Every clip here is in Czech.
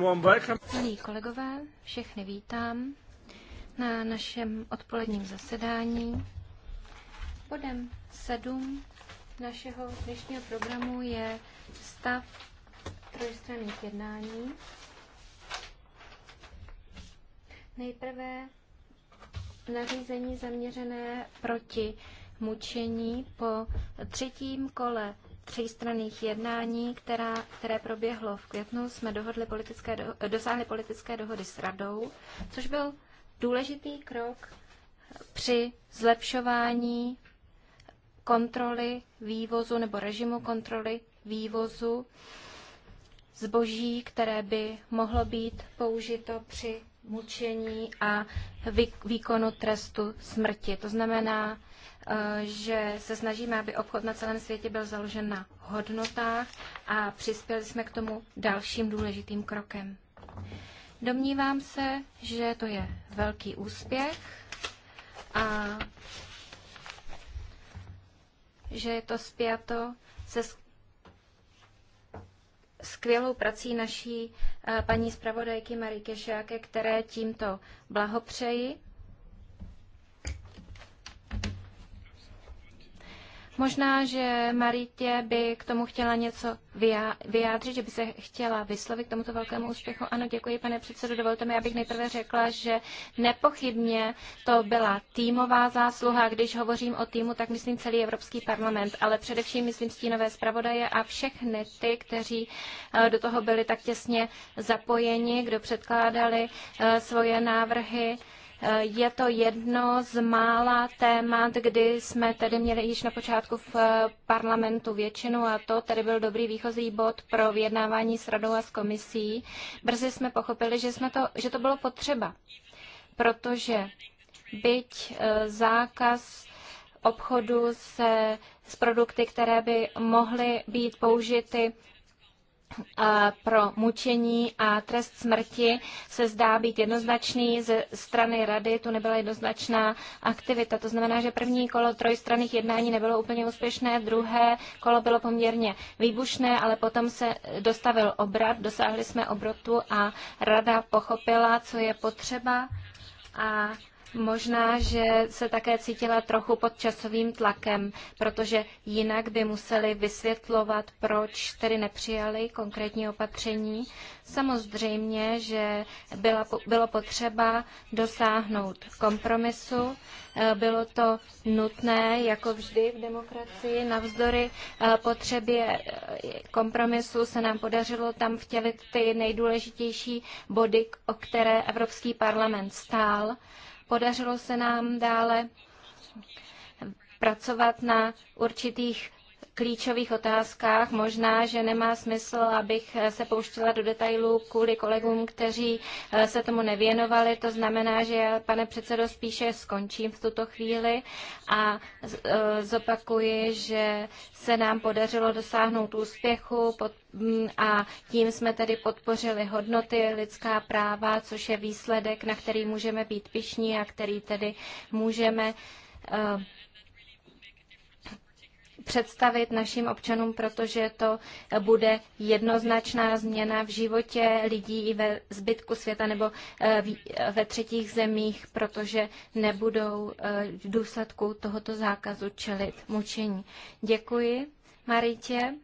warm Milí kolegové, všechny vítám na našem odpoledním zasedání. Bodem 7 našeho dnešního programu je stav trojstranných jednání. Nejprve nařízení zaměřené proti mučení po třetím kole třístranných jednání, která, které proběhlo v květnu, jsme dohodli politické, dosáhli politické dohody s radou, což byl důležitý krok při zlepšování kontroly vývozu nebo režimu kontroly vývozu zboží, které by mohlo být použito při mučení a výkonu trestu smrti. To znamená že se snažíme, aby obchod na celém světě byl založen na hodnotách a přispěli jsme k tomu dalším důležitým krokem. Domnívám se, že to je velký úspěch a že je to spjato se skvělou prací naší eh, paní zpravodajky Marie Kešáke, které tímto blahopřeji. Možná, že Maritě by k tomu chtěla něco vyjádřit, že by se chtěla vyslovit k tomuto velkému úspěchu. Ano, děkuji, pane předsedo. Dovolte mi, abych nejprve řekla, že nepochybně to byla týmová zásluha. Když hovořím o týmu, tak myslím celý Evropský parlament, ale především myslím stínové zpravodaje a všechny ty, kteří eh, do toho byli tak těsně zapojeni, kdo předkládali eh, svoje návrhy. Je to jedno z mála témat, kdy jsme tedy měli již na počátku v eh, parlamentu většinu a to tedy byl dobrý výchozí bod pro vyjednávání s radou a s komisí. Brzy jsme pochopili, že, jsme to, že to bylo potřeba, protože byť eh, zákaz obchodu se, s produkty, které by mohly být použity pro mučení a trest smrti se zdá být jednoznačný. Ze strany rady tu nebyla jednoznačná aktivita. To znamená, že první kolo trojstranných jednání nebylo úplně úspěšné, druhé kolo bylo poměrně výbušné, ale potom se dostavil obrat, dosáhli jsme obrotu a rada pochopila, co je potřeba a Možná, že se také cítila trochu pod časovým tlakem, protože jinak by museli vysvětlovat, proč tedy nepřijali konkrétní opatření. Samozřejmě, že byla, bylo potřeba dosáhnout kompromisu. Eh, bylo to nutné, jako vždy v demokracii. Navzdory eh, potřebě eh, kompromisu se nám podařilo tam vtělit ty nejdůležitější body, o které Evropský parlament stál. Podařilo se nám dále pracovat na určitých klíčových otázkách. Možná, že nemá smysl, abych se pouštila do detailů kvůli kolegům, kteří eh, se tomu nevěnovali. To znamená, že já, pane předsedo, spíše skončím v tuto chvíli a eh, zopakuji, že se nám podařilo dosáhnout úspěchu mm, a tím jsme tedy podpořili hodnoty lidská práva, což je výsledek, na který můžeme být pišní a který tedy můžeme uh, představit našim občanům, protože to bude jednoznačná změna v životě lidí i ve zbytku světa nebo eh, ve třetích zemích, protože nebudou eh, v důsledku tohoto zákazu čelit mučení. Děkuji, Maritě.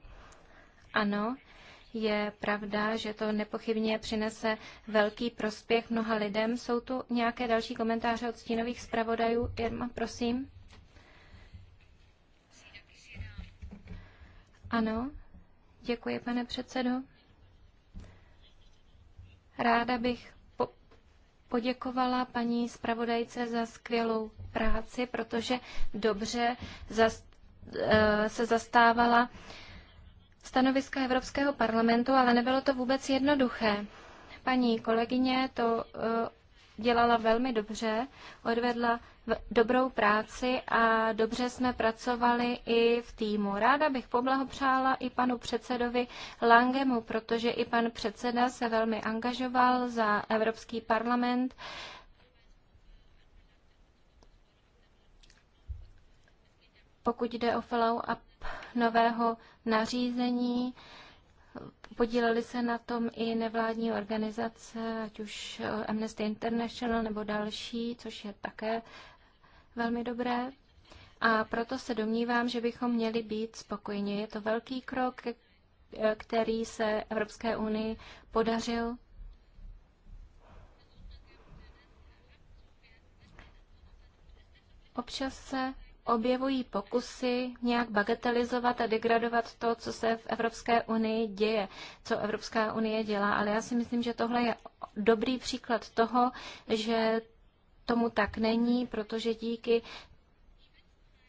Ano, je pravda, že to nepochybně přinese velký prospěch mnoha lidem. Jsou tu nějaké další komentáře od stínových zpravodajů? Irma, prosím. Ano, děkuji, pane předsedo. Ráda bych po- poděkovala paní zpravodajce za skvělou práci, protože dobře zas- eh, se zastávala stanoviska Evropského parlamentu, ale nebylo to vůbec jednoduché. Paní kolegyně to eh, dělala velmi dobře, odvedla dobrou práci a dobře jsme pracovali i v týmu. Ráda bych poblahopřála i panu předsedovi Langemu, protože i pan předseda se velmi angažoval za Evropský parlament. Pokud jde o follow-up nového nařízení, podíleli se na tom i nevládní organizace, ať už Amnesty International nebo další, což je také velmi dobré a proto se domnívám, že bychom měli být spokojeni. Je to velký krok, který se Evropské unii podařil Občas se objevují pokusy nějak bagatelizovat a degradovat to, co se v Evropské unii děje, co Evropská unie dělá, ale já si myslím, že tohle je dobrý příklad toho, že tomu tak není, protože díky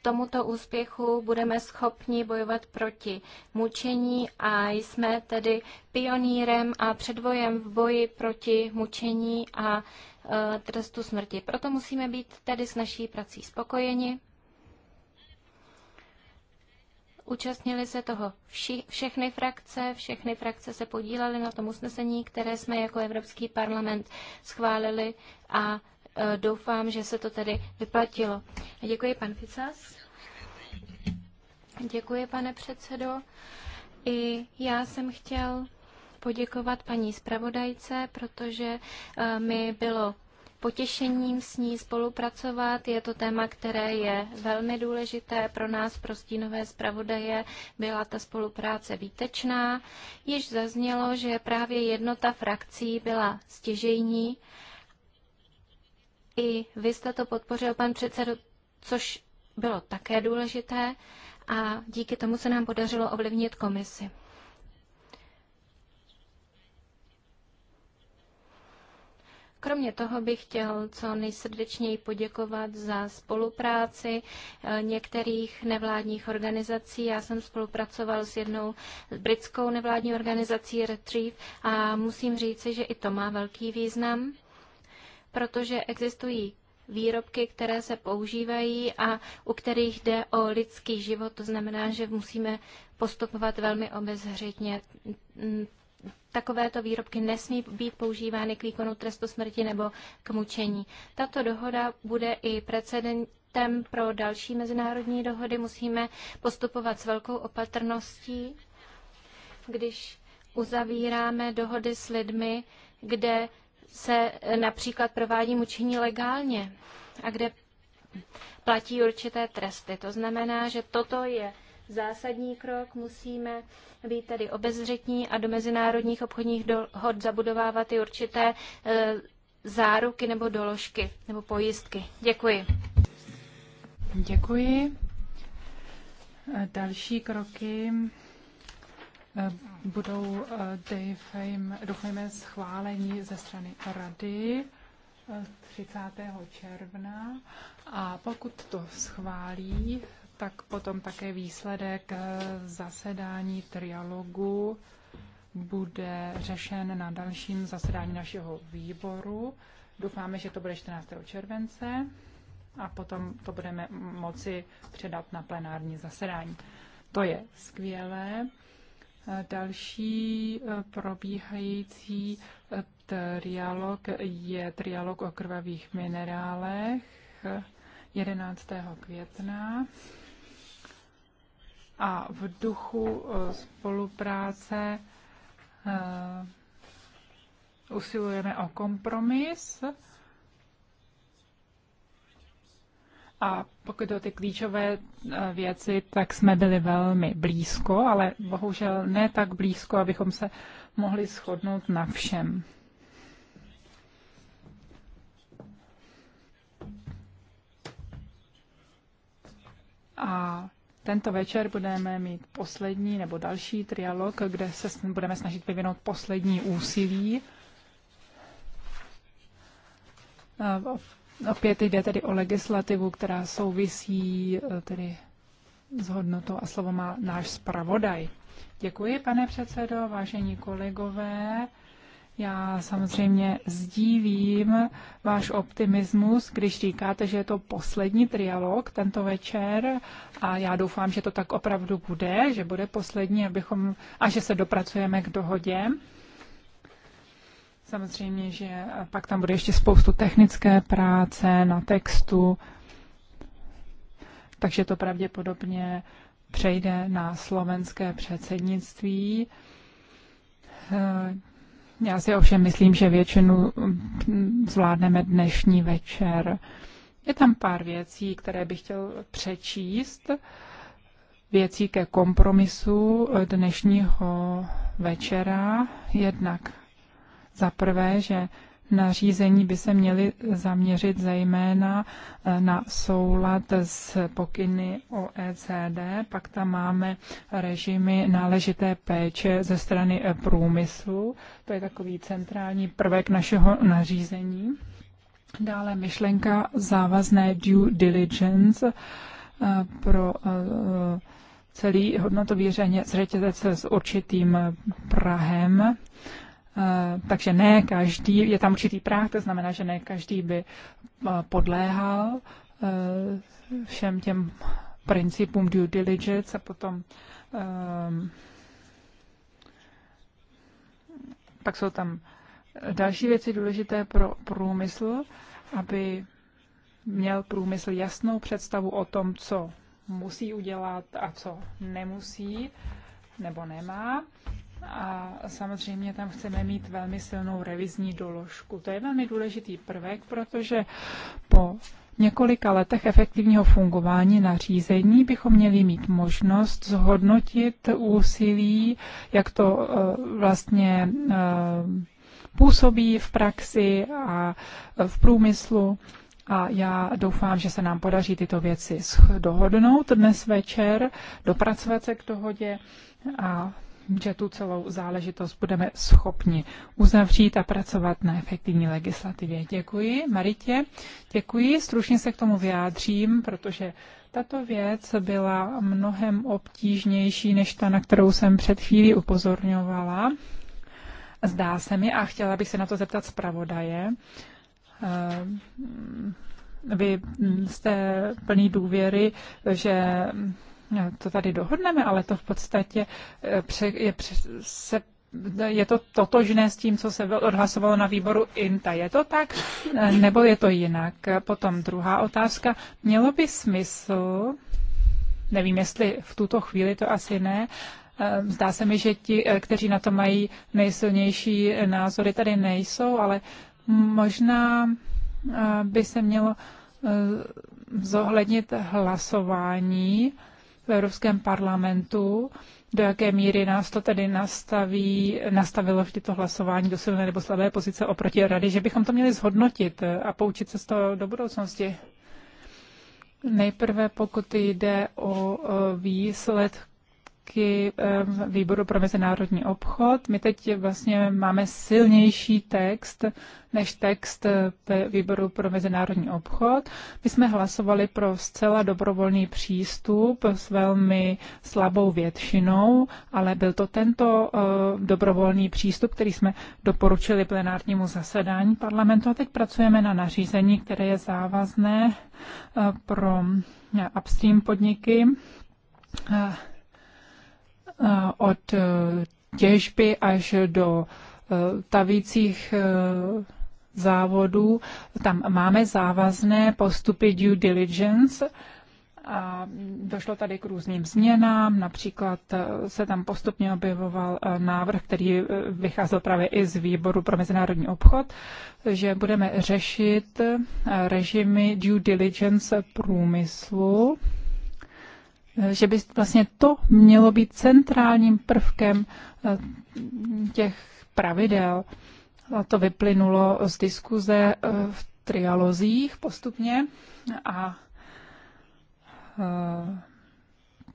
tomuto úspěchu budeme schopni bojovat proti mučení a jsme tedy pionýrem a předvojem v boji proti mučení a e, trestu smrti. Proto musíme být tedy s naší prací spokojeni. Účastnili se toho vši, všechny frakce, všechny frakce se podílely na tom usnesení, které jsme jako Evropský parlament schválili a Eh, doufám, že se to tedy vyplatilo. Děkuji, pan Ficas. Děkuji, pane předsedo. I já jsem chtěl poděkovat paní zpravodajce, protože eh, mi bylo potěšením s ní spolupracovat. Je to téma, které je velmi důležité pro nás, pro stínové zpravodaje. Byla ta spolupráce výtečná. Již zaznělo, že právě jednota frakcí byla stěžejní i vy jste to podpořil, pan předsedo, což bylo také důležité a díky tomu se nám podařilo ovlivnit komisi. Kromě toho bych chtěl co nejsrdečněji poděkovat za spolupráci eh, některých nevládních organizací. Já jsem spolupracoval s jednou britskou nevládní organizací Retrieve a musím říci, že i to má velký význam protože existují výrobky, které se používají a u kterých jde o lidský život. To znamená, že musíme postupovat velmi obezřetně. Mm, takovéto výrobky nesmí být používány k výkonu trestu smrti nebo k mučení. Tato dohoda bude i precedentem pro další mezinárodní dohody. Musíme postupovat s velkou opatrností, když uzavíráme dohody s lidmi, kde se eh, například provádí mučení legálně a kde platí určité tresty. To znamená, že toto je zásadní krok. Musíme být tedy obezřetní a do mezinárodních obchodních dohod zabudovávat i určité e, záruky nebo doložky nebo pojistky. Děkuji. Děkuji. Další kroky Eh, budou, eh, doufejme, doufejme schválení ze strany rady 30. Eh, června a pokud to schválí, tak potom také výsledek zasedání trialogu bude řešen na dalším zasedání našeho výboru. Doufáme, že to bude 14. července a potom to budeme moci předat na plenární zasedání. To je skvělé. Další eh, probíhající eh, trialog je trialog o krvavých minerálech 11. Eh, května. A v duchu spolupráce usilujeme o kompromis A pokud o ty klíčové e, věci, tak jsme byli velmi blízko, ale bohužel ne tak blízko, abychom se mohli shodnout na všem. A tento večer budeme mít poslední nebo další trialog, kde se budeme snažit vyvinout poslední úsilí e, Opět jde tedy o legislativu, která souvisí eh, tedy s hodnotou a slovo má náš zpravodaj. Děkuji, pane předsedo, vážení kolegové. Já samozřejmě sdívím váš optimismus, když říkáte, že je to poslední trialog tento večer a já doufám, že to tak opravdu bude, že bude poslední abychom, a že se dopracujeme k dohodě. Samozřejmě, že pak tam bude ještě spoustu technické práce na textu, takže to pravděpodobně přejde na slovenské předsednictví. Eh, já si ovšem myslím, že většinu hm, zvládneme dnešní večer. Je tam pár věcí, které bych chtěl přečíst, věcí ke kompromisu dnešního večera. Jednak za prvé, že nařízení by se měly zaměřit zejména eh, na soulad s pokyny OECD, pak tam máme režimy náležité péče ze strany eh, průmyslu, to je takový centrální prvek našeho nařízení. Dále myšlenka závazné due diligence eh, pro celý hodnotový řetězec s určitým prahem Eh, takže ne každý, je tam určitý práh, to znamená, že ne každý by eh, podléhal eh, všem těm principům due diligence a potom ehm, pak jsou tam další věci důležité pro průmysl, aby měl průmysl jasnou představu o tom, co musí udělat a co nemusí nebo nemá. A samozřejmě tam chceme mít velmi silnou revizní doložku. To je velmi důležitý prvek, protože po několika letech efektivního fungování nařízení bychom měli mít možnost zhodnotit úsilí, jak to eh, vlastně eh, působí v praxi a eh, v průmyslu. A já doufám, že se nám podaří tyto věci dohodnout dnes večer, dopracovat se k dohodě a že tu celou záležitost budeme schopni uzavřít a pracovat na efektivní legislativě. Děkuji, Maritě. Děkuji, stručně se k tomu vyjádřím, protože tato věc byla mnohem obtížnější než ta, na kterou jsem před chvílí upozorňovala. Zdá se mi, a chtěla bych se na to zeptat zpravodaje, ehm, vy jste plný důvěry, že No, to tady dohodneme, ale to v podstatě eh, je, je, je to totožné s tím, co se odhlasovalo na výboru INTA. Je to tak, eh, nebo je to jinak? Potom druhá otázka. Mělo by smysl, nevím, jestli v tuto chvíli to asi ne, eh, Zdá se mi, že ti, kteří na to mají nejsilnější názory, tady nejsou, ale možná by se mělo zohlednit hlasování v Evropském parlamentu, do jaké míry nás to tedy nastaví, nastavilo vždy to hlasování do silné nebo slabé pozice oproti rady, že bychom to měli zhodnotit a poučit se z toho do budoucnosti. Nejprve pokud jde o výsledky, taky výboru pro mezinárodní obchod. My teď vlastně máme silnější text než text eh, výboru pro mezinárodní obchod. My jsme hlasovali pro zcela dobrovolný přístup s velmi slabou většinou, ale byl to tento eh, dobrovolný přístup, který jsme doporučili plenárnímu zasedání parlamentu a teď pracujeme na nařízení, které je závazné eh, pro upstream podniky. Eh, od eh, těžby až do eh, tavících závodů. Tam máme závazné postupy due diligence a došlo tady k různým změnám. Například se tam postupně objevoval návrh, který vycházel právě i z výboru pro mezinárodní obchod, že budeme řešit režimy due diligence průmyslu že by vlastně to mělo být centrálním prvkem eh, těch pravidel. A to vyplynulo z diskuze eh, v trialozích postupně a eh,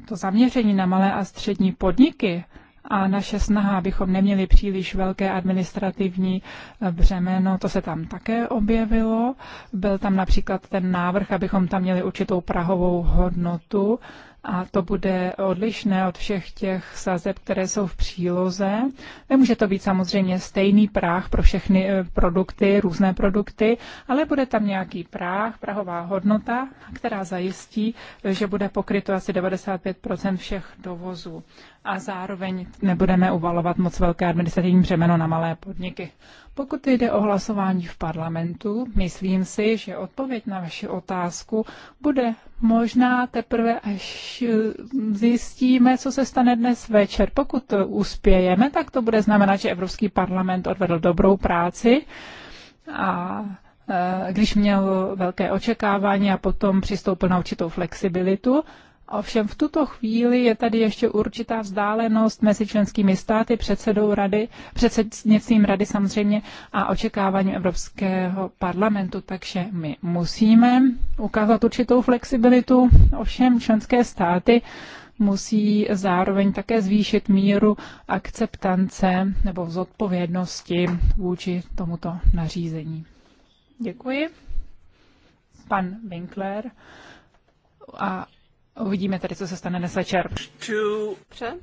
to zaměření na malé a střední podniky a naše snaha, abychom neměli příliš velké administrativní břemeno, to se tam také objevilo. Byl tam například ten návrh, abychom tam měli určitou prahovou hodnotu a to bude odlišné od všech těch sazeb, které jsou v příloze. Nemůže to být samozřejmě stejný práh pro všechny eh, produkty, různé produkty, ale bude tam nějaký práh, prahová hodnota, která zajistí, že bude pokryto asi 95 všech dovozů a zároveň nebudeme uvalovat moc velké administrativní břemeno na malé podniky. Pokud jde o hlasování v parlamentu, myslím si, že odpověď na vaši otázku bude možná teprve, až eh, zjistíme, co se stane dnes večer. Pokud uspějeme, tak to bude znamenat, že Evropský parlament odvedl dobrou práci a eh, když měl velké očekávání a potom přistoupil na určitou flexibilitu, Ovšem v tuto chvíli je tady ještě určitá vzdálenost mezi členskými státy, předsedou rady, předsednictvím rady samozřejmě a očekáváním Evropského parlamentu, takže my musíme ukázat určitou flexibilitu. Ovšem členské státy musí zároveň také zvýšit míru akceptance nebo zodpovědnosti vůči tomuto nařízení. Děkuji. Pan Winkler a Uvidíme tady, co se stane dnes večer. Pře?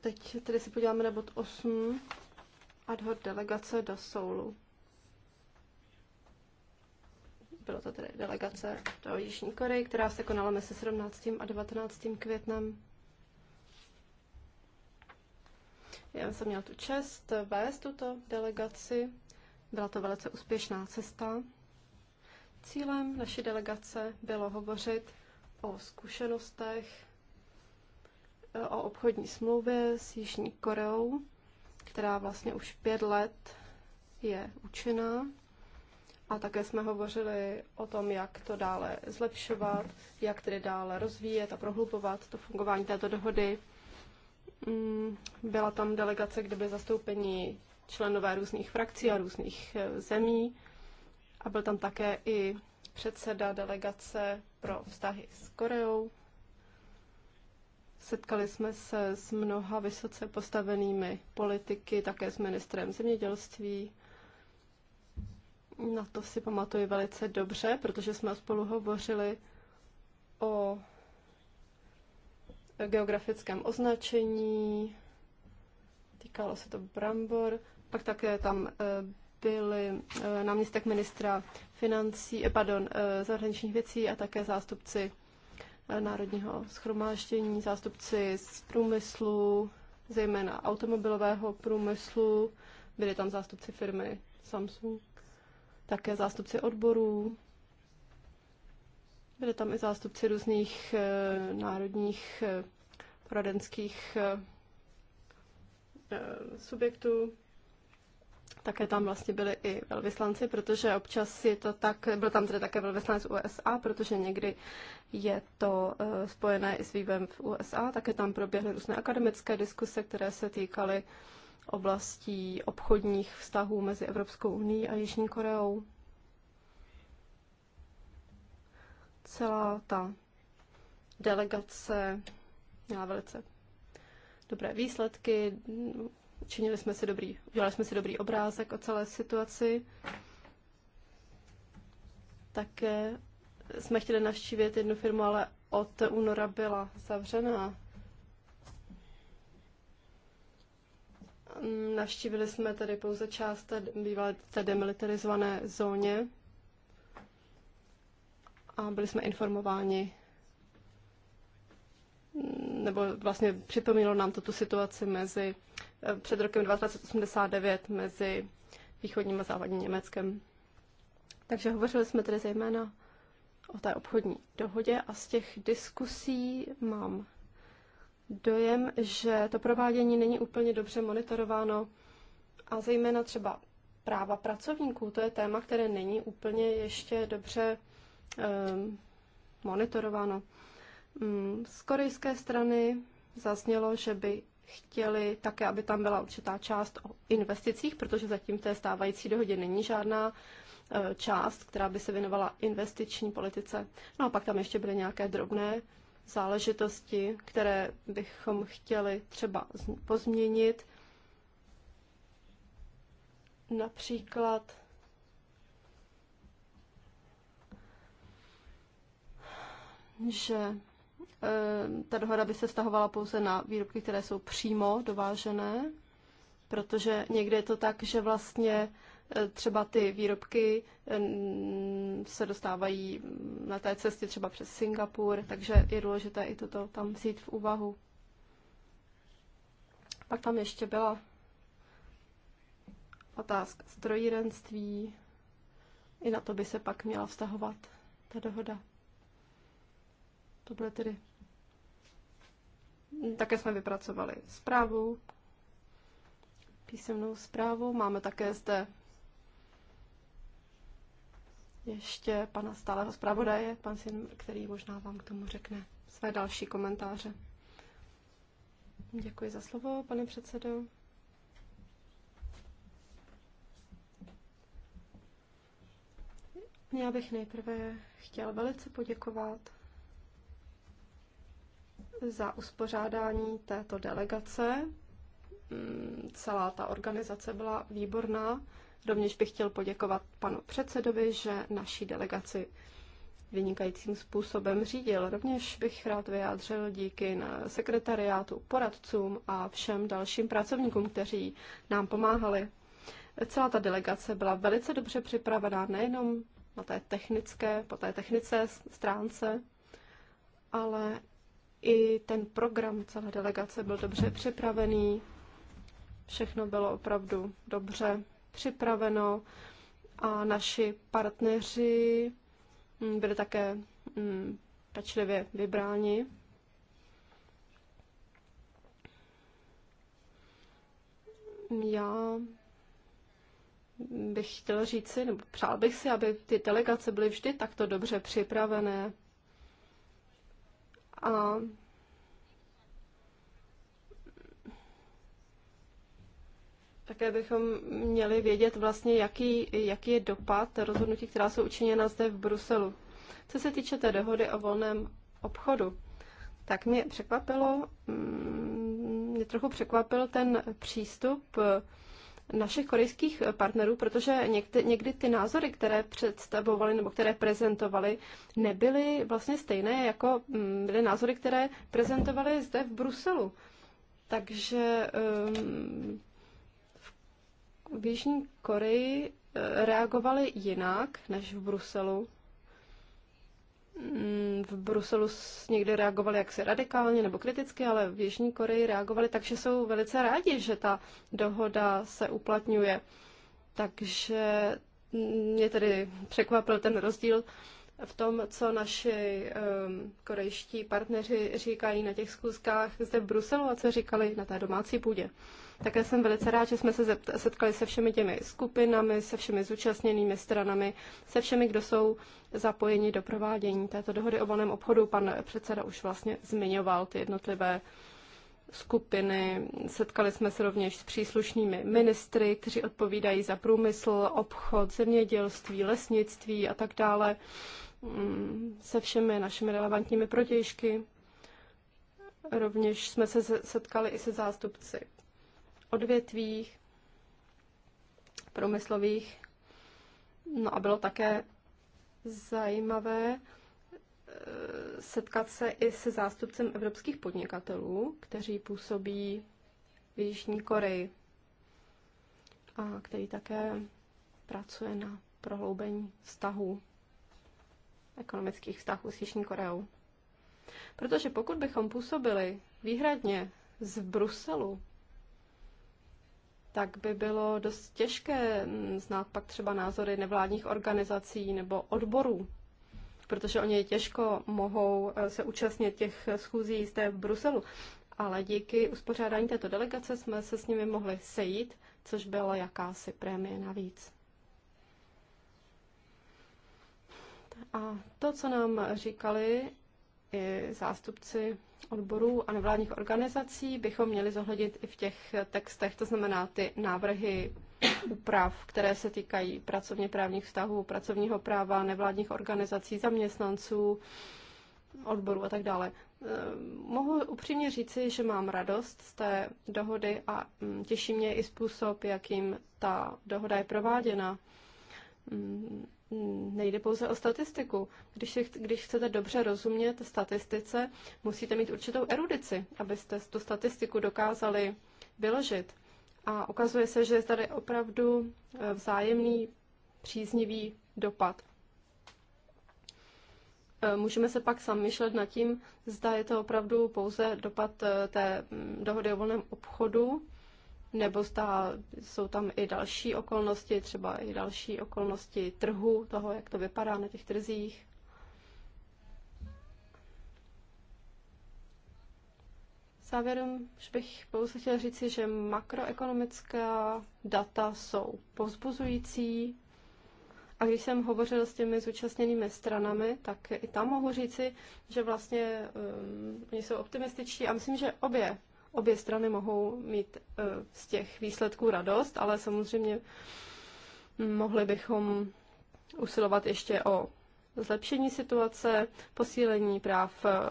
Teď tedy si podíváme na bod 8 ad hoc delegace do Soulu. Byla to tedy delegace do Jižní Koreje, která se konala mezi 17. a 19. květnem. Já jsem měla tu čest vést tuto delegaci. Byla to velice úspěšná cesta. Cílem naší delegace bylo hovořit o zkušenostech, e, o obchodní smlouvě s Jižní Koreou, která vlastně už pět let je účinná. A také jsme hovořili o tom, jak to dále zlepšovat, jak tedy dále rozvíjet a prohlubovat to fungování této dohody. Mm, byla tam delegace, kde byly zastoupení členové různých frakcí a různých e, zemí a byl tam také i předseda delegace pro vztahy s Koreou. Setkali jsme se s mnoha vysoce postavenými politiky, také s ministrem zemědělství. Na to si pamatuji velice dobře, protože jsme spolu hovořili o geografickém označení, týkalo se to brambor, pak také tam eh, byli eh, náměstek ministra financí, eh, pardon, eh, zahraničních věcí a také zástupci Národního schromáždění, zástupci z průmyslu, zejména automobilového průmyslu, byli tam zástupci firmy Samsung, také zástupci odborů, byli tam i zástupci různých národních poradenských subjektů, také tam vlastně byli i velvyslanci, protože občas je to tak, byl tam tedy také velvyslanec USA, protože někdy je to eh, spojené i s vývojem v USA. Také tam proběhly různé akademické diskuse, které se týkaly oblastí obchodních vztahů mezi Evropskou unii a Jižní Koreou. Celá ta delegace měla velice dobré výsledky, činili jsme si dobrý, udělali jsme si dobrý obrázek o celé situaci. Také jsme chtěli navštívit jednu firmu, ale od února byla zavřená. Navštívili jsme tady pouze část té, bývalé té demilitarizované zóně a byli jsme informováni nebo vlastně připomínalo nám to tu situaci mezi eh, před rokem 1989 mezi východním a západním Německem. Takže hovořili jsme tedy zejména o té obchodní dohodě a z těch diskusí mám dojem, že to provádění není úplně dobře monitorováno a zejména třeba práva pracovníků, to je téma, které není úplně ještě dobře um, monitorováno. Mm, z korejské strany zaznělo, že by chtěli také, aby tam byla určitá část o investicích, protože zatím v té stávající dohodě není žádná e, část, která by se věnovala investiční politice. No a pak tam ještě byly nějaké drobné záležitosti, které bychom chtěli třeba pozměnit. Například že Eh, ta dohoda by se stahovala pouze na výrobky, které jsou přímo dovážené, protože někde je to tak, že vlastně eh, třeba ty výrobky eh, se dostávají mm, na té cestě třeba přes Singapur, takže je důležité i toto tam vzít v úvahu. Pak tam ještě byla otázka strojírenství. I na to by se pak měla vztahovat ta dohoda. To byly tedy také jsme vypracovali zprávu, písemnou zprávu. Máme také zde ještě pana stáleho zpravodaje, pan syn, který možná vám k tomu řekne své další komentáře. Děkuji za slovo, pane předsedo. Já bych nejprve chtěl velice poděkovat za uspořádání této delegace. Mm, celá ta organizace byla výborná. Rovněž bych chtěl poděkovat panu předsedovi, že naší delegaci vynikajícím způsobem řídil. Rovněž bych rád vyjádřil díky na sekretariátu, poradcům a všem dalším pracovníkům, kteří nám pomáhali. Celá ta delegace byla velice dobře připravená nejenom na té technické, po té technické stránce, ale i ten program celé delegace byl dobře připravený, všechno bylo opravdu dobře připraveno a naši partneři mm, byli také mm, pečlivě vybráni. Já bych chtěl říci, nebo přál bych si, aby ty delegace byly vždy takto dobře připravené, a také bychom měli vědět vlastně, jaký, jaký je dopad rozhodnutí, která jsou učiněna zde v Bruselu. Co se týče té dohody o volném obchodu, tak mě překvapilo, mm, mě trochu překvapil ten přístup našich korejských partnerů, protože někdy, někdy ty názory, které představovali nebo které prezentovali, nebyly vlastně stejné, jako mm, byly názory, které prezentovali zde v Bruselu. Takže um, v Jižní Koreji eh, reagovali jinak než v Bruselu. Mm, v Bruselu někde reagovali jaksi radikálně nebo kriticky, ale v Jižní Koreji reagovali tak, že jsou velice rádi, že ta dohoda se uplatňuje. Takže mm, mě tedy překvapil ten rozdíl v tom, co naši um, korejští partneři říkají na těch zkuskách zde v Bruselu a co říkali na té domácí půdě. Také jsem velice rád, že jsme se setkali se všemi těmi skupinami, se všemi zúčastněnými stranami, se všemi, kdo jsou zapojeni do provádění této dohody o volném obchodu. Pan předseda už vlastně zmiňoval ty jednotlivé skupiny. Setkali jsme se rovněž s příslušnými ministry, kteří odpovídají za průmysl, obchod, zemědělství, lesnictví a tak dále, mm, se všemi našimi relevantními protějšky. Rovněž jsme se setkali i se zástupci odvětvích průmyslových. No a bylo také zajímavé e, setkat se i se zástupcem evropských podnikatelů, kteří působí v Jižní Koreji a který také pracuje na prohloubení vztahů, ekonomických vztahů s Jižní Koreou. Protože pokud bychom působili výhradně z Bruselu, tak by bylo dost těžké mm, znát pak třeba názory nevládních organizací nebo odborů, protože oni těžko mohou eh, se účastnit těch schůzí zde v Bruselu. Ale díky uspořádání této delegace jsme se s nimi mohli sejít, což byla jakási prémie navíc. A to, co nám říkali i zástupci odborů a nevládních organizací bychom měli zohlednit i v těch textech, to znamená ty návrhy úprav, které se týkají pracovně právních vztahů, pracovního práva, nevládních organizací, zaměstnanců, odborů a tak dále. E, mohu upřímně říci, že mám radost z té dohody a mm, těší mě i způsob, jakým ta dohoda je prováděna. Mm, nejde pouze o statistiku. Když, když chcete dobře rozumět statistice, musíte mít určitou erudici, abyste tu statistiku dokázali vyložit. A ukazuje se, že je tady opravdu e, vzájemný příznivý dopad. E, můžeme se pak zamýšlet nad tím, zda je to opravdu pouze dopad e, té mm, dohody o volném obchodu, nebo ta, jsou tam i další okolnosti, třeba i další okolnosti trhu, toho, jak to vypadá na těch trzích. Závěrem už bych pouze chtěla říci, že makroekonomická data jsou povzbuzující. A když jsem hovořil s těmi zúčastněnými stranami, tak i tam mohu říci, že vlastně um, oni jsou optimističtí a myslím, že obě obě strany mohou mít eh, z těch výsledků radost, ale samozřejmě mohli bychom usilovat ještě o zlepšení situace, posílení práv eh,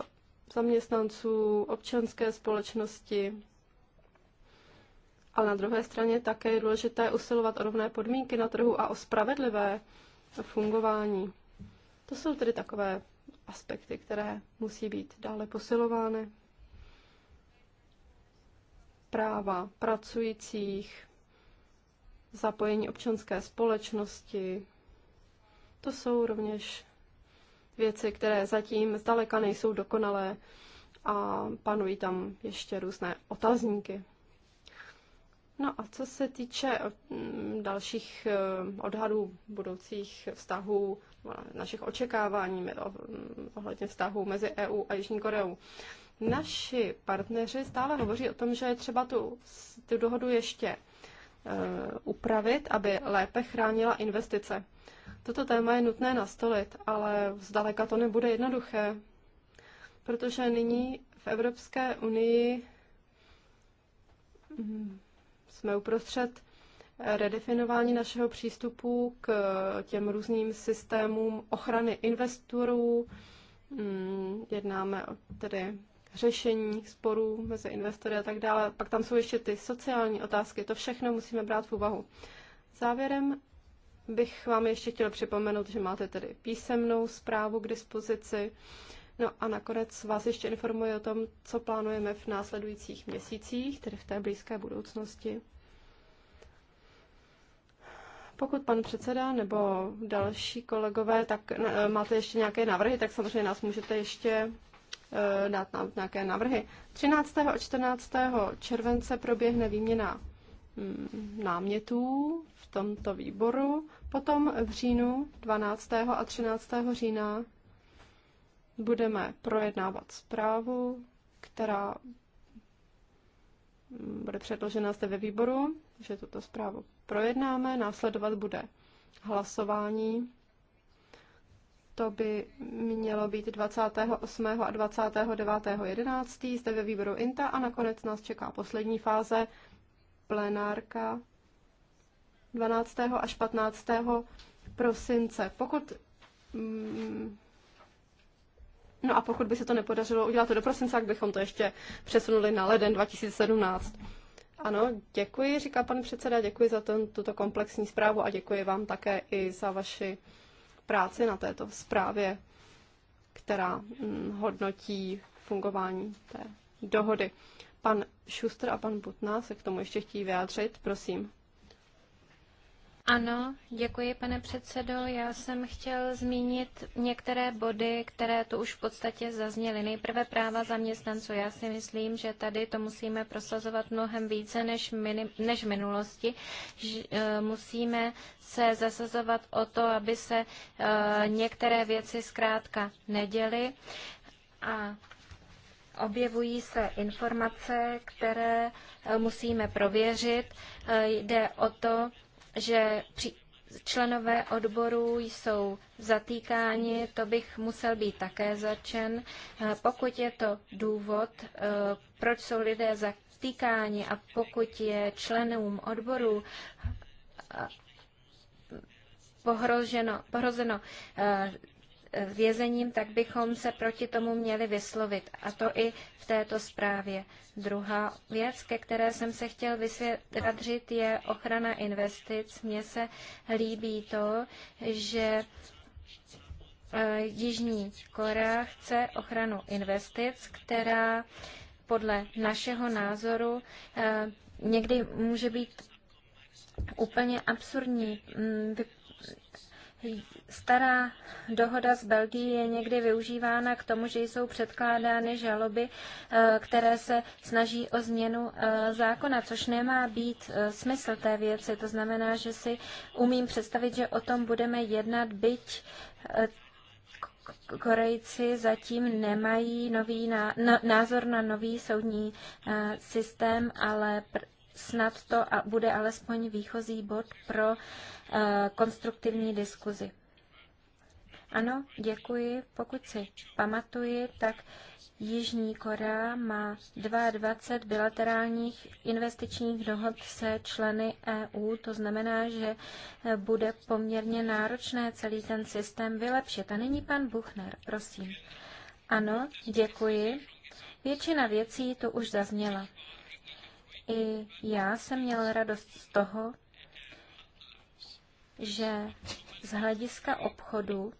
zaměstnanců, občanské společnosti. Ale na druhé straně také je důležité usilovat o rovné podmínky na trhu a o spravedlivé fungování. To jsou tedy takové aspekty, které musí být dále posilovány práva pracujících, zapojení občanské společnosti. To jsou rovněž věci, které zatím zdaleka nejsou dokonalé a panují tam ještě různé otazníky. No a co se týče mm, dalších eh, odhadů budoucích vztahů, eh, našich očekávání eh, mm, ohledně vztahů mezi EU a Jižní Koreou, Naši partneři stále hovoří o tom, že je třeba tu, tu dohodu ještě eh, upravit, aby lépe chránila investice. Toto téma je nutné nastolit, ale zdaleka to nebude jednoduché, protože nyní v Evropské unii hm, jsme uprostřed redefinování našeho přístupu k těm různým systémům ochrany investorů. Hm, jednáme o tedy řešení sporů mezi investory a tak dále. Pak tam jsou ještě ty sociální otázky, to všechno musíme brát v úvahu. Závěrem bych vám ještě chtěl připomenout, že máte tedy písemnou zprávu k dispozici. No a nakonec vás ještě informuji o tom, co plánujeme v následujících měsících, tedy v té blízké budoucnosti. Pokud pan předseda nebo další kolegové, tak eh, máte ještě nějaké návrhy, tak samozřejmě nás můžete ještě Eh, dát nám nějaké návrhy. 13. a 14. července proběhne výměna mm, námětů v tomto výboru. Potom v říjnu 12. a 13. října budeme projednávat zprávu, která bude předložena zde ve výboru, že tuto zprávu projednáme. Následovat bude hlasování to by mělo být 28. a 29. 11. zde ve výboru INTA a nakonec nás čeká poslední fáze plenárka 12. až 15. prosince. Pokud mm, No a pokud by se to nepodařilo udělat to do prosince, tak bychom to ještě přesunuli na leden 2017. Ano, děkuji, říká pan předseda, děkuji za ten, tuto komplexní zprávu a děkuji vám také i za vaši práci na této zprávě, která mm, hodnotí fungování té dohody. Pan Šuster a pan Butna se k tomu ještě chtějí vyjádřit, prosím. Ano, děkuji, pane předsedo. Já jsem chtěl zmínit některé body, které tu už v podstatě zazněly. Nejprve práva zaměstnanců. Já si myslím, že tady to musíme prosazovat mnohem více než, mini, než v minulosti. Ž, eh, musíme se zasazovat o to, aby se eh, některé věci zkrátka neděly. A objevují se informace, které eh, musíme prověřit. Jde o to, že při členové odborů jsou zatýkáni, to bych musel být také začen. Eh, pokud je to důvod, eh, proč jsou lidé zatýkáni a pokud je členům odborů eh, pohroženo, pohrozeno vězením, tak bychom se proti tomu měli vyslovit. A to i v této zprávě. Druhá věc, ke které jsem se chtěl vysvětlit, je ochrana investic. Mně se líbí to, že e, Jižní Korea chce ochranu investic, která podle našeho názoru e, někdy může být úplně absurdní mm, stará dohoda z Belgií je někdy využívána k tomu, že jsou předkládány žaloby, eh, které se snaží o změnu eh, zákona, což nemá být eh, smysl té věci. To znamená, že si umím představit, že o tom budeme jednat, byť Korejci zatím nemají nový názor na nový soudní systém, ale snad to a bude alespoň výchozí bod pro eh, konstruktivní diskuzi. Ano, děkuji. Pokud si pamatuji, tak Jižní Korea má 22 bilaterálních investičních dohod se členy EU. To znamená, že eh, bude poměrně náročné celý ten systém vylepšit. A nyní pan Buchner, prosím. Ano, děkuji. Většina věcí to už zazněla. I já jsem měl radost z toho, že z hlediska obchodu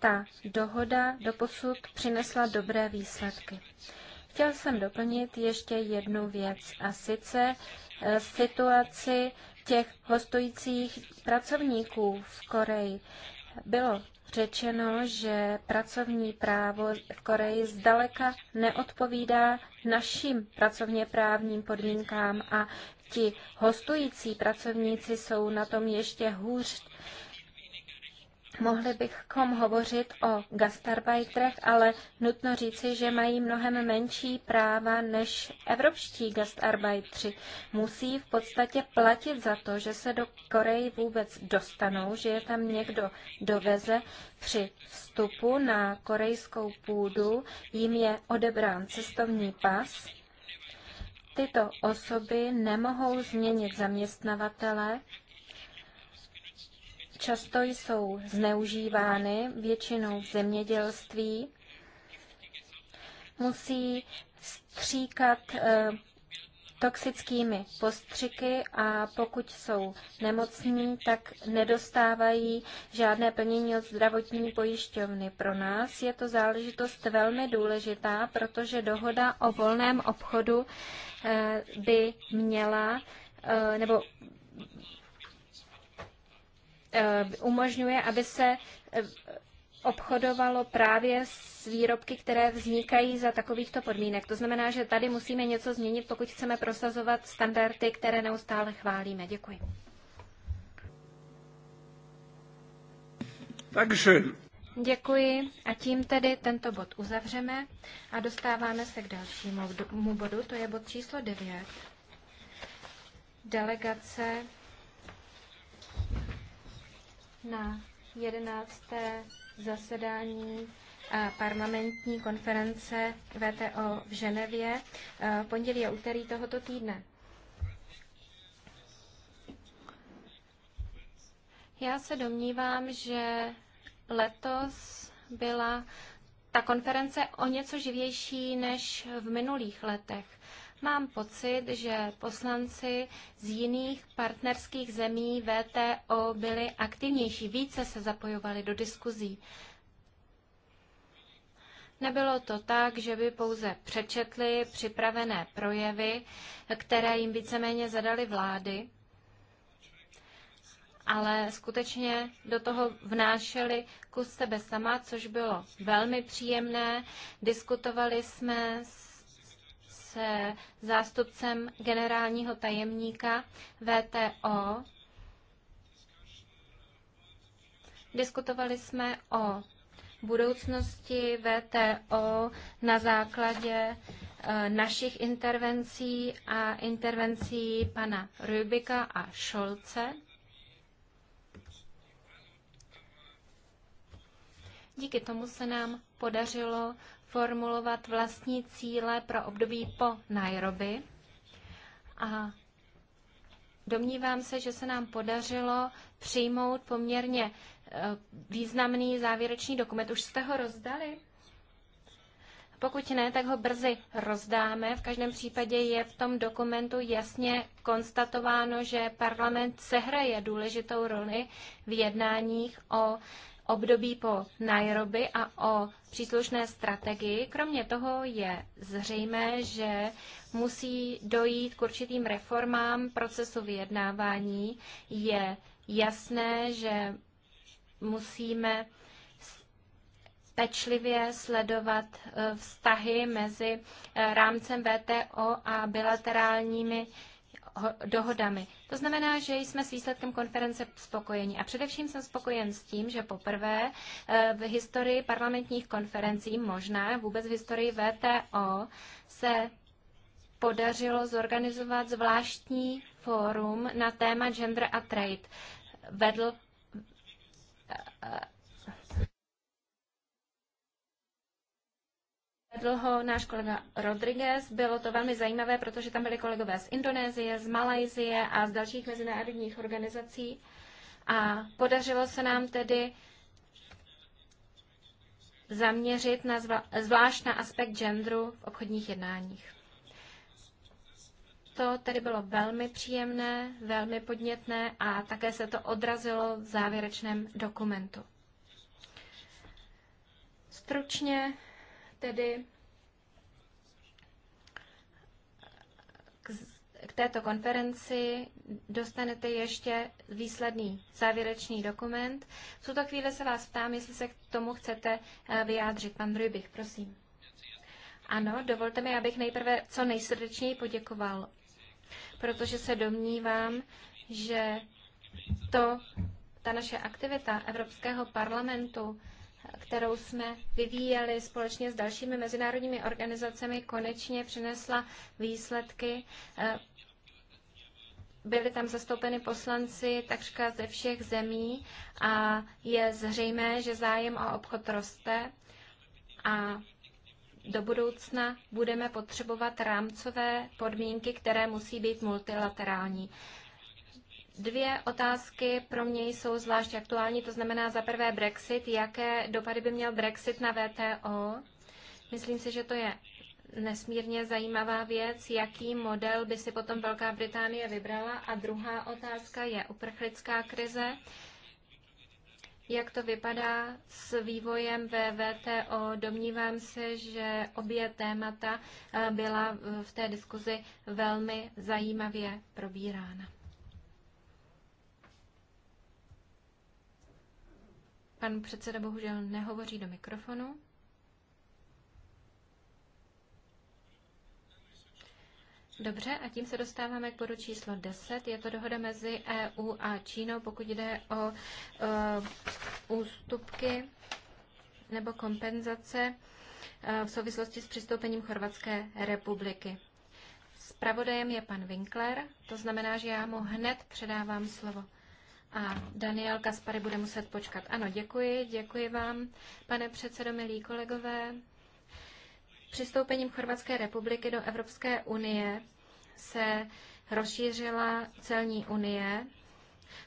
ta dohoda doposud přinesla dobré výsledky. Chtěl jsem doplnit ještě jednu věc, a sice eh, situaci těch hostujících pracovníků v Koreji. Bylo řečeno, že pracovní právo v Koreji zdaleka neodpovídá našim pracovně právním podmínkám a ti hostující pracovníci jsou na tom ještě hůř Mohli bychom hovořit o gastarbeiterech, ale nutno říci, že mají mnohem menší práva než evropští gastarbeitři. Musí v podstatě platit za to, že se do Koreji vůbec dostanou, že je tam někdo doveze. Při vstupu na korejskou půdu jim je odebrán cestovní pas. Tyto osoby nemohou změnit zaměstnavatele, často jsou zneužívány většinou v zemědělství, musí stříkat eh, toxickými postřiky a pokud jsou nemocní, tak nedostávají žádné plnění od zdravotní pojišťovny. Pro nás je to záležitost velmi důležitá, protože dohoda o volném obchodu eh, by měla eh, nebo Eh, umožňuje, aby se eh, obchodovalo právě s výrobky, které vznikají za takovýchto podmínek. To znamená, že tady musíme něco změnit, pokud chceme prosazovat standardy, které neustále chválíme. Děkuji. Takže. Děkuji a tím tedy tento bod uzavřeme a dostáváme se k dalšímu bodu, to je bod číslo 9. Delegace na 11. zasedání eh, parlamentní konference VTO v Ženevě eh, pondělí a úterý tohoto týdne. Já se domnívám, že letos byla ta konference o něco živější než v minulých letech. Mám pocit, že poslanci z jiných partnerských zemí VTO byli aktivnější, více se zapojovali do diskuzí. Nebylo to tak, že by pouze přečetli připravené projevy, které jim víceméně zadali vlády, ale skutečně do toho vnášeli kus sebe sama, což bylo velmi příjemné. Diskutovali jsme s se zástupcem generálního tajemníka VTO. Diskutovali jsme o budoucnosti VTO na základě e, našich intervencí a intervencí pana Rubika a Šolce. Díky tomu se nám podařilo formulovat vlastní cíle pro období po Nairobi a domnívám se, že se nám podařilo přijmout poměrně eh, významný závěrečný dokument. Už jste ho rozdali? Pokud ne, tak ho brzy rozdáme. V každém případě je v tom dokumentu jasně konstatováno, že parlament sehraje důležitou roli v jednáních o období po Nairobi a o příslušné strategii. Kromě toho je zřejmé, že musí dojít k určitým reformám procesu vyjednávání. Je jasné, že musíme pečlivě sledovat eh, vztahy mezi eh, rámcem VTO a bilaterálními dohodami. To znamená, že jsme s výsledkem konference spokojeni. A především jsem spokojen s tím, že poprvé eh, v historii parlamentních konferencí, možná vůbec v historii VTO, se podařilo zorganizovat zvláštní fórum na téma gender a trade. Vedl eh, Vedl ho náš kolega Rodriguez. Bylo to velmi zajímavé, protože tam byli kolegové z Indonésie, z Malajzie a z dalších mezinárodních organizací. A podařilo se nám tedy zaměřit na zvla, zvlášť na aspekt genderu v obchodních jednáních. To tedy bylo velmi příjemné, velmi podnětné a také se to odrazilo v závěrečném dokumentu. Stručně tedy k, této konferenci dostanete ještě výsledný závěrečný dokument. V tuto chvíli se vás ptám, jestli se k tomu chcete eh, vyjádřit. Pan Rybich, prosím. Ano, dovolte mi, abych nejprve co nejsrdečněji poděkoval, protože se domnívám, že to, ta naše aktivita Evropského parlamentu kterou jsme vyvíjeli společně s dalšími mezinárodními organizacemi, konečně přinesla výsledky. Eh, byli tam zastoupeni poslanci takřka ze všech zemí a je zřejmé, že zájem o obchod roste a do budoucna budeme potřebovat rámcové podmínky, které musí být multilaterální. Dvě otázky pro mě jsou zvlášť aktuální, to znamená za prvé Brexit, jaké dopady by měl Brexit na VTO. Myslím si, že to je nesmírně zajímavá věc, jaký model by si potom Velká Británie vybrala. A druhá otázka je uprchlická krize. Jak to vypadá s vývojem ve VTO? Domnívám se, že obě témata eh, byla v té diskuzi velmi zajímavě probírána. Pan předseda bohužel nehovoří do mikrofonu. Dobře, a tím se dostáváme k bodu číslo 10. Je to dohoda mezi EU a Čínou, pokud jde o e, ústupky nebo kompenzace e, v souvislosti s přistoupením Chorvatské republiky. Spravodajem je pan Winkler, to znamená, že já mu hned předávám slovo. A Daniel Kaspary bude muset počkat. Ano, děkuji, děkuji vám, pane předsedo, milí kolegové. Přistoupením Chorvatské republiky do Evropské unie se rozšířila celní unie.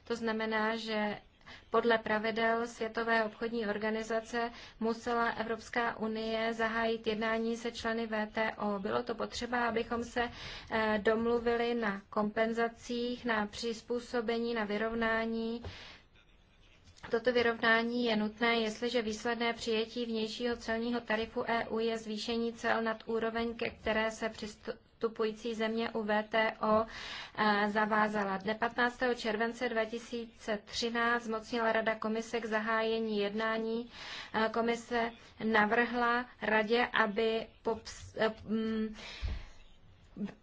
To znamená, že podle pravidel Světové obchodní organizace musela Evropská unie zahájit jednání se členy VTO. Bylo to potřeba, abychom se eh, domluvili na kompenzacích, na přizpůsobení, na vyrovnání. Toto vyrovnání je nutné, jestliže výsledné přijetí vnějšího celního tarifu EU je zvýšení cel nad úroveň, ke které se přisto- vystupující země u VTO eh, zavázala. Dne 15. července 2013 zmocnila Rada komise k zahájení jednání. Eh, komise navrhla Radě, aby pops, eh, mm,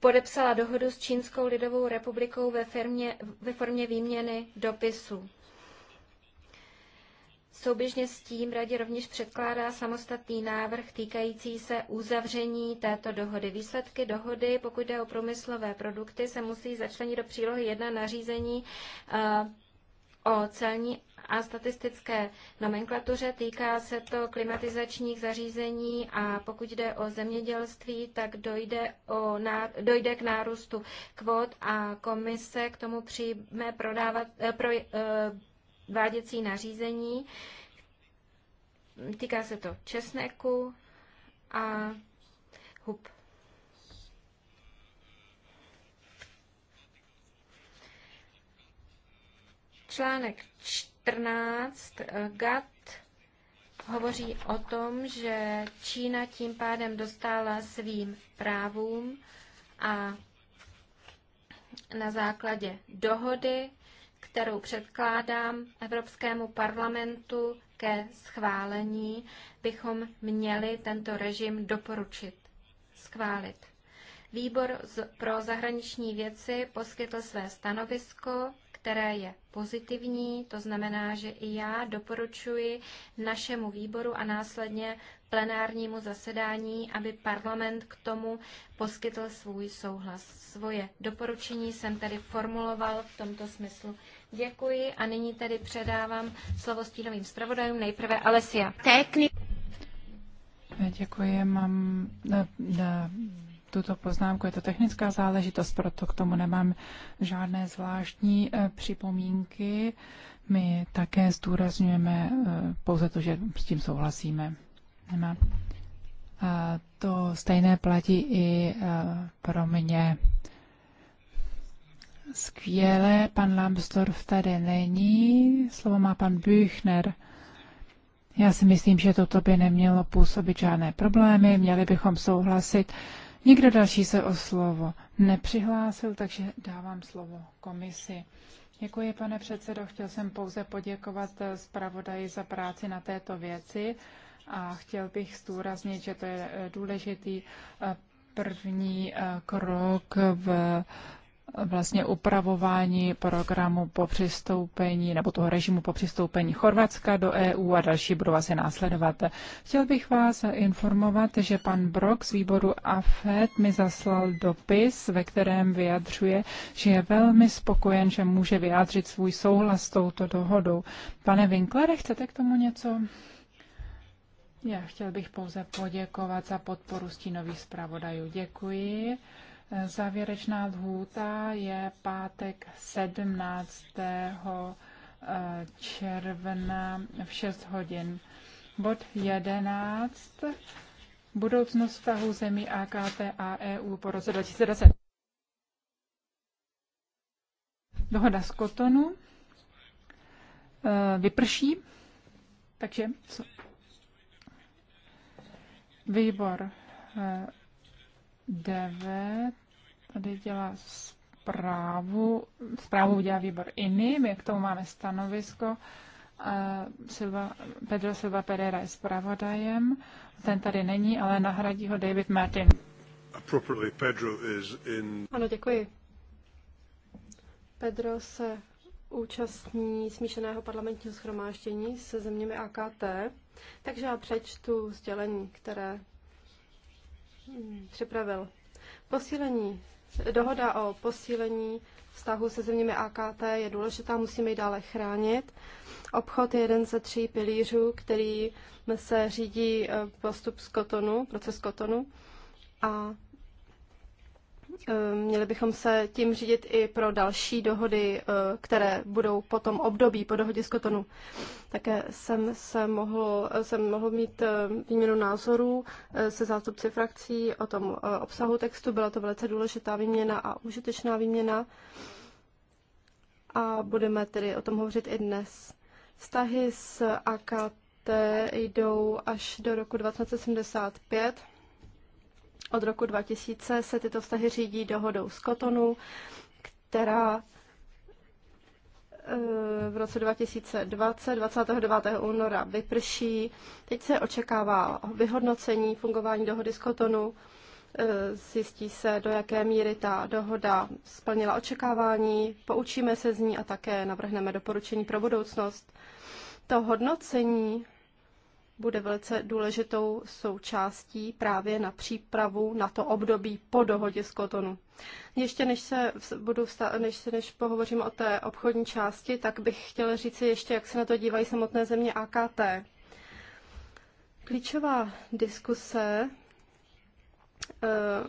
podepsala dohodu s Čínskou lidovou republikou ve, firmě, ve formě výměny dopisů. Souběžně s tím radě rovněž předkládá samostatný návrh týkající se uzavření této dohody. Výsledky dohody, pokud jde o průmyslové produkty, se musí začlenit do přílohy 1 nařízení eh, o celní a statistické nomenklatuře. Týká se to klimatizačních zařízení a pokud jde o zemědělství, tak dojde, o, dojde k nárůstu kvot a komise k tomu přijme prodávat, eh, pro, eh, váděcí nařízení. Týká se to česneku a hub. Článek 14 eh, GATT hovoří o tom, že Čína tím pádem dostala svým právům a na základě dohody kterou předkládám Evropskému parlamentu ke schválení, bychom měli tento režim doporučit, schválit. Výbor pro zahraniční věci poskytl své stanovisko, které je pozitivní, to znamená, že i já doporučuji našemu výboru a následně plenárnímu zasedání, aby parlament k tomu poskytl svůj souhlas. Svoje doporučení jsem tedy formuloval v tomto smyslu. Děkuji a nyní tedy předávám slovo stínovým zpravodajům, nejprve Alessia. Technik. Děkuji, mám na, eh, na eh, tuto poznámku. Je to technická záležitost, proto k tomu nemám žádné zvláštní eh, připomínky. My také zdůrazňujeme pouze to, že s tím souhlasíme. Nemá. A to stejné platí i pro mě. Skvěle, pan Lambsdorff tady není, slovo má pan Büchner. Já si myslím, že toto by nemělo působit žádné problémy, měli bychom souhlasit. Nikdo další se o slovo nepřihlásil, takže dávám slovo komisi. Děkuji, pane předsedo. Chtěl jsem pouze poděkovat zpravodaji za práci na této věci a chtěl bych zdůraznit, že to je důležitý eh, první eh, krok v vlastně upravování programu po přistoupení nebo toho režimu po přistoupení Chorvatska do EU a další budou asi následovat. Chtěl bych vás informovat, že pan Brok z výboru AFED mi zaslal dopis, ve kterém vyjadřuje, že je velmi spokojen, že může vyjádřit svůj souhlas s touto dohodou. Pane Winklere, chcete k tomu něco? Já chtěl bych pouze poděkovat za podporu stínových zpravodajů. Děkuji. Závěrečná lhůta je pátek 17. Eh, června v 6 hodin. Bod 11. Budoucnost vztahu zemí AKT a EU po roce 2010. Dohoda z Kotonu eh, vyprší, takže co? výbor 9 eh, Tady dělá zprávu, zprávu dělá výbor INI, my k tomu máme stanovisko. Silva, Pedro Silva Pereira je zpravodajem, ten tady není, ale nahradí ho David Martin. Pedro is in... Ano, děkuji. Pedro se účastní smíšeného parlamentního schromáždění se zeměmi AKT, takže já přečtu sdělení, které hm, připravil. Posílení Dohoda o posílení vztahu se zeměmi AKT je důležitá, musíme ji dále chránit. Obchod je jeden ze tří pilířů, který se řídí eh, postup z kotonu, proces kotonu. A Eh, měli bychom se tím řídit i pro další dohody, eh, které budou potom období po dohodě z Kotonu. Také jsem, se mohl, eh, jsem mohl mít výměnu názorů se zástupci frakcí o tom obsahu textu. Byla to velice důležitá výměna a užitečná výměna. A budeme tedy o tom hovořit i dnes. Vztahy s AKT jdou až do roku 2075 od roku 2000 se tyto vztahy řídí dohodou z Kotonu, která e, v roce 2020, 29. února vyprší. Teď se očekává vyhodnocení fungování dohody z Kotonu. E, zjistí se, do jaké míry ta dohoda splnila očekávání, poučíme se z ní a také navrhneme doporučení pro budoucnost. To hodnocení bude velice důležitou součástí právě na přípravu na to období po dohodě s Kotonu. Ještě než se budu vsta- než, než pohovořím o té obchodní části, tak bych chtěla říci ještě, jak se na to dívají samotné země AKT. Klíčová diskuse Eh,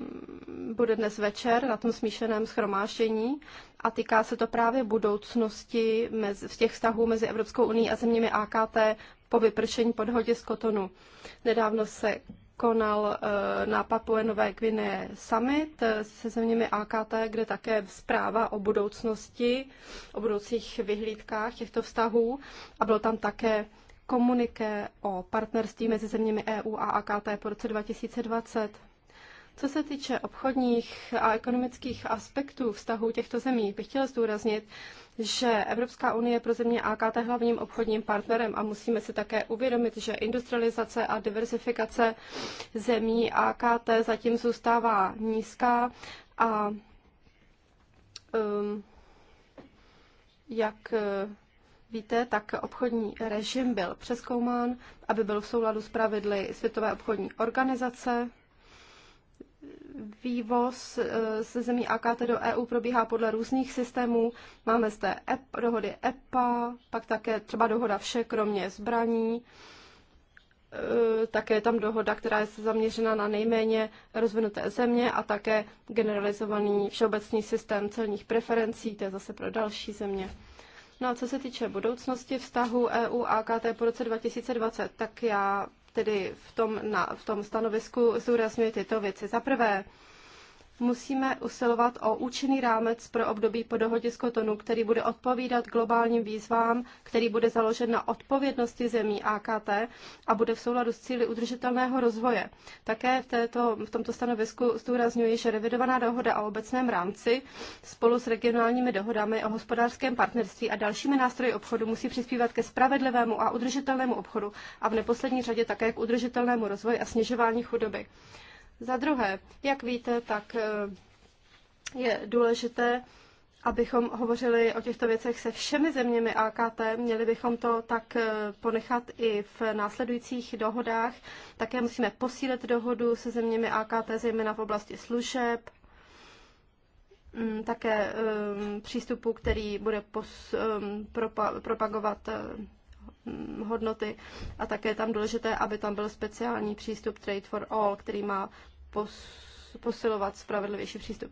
bude dnes večer na tom smíšeném schromáštění a týká se to právě budoucnosti v těch vztahů mezi Evropskou unii a zeměmi AKT po vypršení podhodě z Kotonu. Nedávno se konal eh, na Papue Nové Gvineje summit eh, se zeměmi AKT, kde také zpráva o budoucnosti, o budoucích vyhlídkách těchto vztahů a bylo tam také komuniké o partnerství mezi zeměmi EU a AKT po roce 2020. Co se týče obchodních a ekonomických aspektů vztahu těchto zemí, bych chtěla zdůraznit, že Evropská unie je pro země AKT hlavním obchodním partnerem a musíme si také uvědomit, že industrializace a diversifikace zemí AKT zatím zůstává nízká a um, jak uh, víte, tak obchodní režim byl přeskoumán, aby byl v souladu s pravidly Světové obchodní organizace Vývoz eh, ze zemí AKT do EU probíhá podle různých systémů. Máme zde EP, dohody EPA, pak také třeba dohoda vše, kromě zbraní. Eh, také je tam dohoda, která je zaměřena na nejméně rozvinuté země a také generalizovaný všeobecný systém celních preferencí, to je zase pro další země. No a co se týče budoucnosti vztahu EU a AKT po roce 2020, tak já tedy v tom, na, v tom stanovisku zúraznuje tyto věci. Za prvé, musíme usilovat o účinný rámec pro období po dohodě z Kotonu, který bude odpovídat globálním výzvám, který bude založen na odpovědnosti zemí AKT a bude v souladu s cíly udržitelného rozvoje. Také v, této, v tomto stanovisku zdůrazňuji, že revidovaná dohoda o obecném rámci spolu s regionálními dohodami o hospodářském partnerství a dalšími nástroji obchodu musí přispívat ke spravedlivému a udržitelnému obchodu a v neposlední řadě také k udržitelnému rozvoji a snižování chudoby. Za druhé, jak víte, tak eh, je důležité, abychom hovořili o těchto věcech se všemi zeměmi AKT. Měli bychom to tak eh, ponechat i v následujících dohodách. Také musíme posílit dohodu se zeměmi AKT, zejména v oblasti služeb, mm, také eh, přístupu, který bude pos, propa, propagovat hodnoty a také tam důležité, aby tam byl speciální přístup Trade for All, který má posilovat spravedlivější přístup.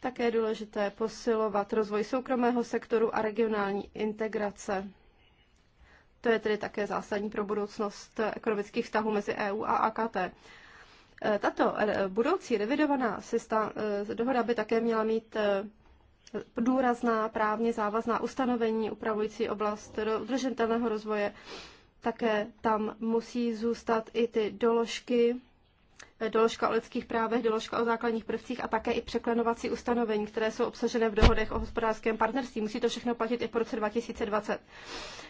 Také je důležité posilovat rozvoj soukromého sektoru a regionální integrace. To je tedy také zásadní pro budoucnost ekonomických vztahů mezi EU a AKT. E, tato e, budoucí revidovaná systém, e, dohoda by také měla mít důrazná právně závazná ustanovení upravující oblast udržitelného rozvoje. Také tam musí zůstat i ty doložky doložka o lidských právech, doložka o základních prvcích a také i překlenovací ustanovení, které jsou obsažené v dohodech o hospodářském partnerství. Musí to všechno platit i po roce 2020.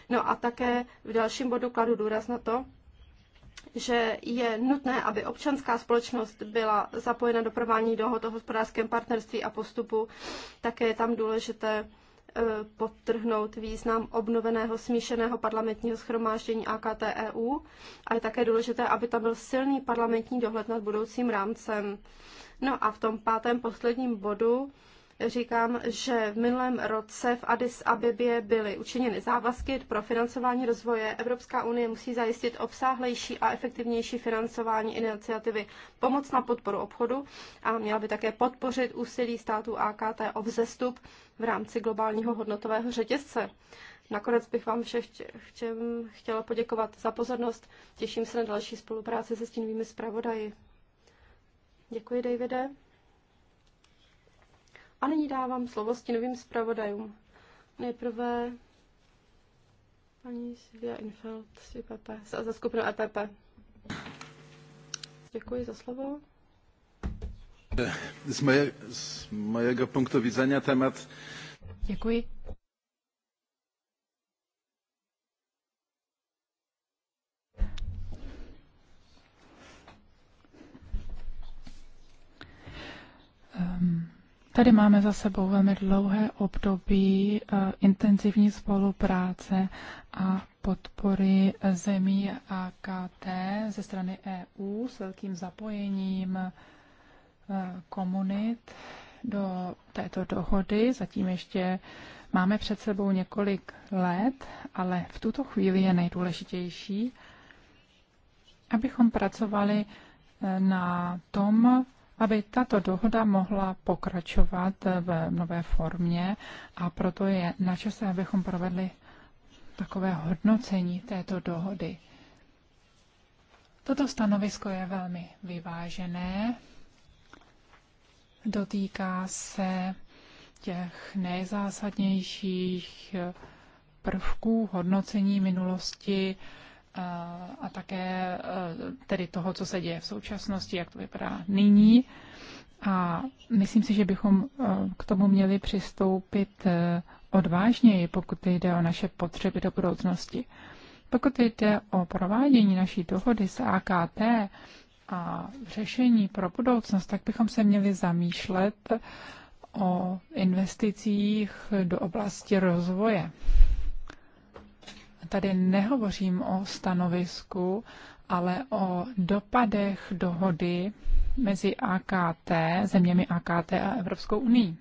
No a také v dalším bodu kladu důraz na to, že je nutné, aby občanská společnost byla zapojena do provádění dohod o hospodářském partnerství a postupu. Také je tam důležité Eh, podtrhnout význam obnoveného smíšeného parlamentního schromáždění AKTEU a je také důležité, aby tam byl silný parlamentní dohled nad budoucím rámcem. No a v tom pátém posledním bodu říkám, že v minulém roce v Addis Abebě byly učiněny závazky pro financování rozvoje. Evropská unie musí zajistit obsáhlejší a efektivnější financování iniciativy Pomoc na podporu obchodu a měla by také podpořit úsilí států AKT o vzestup v rámci globálního hodnotového řetězce. Nakonec bych vám všem chtěla poděkovat za pozornost. Těším se na další spolupráci se stínovými zpravodaji. Děkuji, Davide. A nyní dávám slovo stínovým zpravodajům. Nejprve paní Silvia Infeld z EPP, za skupinu EPP. Děkuji za slovo. Z, moje, z mojego punktu widzenia temat... Děkuji. Tady máme za sebou velmi dlouhé období eh, intenzivní spolupráce a podpory eh, zemí AKT ze strany EU s velkým zapojením eh, komunit do této dohody. Zatím ještě máme před sebou několik let, ale v tuto chvíli je nejdůležitější, abychom pracovali na tom, aby tato dohoda mohla pokračovat v nové formě a proto je na čase, abychom provedli takové hodnocení této dohody. Toto stanovisko je velmi vyvážené, dotýká se těch nejzásadnějších prvků hodnocení minulosti, a také e, tedy toho, co se děje v současnosti, jak to vypadá nyní. A myslím si, že bychom e, k tomu měli přistoupit e, odvážněji, pokud jde o naše potřeby do budoucnosti. Pokud jde o provádění naší dohody s AKT a řešení pro budoucnost, tak bychom se měli zamýšlet o investicích do oblasti rozvoje tady nehovořím o stanovisku, ale o dopadech dohody mezi AKT, zeměmi AKT a Evropskou unii.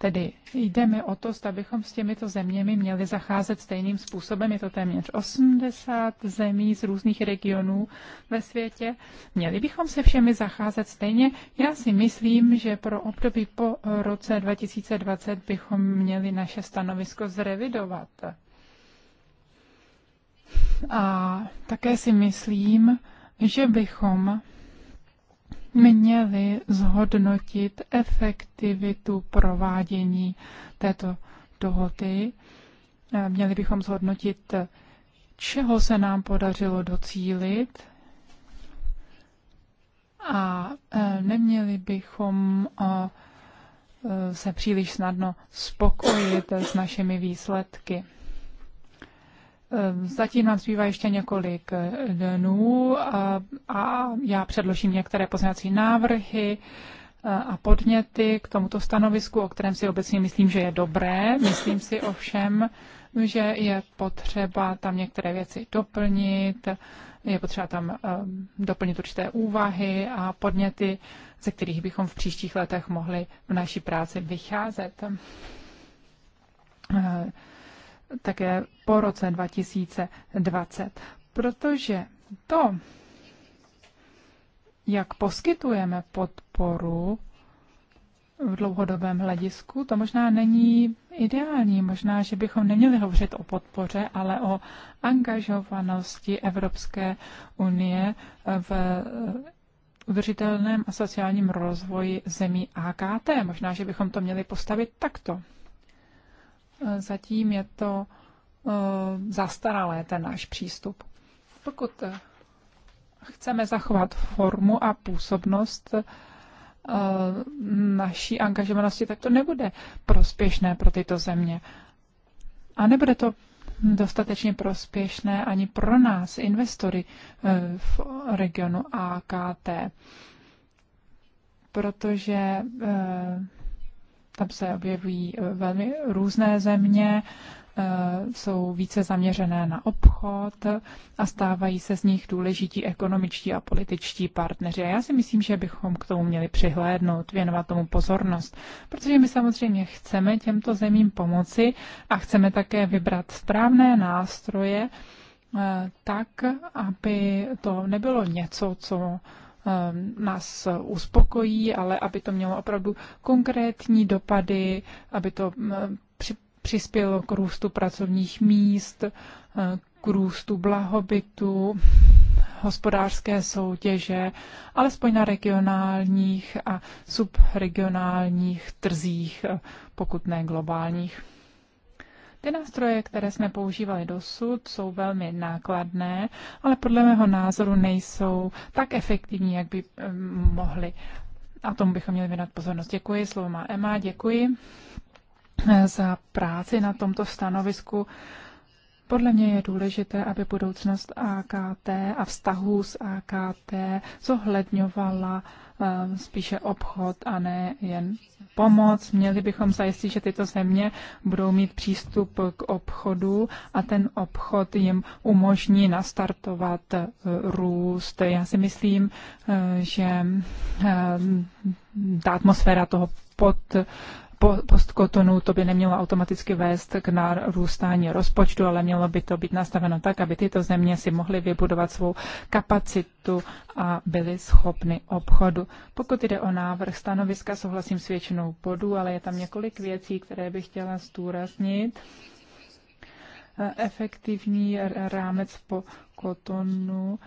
Tedy jde mi o to, abychom s těmito zeměmi měli zacházet stejným způsobem. Je to téměř 80 zemí z různých regionů ve světě. Měli bychom se všemi zacházet stejně. Já si myslím, že pro období po roce 2020 bychom měli naše stanovisko zrevidovat. A také si myslím, že bychom měli zhodnotit efektivitu provádění této dohody. Eh, měli bychom zhodnotit, čeho se nám podařilo docílit a eh, neměli bychom eh, se příliš snadno spokojit s našimi výsledky. Ehm, zatím nám zbývá ještě několik eh, dnů a, a já předložím některé pozměňovací návrhy eh, a podněty k tomuto stanovisku, o kterém si obecně myslím, že je dobré. Myslím si ovšem, že je potřeba tam některé věci doplnit, je potřeba tam ehm, doplnit určité úvahy a podněty, ze kterých bychom v příštích letech mohli v naší práci vycházet. Eh, také po roce 2020. Protože to, jak poskytujeme podporu v dlouhodobém hledisku, to možná není ideální. Možná, že bychom neměli hovořit o podpoře, ale o angažovanosti Evropské unie v udržitelném a sociálním rozvoji zemí AKT. Možná, že bychom to měli postavit takto zatím je to eh, zastaralé, ten náš přístup. Pokud eh, chceme zachovat formu a působnost eh, naší angažovanosti, tak to nebude prospěšné pro tyto země. A nebude to dostatečně prospěšné ani pro nás, investory v regionu AKT, protože tam se objevují eh, velmi různé země, eh, jsou více zaměřené na obchod a stávají se z nich důležití ekonomičtí a političtí partneři. A já si myslím, že bychom k tomu měli přihlédnout, věnovat tomu pozornost, protože my samozřejmě chceme těmto zemím pomoci a chceme také vybrat správné nástroje, eh, tak, aby to nebylo něco, co Eh, nás uspokojí, ale aby to mělo opravdu konkrétní dopady, aby to mm, přispělo k růstu pracovních míst, eh, k růstu blahobytu, hospodářské soutěže, alespoň na regionálních a subregionálních trzích, eh, pokud ne globálních. Ty nástroje, které jsme používali dosud, jsou velmi nákladné, ale podle mého názoru nejsou tak efektivní, jak by eh, mohly. A tomu bychom měli věnat pozornost. Děkuji, slovo má Emma, děkuji eh, za práci na tomto stanovisku. Podle mě je důležité, aby budoucnost AKT a vztahů s AKT zohledňovala eh, spíše obchod a ne jen pomoc, měli bychom zajistit, že tyto země budou mít přístup k obchodu a ten obchod jim umožní nastartovat eh, růst. Já si myslím, eh, že eh, ta atmosféra toho pod postkotonu, to by nemělo automaticky vést k narůstání rozpočtu, ale mělo by to být nastaveno tak, aby tyto země si mohly vybudovat svou kapacitu a byly schopny obchodu. Pokud jde o návrh stanoviska, souhlasím s většinou bodů, ale je tam několik věcí, které bych chtěla zdůraznit. Efektivní rámec po kotonu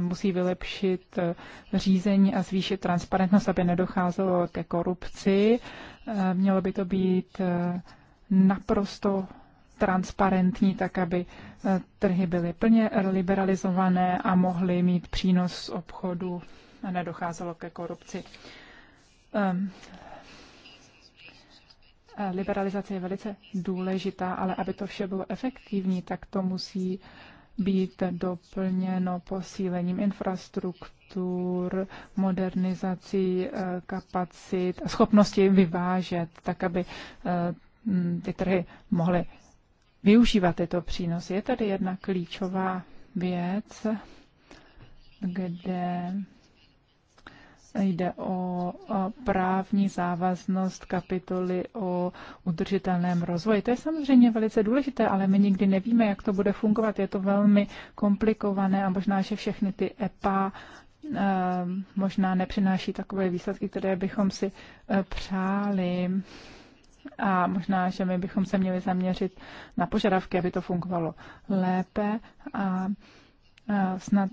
musí vylepšit eh, řízení a zvýšit transparentnost, aby nedocházelo ke korupci. Eh, mělo by to být eh, naprosto transparentní, tak aby trhy byly plně liberalizované a mohly mít přínos z obchodu a nedocházelo ke korupci. Ehm, liberalizace je velice důležitá, ale aby to vše bylo efektivní, tak to musí být doplněno posílením infrastruktur, modernizací eh, kapacit a schopnosti vyvážet, tak aby eh, ty trhy mohly využívat tyto přínosy. Je tady jedna klíčová věc, kde Jde o právní závaznost kapitoly o udržitelném rozvoji. To je samozřejmě velice důležité, ale my nikdy nevíme, jak to bude fungovat. Je to velmi komplikované a možná, že všechny ty EPA eh, možná nepřináší takové výsledky, které bychom si eh, přáli. A možná, že my bychom se měli zaměřit na požadavky, aby to fungovalo lépe a eh, snad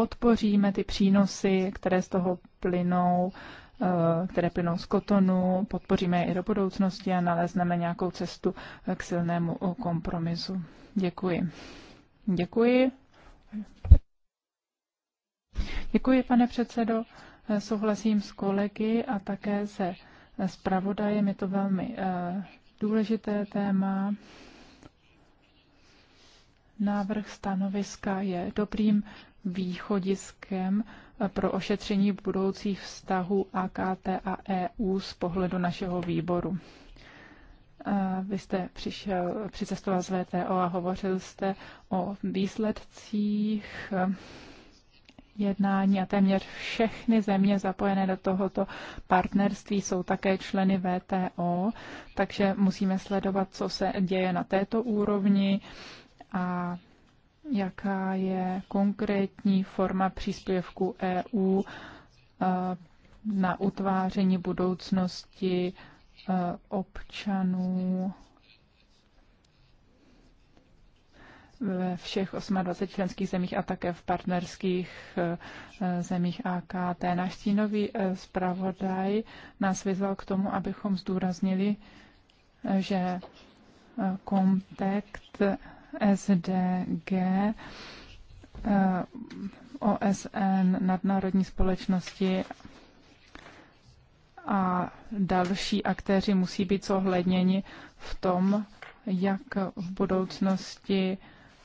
podpoříme ty přínosy, které z toho plynou, eh, které plynou z kotonu, podpoříme je i do budoucnosti a nalezneme nějakou cestu eh, k silnému eh, kompromisu. Děkuji. Děkuji. Děkuji, pane předsedo. Souhlasím s kolegy a také se zpravodajem. Je to velmi důležité téma. Návrh stanoviska je dobrým východiskem eh, pro ošetření budoucích vztahů AKT a EU z pohledu našeho výboru. Eh, vy jste přišel, přicestoval z VTO a hovořil jste o výsledcích eh, jednání a téměř všechny země zapojené do tohoto partnerství jsou také členy VTO, takže musíme sledovat, co se děje na této úrovni a jaká je konkrétní forma příspěvku EU eh, na utváření budoucnosti eh, občanů ve všech 28 členských zemích a také v partnerských eh, zemích AKT. Náš stínový zpravodaj nás vyzval k tomu, abychom zdůraznili, že kontakt SDG, eh, OSN, nadnárodní společnosti a další aktéři musí být zohledněni v tom, jak v budoucnosti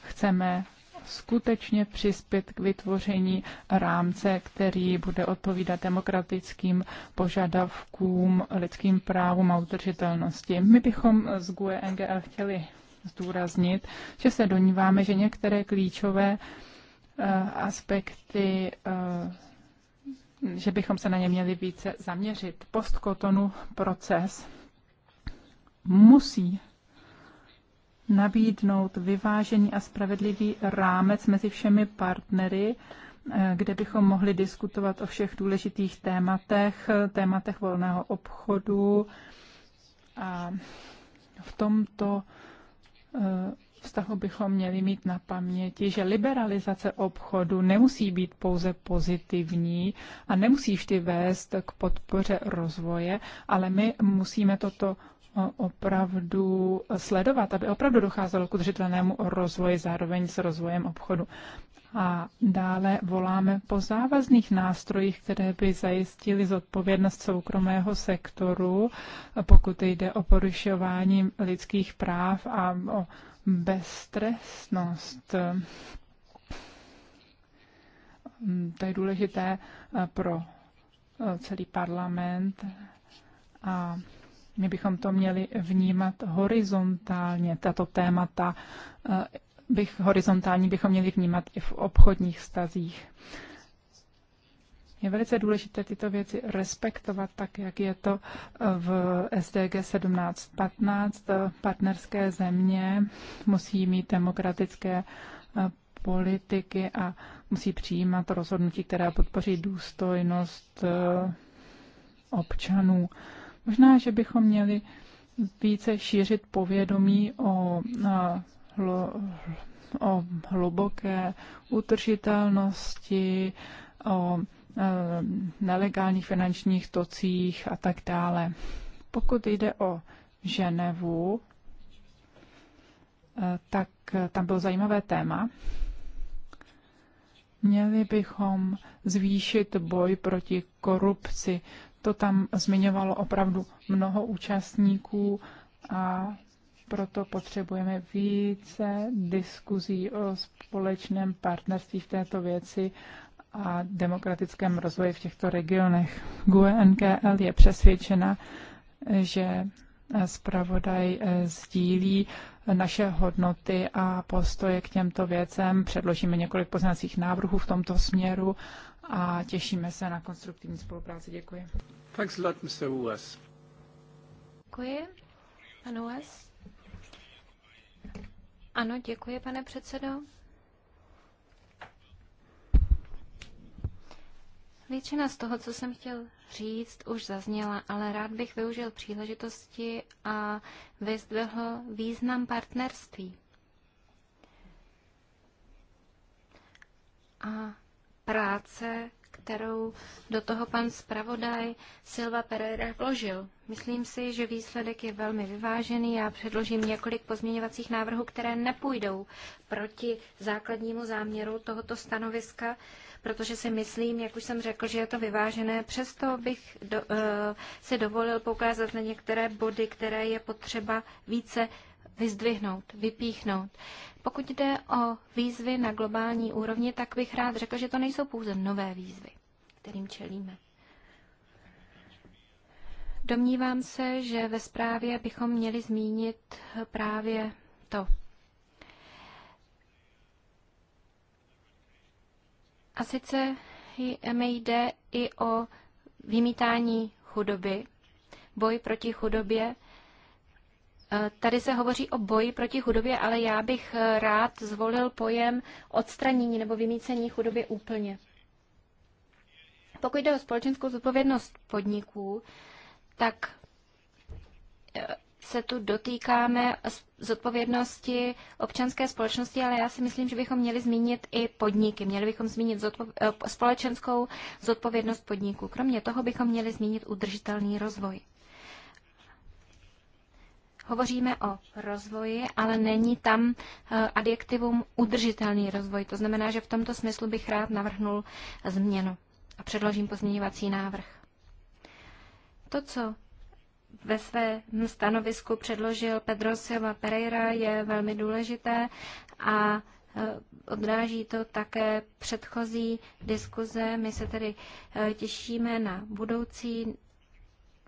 chceme skutečně přispět k vytvoření rámce, který bude odpovídat demokratickým požadavkům, lidským právům a udržitelnosti. My bychom z GUE NGL chtěli zdůraznit, že se doníváme, že některé klíčové eh, aspekty eh, že bychom se na ně měli více zaměřit. Postkotonu proces musí nabídnout vyvážený a spravedlivý rámec mezi všemi partnery, eh, kde bychom mohli diskutovat o všech důležitých tématech, tématech volného obchodu. A v tomto vztahu eh, bychom měli mít na paměti, že liberalizace obchodu nemusí být pouze pozitivní a nemusí vždy vést k podpoře rozvoje, ale my musíme toto eh, opravdu sledovat, aby opravdu docházelo k udržitelnému rozvoji zároveň s rozvojem obchodu. A dále voláme po závazných nástrojích, které by zajistily zodpovědnost soukromého sektoru, pokud jde o porušování lidských práv a o beztrestnost. To je důležité eh, pro eh, celý parlament a my bychom to měli vnímat horizontálně, tato témata eh, bych, horizontální bychom měli vnímat i v obchodních stazích. Je velice důležité tyto věci respektovat, tak jak je to v SDG 1715. Partnerské země musí mít demokratické eh, politiky a musí přijímat rozhodnutí, která podpoří důstojnost eh, občanů. Možná, že bychom měli více šířit povědomí o eh, o hluboké utržitelnosti, o e, nelegálních finančních tocích a tak dále. Pokud jde o Ženevu, e, tak tam bylo zajímavé téma. Měli bychom zvýšit boj proti korupci. To tam zmiňovalo opravdu mnoho účastníků a proto potřebujeme více diskuzí o společném partnerství v této věci a demokratickém rozvoji v těchto regionech. GUE NKL je přesvědčena, že zpravodaj sdílí naše hodnoty a postoje k těmto věcem. Předložíme několik poznacích návrhů v tomto směru a těšíme se na konstruktivní spolupráci. Děkuji. Thanks a lot, Mr. Děkuji, pan ano, děkuji, pane předsedo. Většina z toho, co jsem chtěl říct, už zazněla, ale rád bych využil příležitosti a vyzdvihl význam partnerství. A práce kterou do toho pan zpravodaj Silva Pereira vložil. Myslím si, že výsledek je velmi vyvážený. Já předložím několik pozměňovacích návrhů, které nepůjdou proti základnímu záměru tohoto stanoviska, protože si myslím, jak už jsem řekl, že je to vyvážené. Přesto bych do, uh, si dovolil poukázat na některé body, které je potřeba více vyzdvihnout, vypíchnout. Pokud jde o výzvy na globální úrovni, tak bych rád řekl, že to nejsou pouze nové výzvy, kterým čelíme. Domnívám se, že ve zprávě bychom měli zmínit právě to. A sice mi jde i o vymítání chudoby, boj proti chudobě, Eh, tady se hovoří o boji proti chudobě, ale já bych eh, rád zvolil pojem odstranění nebo vymícení chudoby úplně. Pokud jde o společenskou zodpovědnost podniků, tak eh, se tu dotýkáme zodpovědnosti občanské společnosti, ale já si myslím, že bychom měli zmínit i podniky. Měli bychom zmínit společenskou zodpovědnost podniků. Kromě toho bychom měli zmínit udržitelný rozvoj. Hovoříme o rozvoji, ale není tam eh, adjektivum udržitelný rozvoj. To znamená, že v tomto smyslu bych rád navrhnul změnu a předložím pozměňovací návrh. To, co ve svém stanovisku předložil Pedro Silva Pereira, je velmi důležité a eh, odráží to také předchozí diskuze. My se tedy eh, těšíme na budoucí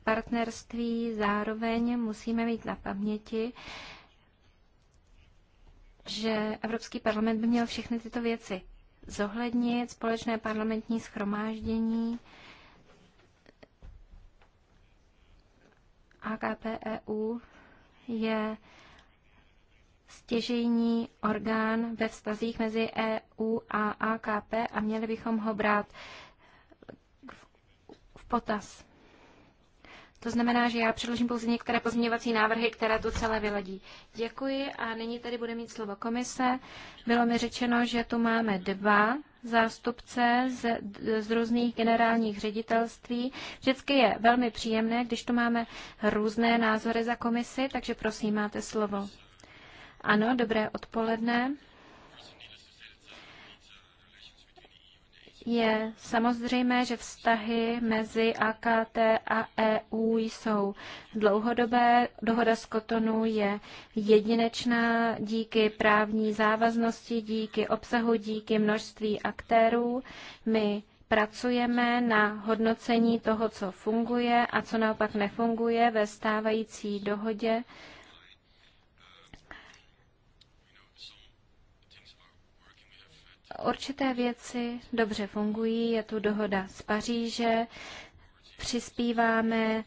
partnerství. Zároveň musíme mít na paměti, že Evropský parlament by měl všechny tyto věci zohlednit, společné parlamentní schromáždění, AKPEU je stěžejní orgán ve vztazích mezi EU a AKP a měli bychom ho brát v potaz. To znamená, že já předložím pouze některé pozměňovací návrhy, které to celé vyladí. Děkuji a nyní tady bude mít slovo komise. Bylo mi řečeno, že tu máme dva zástupce z, z různých generálních ředitelství. Vždycky je velmi příjemné, když tu máme různé názory za komisi, takže prosím, máte slovo. Ano, dobré odpoledne. Je samozřejmé, že vztahy mezi AKT a EU jsou dlouhodobé. Dohoda z Kotonu je jedinečná díky právní závaznosti, díky obsahu, díky množství aktérů. My pracujeme na hodnocení toho, co funguje a co naopak nefunguje ve stávající dohodě. Určité věci dobře fungují, je tu dohoda z Paříže, přispíváme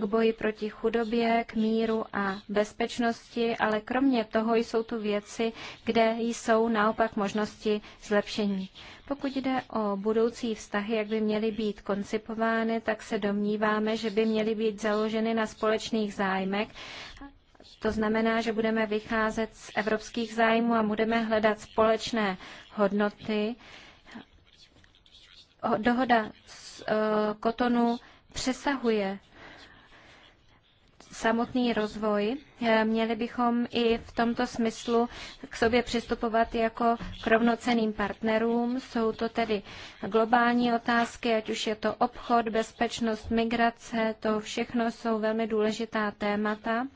k boji proti chudobě, k míru a bezpečnosti, ale kromě toho jsou tu věci, kde jsou naopak možnosti zlepšení. Pokud jde o budoucí vztahy, jak by měly být koncipovány, tak se domníváme, že by měly být založeny na společných zájmech to znamená, že budeme vycházet z evropských zájmů a budeme hledat společné hodnoty. Dohoda z eh, Kotonu přesahuje samotný rozvoj. Eh, měli bychom i v tomto smyslu k sobě přistupovat jako k rovnoceným partnerům. Jsou to tedy globální otázky, ať už je to obchod, bezpečnost, migrace, to všechno jsou velmi důležitá témata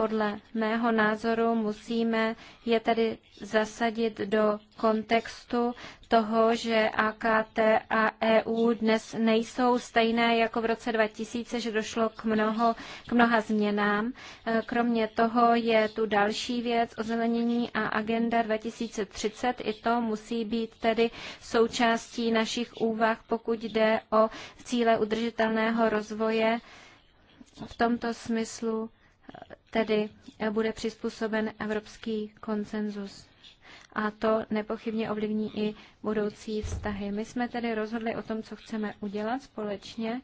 podle mého názoru musíme je tedy zasadit do kontextu toho, že AKT a EU dnes nejsou stejné jako v roce 2000, že došlo k, mnoho, k mnoha změnám. E, kromě toho je tu další věc, ozelenění a agenda 2030. I to musí být tedy součástí našich úvah, pokud jde o cíle udržitelného rozvoje. V tomto smyslu tedy bude přizpůsoben evropský konsenzus. A to nepochybně ovlivní i budoucí vztahy. My jsme tedy rozhodli o tom, co chceme udělat společně,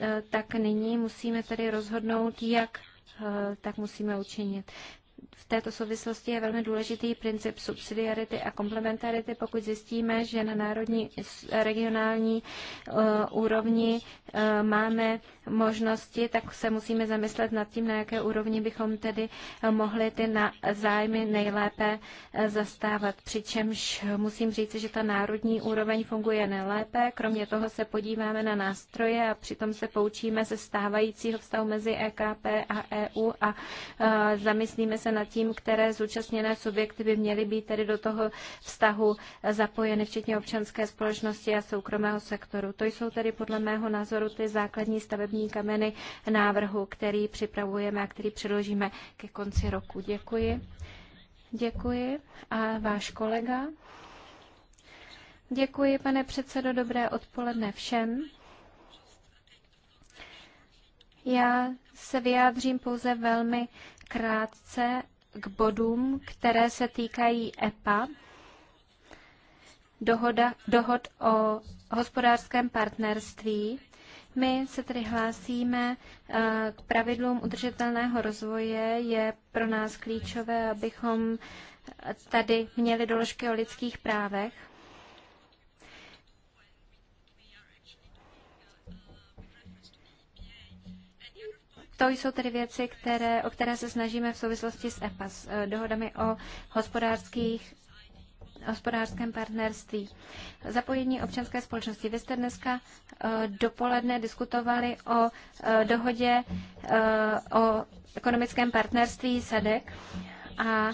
e, tak nyní musíme tedy rozhodnout, jak e, tak musíme učinit v této souvislosti je velmi důležitý princip subsidiarity a komplementarity, pokud zjistíme, že na národní regionální eh, úrovni eh, máme možnosti, tak se musíme zamyslet nad tím, na jaké úrovni bychom tedy eh, mohli ty na zájmy nejlépe zastávat. Přičemž musím říct, že ta národní úroveň funguje nejlépe. Kromě toho se podíváme na nástroje a přitom se poučíme ze stávajícího vztahu mezi EKP a EU a zamyslíme se se nad tím, které zúčastněné subjekty by měly být tedy do toho vztahu zapojeny, včetně občanské společnosti a soukromého sektoru. To jsou tedy podle mého názoru ty základní stavební kameny návrhu, který připravujeme a který předložíme ke konci roku. Děkuji. Děkuji. A váš kolega? Děkuji, pane předsedo. Dobré odpoledne všem. Já se vyjádřím pouze velmi krátce k bodům, které se týkají EPA, dohoda, dohod o hospodářském partnerství. My se tedy hlásíme eh, k pravidlům udržitelného rozvoje. Je pro nás klíčové, abychom tady měli doložky o lidských právech. To jsou tedy věci, které, o které se snažíme v souvislosti s EPAS, eh, dohodami o hospodářských hospodářském partnerství. Zapojení občanské společnosti. Vy jste dneska eh, dopoledne diskutovali o eh, dohodě o ekonomickém partnerství SEDEC a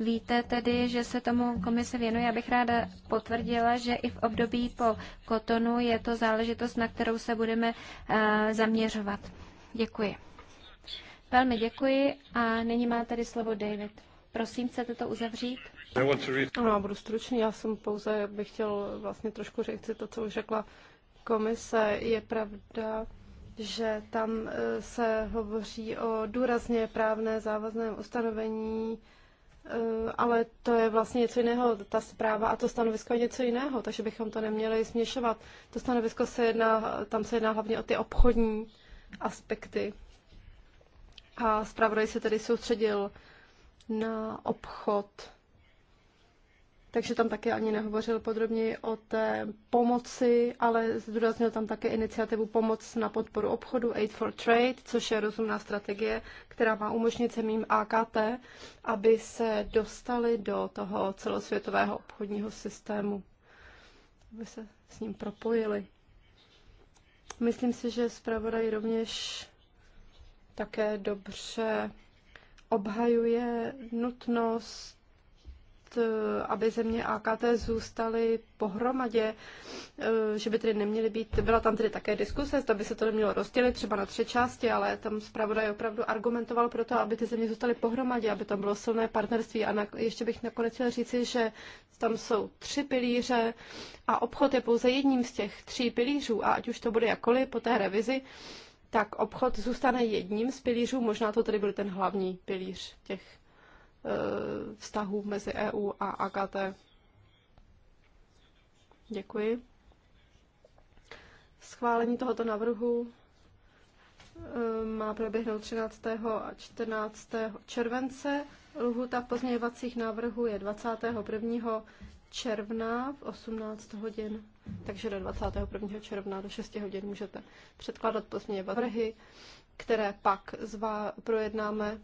víte tedy, že se tomu komise věnuje. Já bych ráda potvrdila, že i v období po Kotonu je to záležitost, na kterou se budeme zaměřovat. Děkuji. Velmi děkuji a nyní má tady slovo David. Prosím, chcete to uzavřít? Ano, já budu stručný, já jsem pouze bych chtěl vlastně trošku říct to, co už řekla komise. Je pravda, že tam e, se hovoří o důrazně právné závazném ustanovení, e, ale to je vlastně něco jiného, ta zpráva a to stanovisko je něco jiného, takže bychom to neměli směšovat. To stanovisko se jedná, tam se jedná hlavně o ty obchodní aspekty a zpravodaj se tedy soustředil na obchod. Takže tam také ani nehovořil podrobněji o té pomoci, ale zdůraznil tam také iniciativu Pomoc na podporu obchodu, Aid for Trade, což je rozumná strategie, která má umožnit zemím AKT, aby se dostali do toho celosvětového obchodního systému, aby se s ním propojili. Myslím si, že zpravodaj rovněž také dobře obhajuje nutnost, eh, aby země AKT zůstaly pohromadě, eh, že by tedy neměly být, byla tam tedy také diskuse, zda by se to nemělo rozdělit třeba na tři části, ale tam zpravodaj opravdu argumentoval pro to, aby ty země zůstaly pohromadě, aby tam bylo silné partnerství. A na, ještě bych nakonec chtěl říci, že tam jsou tři pilíře a obchod je pouze jedním z těch tří pilířů a ať už to bude jakkoliv po té revizi, tak obchod zůstane jedním z pilířů, možná to tedy byl ten hlavní pilíř těch e, vztahů mezi EU a AKT. Děkuji. Schválení tohoto návrhu e, má proběhnout 13. a 14. července. Lhuta pozměňovacích návrhů je 21 června v 18 hodin, takže do 21. června do 6 hodin můžete předkládat pozměňovací vrhy, které pak zvá, projednáme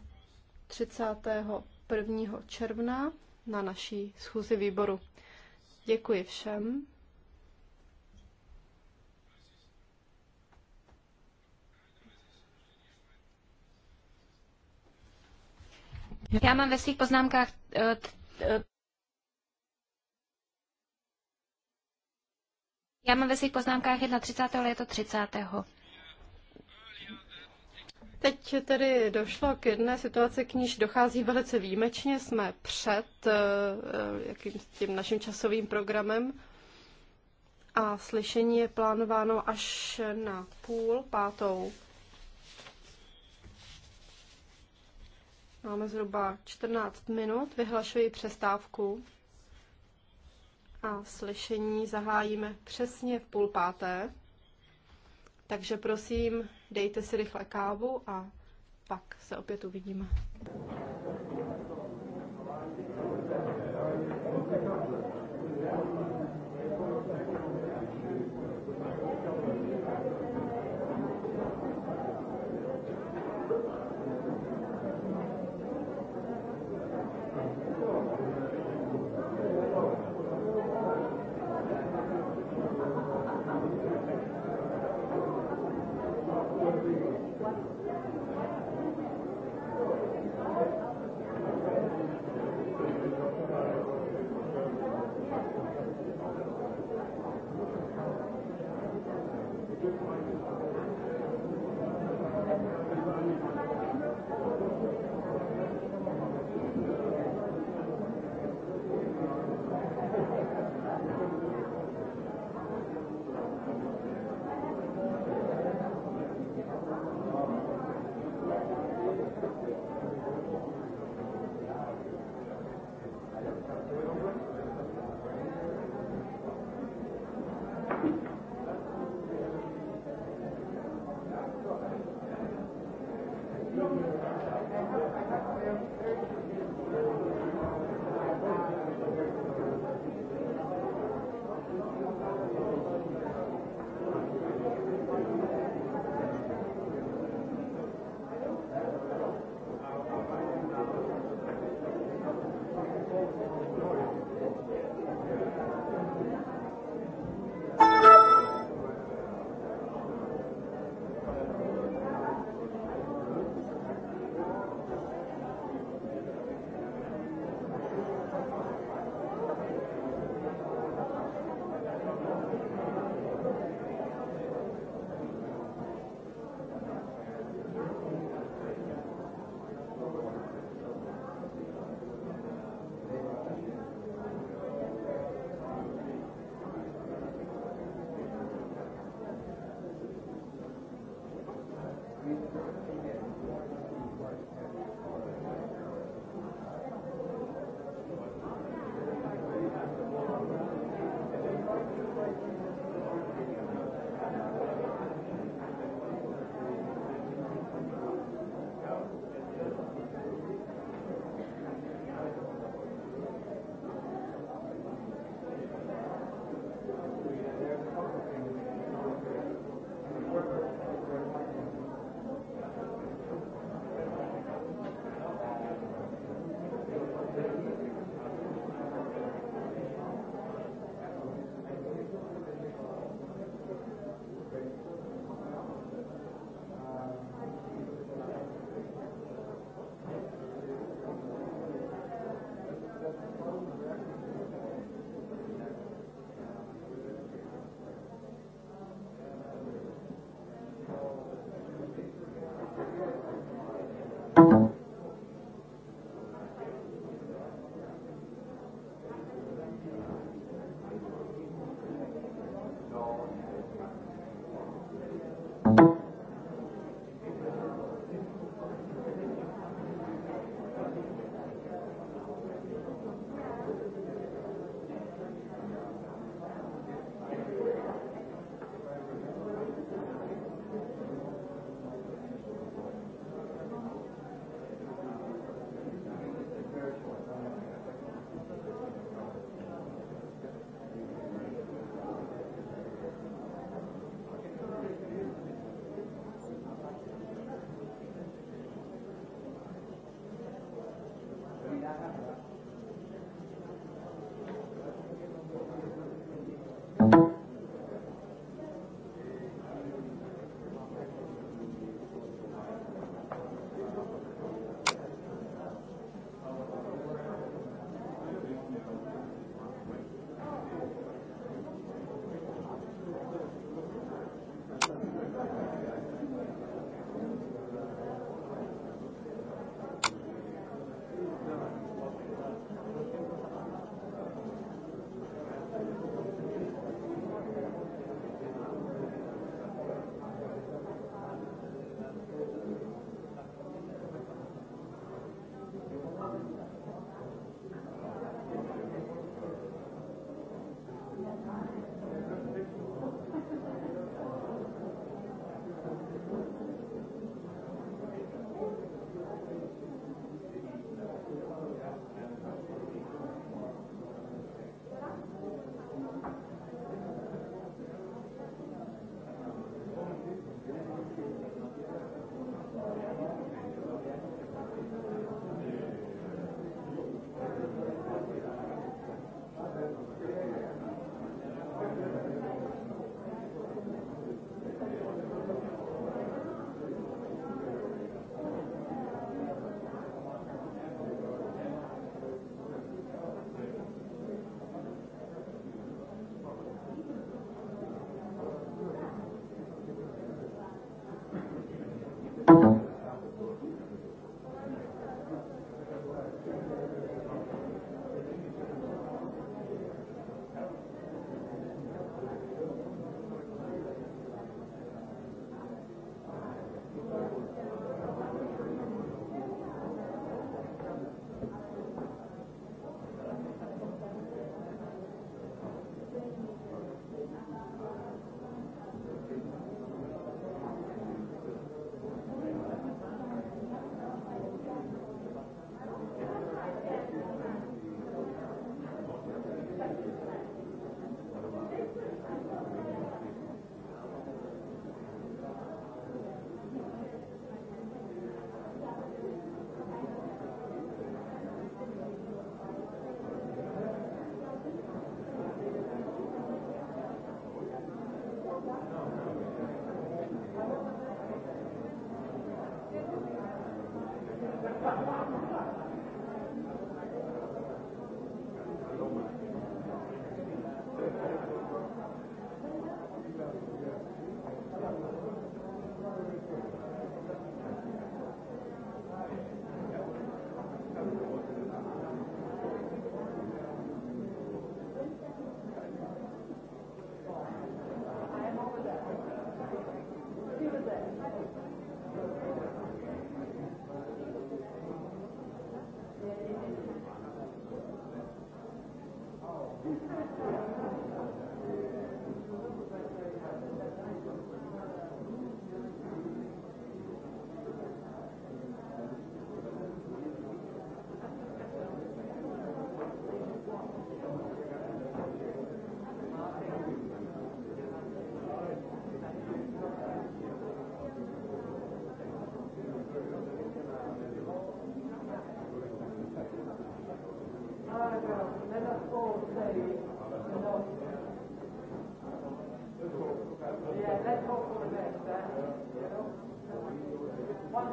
31. června na naší schůzi výboru. Děkuji všem. Já mám ve svých poznámkách uh, uh, Já mám ve svých poznámkách 31. leto 30. Teď tedy došlo k jedné situaci, k níž dochází velice výjimečně. Jsme před eh, eh, jakým, tím naším časovým programem a slyšení je plánováno až na půl pátou. Máme zhruba 14 minut, vyhlašuji přestávku a slyšení zahájíme přesně v půl páté. Takže prosím, dejte si rychle kávu a pak se opět uvidíme.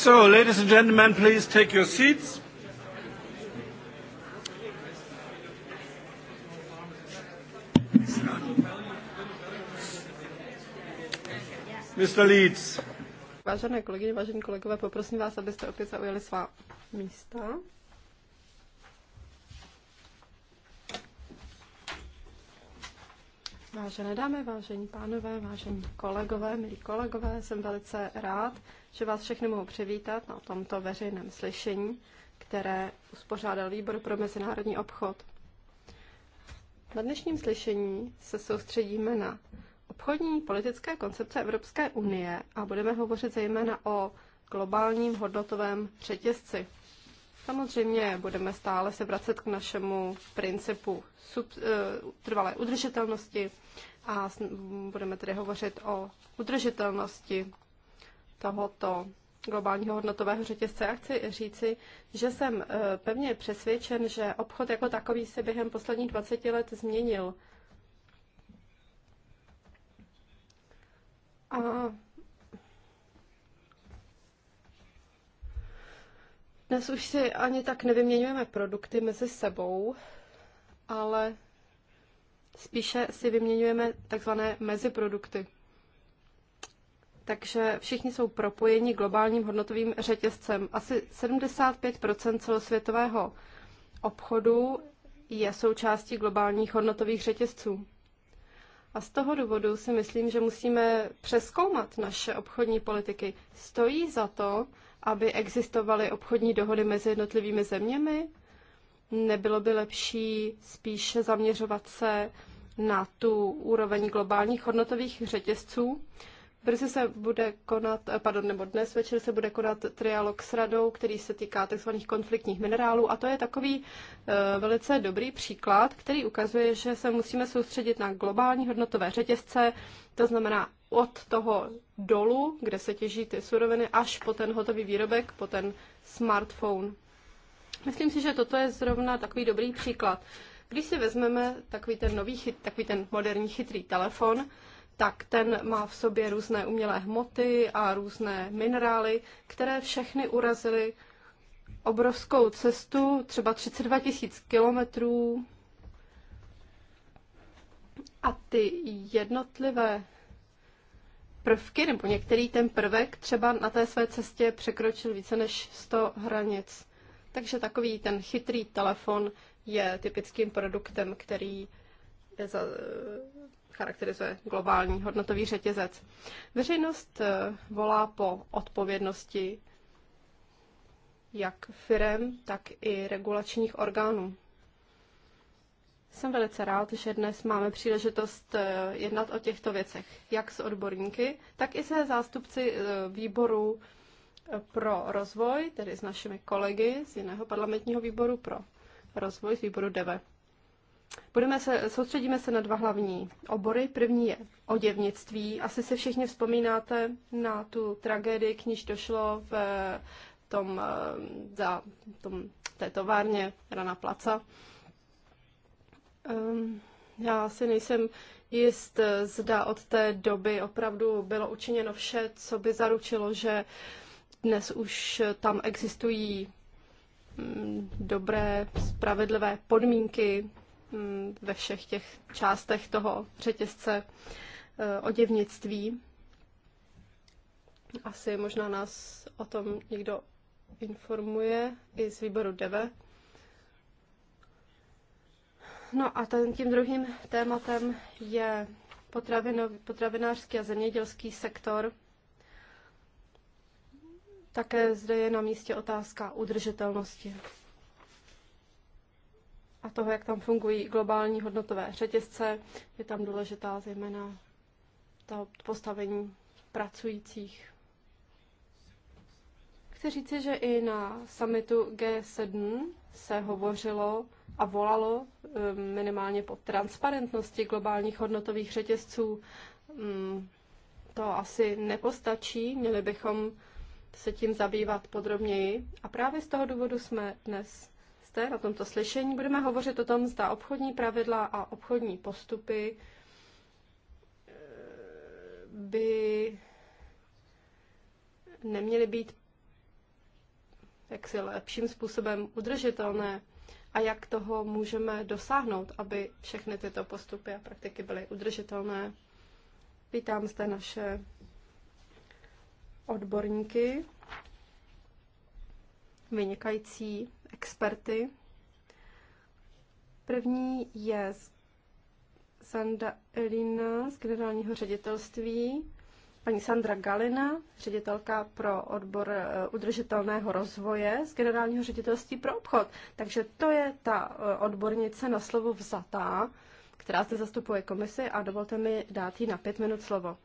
So, ladies and gentlemen, please take your seats. Mr. Leeds. Vážené kolegyně, vážení kolegové, poprosím vás, abyste opět zaujali svá místa. Vážené dámy, vážení pánové, vážení kolegové, milí kolegové, jsem velice rád, že vás všechny mohu přivítat na tomto veřejném slyšení, které uspořádal Výbor pro mezinárodní obchod. Na dnešním slyšení se soustředíme na obchodní politické koncepce Evropské unie a budeme hovořit zejména o globálním hodnotovém řetězci. Samozřejmě budeme stále se vracet k našemu principu sub, eh, trvalé udržitelnosti a budeme tedy hovořit o udržitelnosti tohoto globálního hodnotového řetězce. Já chci říci, že jsem eh, pevně přesvědčen, že obchod jako takový se během posledních 20 let změnil. A Dnes už si ani tak nevyměňujeme produkty mezi sebou, ale spíše si vyměňujeme takzvané meziprodukty. Takže všichni jsou propojeni globálním hodnotovým řetězcem. Asi 75 celosvětového obchodu je součástí globálních hodnotových řetězců. A z toho důvodu si myslím, že musíme přeskoumat naše obchodní politiky. Stojí za to, aby existovaly obchodní dohody mezi jednotlivými zeměmi? Nebylo by lepší spíše zaměřovat se na tu úroveň globálních hodnotových řetězců? Brzy se bude konat, eh, pardon, nebo dnes večer se bude konat trialog s radou, který se týká tzv. konfliktních minerálů a to je takový e, velice dobrý příklad, který ukazuje, že se musíme soustředit na globální hodnotové řetězce, to znamená od toho dolů, kde se těží ty suroviny, až po ten hotový výrobek, po ten smartphone. Myslím si, že toto je zrovna takový dobrý příklad. Když si vezmeme takový ten nový, takový ten moderní chytrý telefon, tak ten má v sobě různé umělé hmoty a různé minerály, které všechny urazily obrovskou cestu, třeba 32 tisíc kilometrů. A ty jednotlivé prvky nebo některý ten prvek třeba na té své cestě překročil více než 100 hranic. Takže takový ten chytrý telefon je typickým produktem, který je za, eh, charakterizuje globální hodnotový řetězec. Veřejnost eh, volá po odpovědnosti jak firem, tak i regulačních orgánů. Jsem velice rád, že dnes máme příležitost eh, jednat o těchto věcech, jak s odborníky, tak i se zástupci eh, výboru eh, pro rozvoj, tedy s našimi kolegy z jiného parlamentního výboru pro rozvoj, z výboru DEVE. Budeme se, soustředíme se na dva hlavní obory. První je oděvnictví. Asi se všichni vzpomínáte na tu tragédii, k níž došlo v tom, za tom, té továrně Rana Placa. Um, já si nejsem jist, zda od té doby opravdu bylo učiněno vše, co by zaručilo, že dnes už tam existují mm, dobré, spravedlivé podmínky mm, ve všech těch částech toho řetězce eh, oděvnictví. Asi možná nás o tom někdo informuje i z výboru DEVE. No a ten, tím druhým tématem je potravinářský a zemědělský sektor. Také zde je na místě otázka udržitelnosti a toho, jak tam fungují globální hodnotové řetězce. Je tam důležitá zejména to postavení pracujících. Chci říci, že i na summitu G7 se hovořilo a volalo eh, minimálně po transparentnosti globálních hodnotových řetězců. Mm, to asi nepostačí, měli bychom se tím zabývat podrobněji. A právě z toho důvodu jsme dnes jste na tomto slyšení. Budeme hovořit o tom, zda obchodní pravidla a obchodní postupy eh, by neměly být jaksi lepším způsobem udržitelné a jak toho můžeme dosáhnout, aby všechny tyto postupy a praktiky byly udržitelné. Vítám zde naše odborníky, vynikající experty. První je Sanda Elina z generálního ředitelství paní Sandra Galina, ředitelka pro odbor eh, udržitelného rozvoje z generálního ředitelství pro obchod. Takže to je ta eh, odbornice na slovo vzatá, která zde zastupuje komisi a dovolte mi dát jí na pět minut slovo.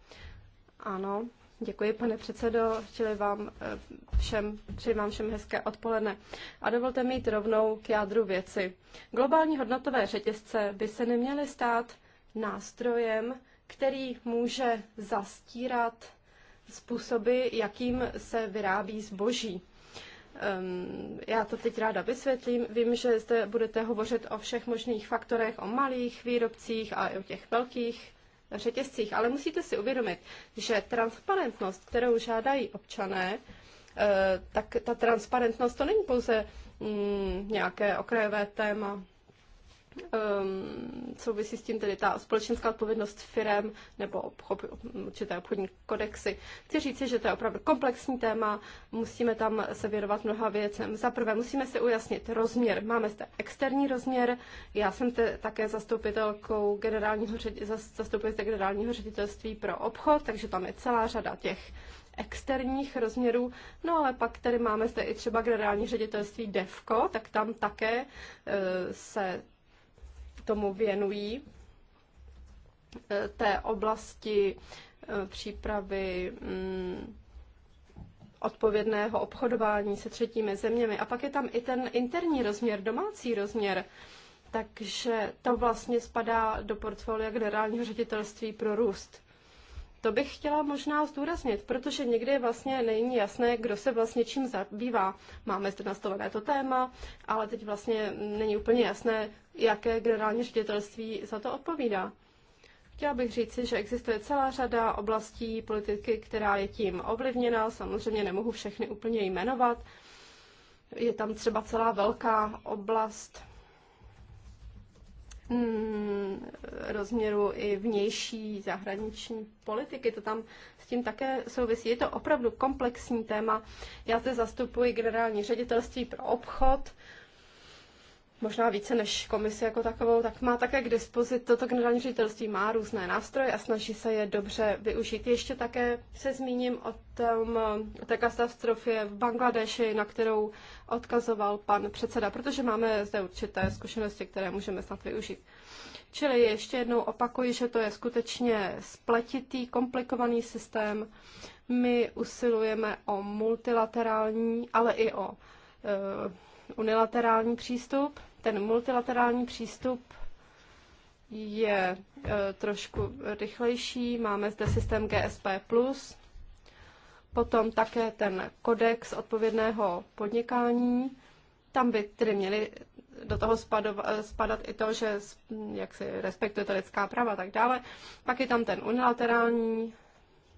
Ano, děkuji pane předsedo, chtěli vám eh, všem, přeji vám všem hezké odpoledne. A dovolte mi jít rovnou k jádru věci. Globální hodnotové řetězce by se neměly stát nástrojem, který může zastírat způsoby, jakým se vyrábí zboží. Ehm, já to teď ráda vysvětlím. Vím, že zde budete hovořit o všech možných faktorech, o malých výrobcích a o těch velkých řetězcích, ale musíte si uvědomit, že transparentnost, kterou žádají občané, eh, tak ta transparentnost to není pouze mm, nějaké okrajové téma um, souvisí s tím tedy ta společenská odpovědnost firem nebo obchop, určité obchodní kodexy. Chci říci, že to je opravdu komplexní téma, musíme tam se věnovat mnoha věcem. Za prvé musíme si ujasnit rozměr. Máme zde externí rozměr, já jsem te, také zastupitelkou generálního, ředi, zastupitelství generálního ředitelství pro obchod, takže tam je celá řada těch externích rozměrů. No ale pak tady máme zde i třeba generální ředitelství DEVKO, tak tam také eh, se tomu věnují, eh, té oblasti eh, přípravy mm, odpovědného obchodování se třetími zeměmi. A pak je tam i ten interní rozměr, domácí rozměr. Takže to vlastně spadá do portfolia generálního ředitelství pro růst. To bych chtěla možná zdůraznit, protože někdy vlastně není jasné, kdo se vlastně čím zabývá. Máme zde nastavené to téma, ale teď vlastně není úplně jasné, jaké generální ředitelství za to odpovídá. Chtěla bych říci, že existuje celá řada oblastí politiky, která je tím ovlivněna. Samozřejmě nemohu všechny úplně jmenovat. Je tam třeba celá velká oblast hmm, rozměru i vnější zahraniční politiky. To tam s tím také souvisí. Je to opravdu komplexní téma. Já zde zastupuji generální ředitelství pro obchod možná více než komise jako takovou, tak má také k dispozici, toto generální ředitelství má různé nástroje a snaží se je dobře využít. Ještě také se zmíním o, tom, o té katastrofě v Bangladeši, na kterou odkazoval pan předseda, protože máme zde určité zkušenosti, které můžeme snad využít. Čili ještě jednou opakuji, že to je skutečně spletitý, komplikovaný systém. My usilujeme o multilaterální, ale i o eh, unilaterální přístup. Ten multilaterální přístup je e, trošku rychlejší. Máme zde systém GSP+, potom také ten kodex odpovědného podnikání. Tam by tedy měly do toho spadova, e, spadat i to, že jak si respektuje to lidská práva a tak dále. Pak je tam ten unilaterální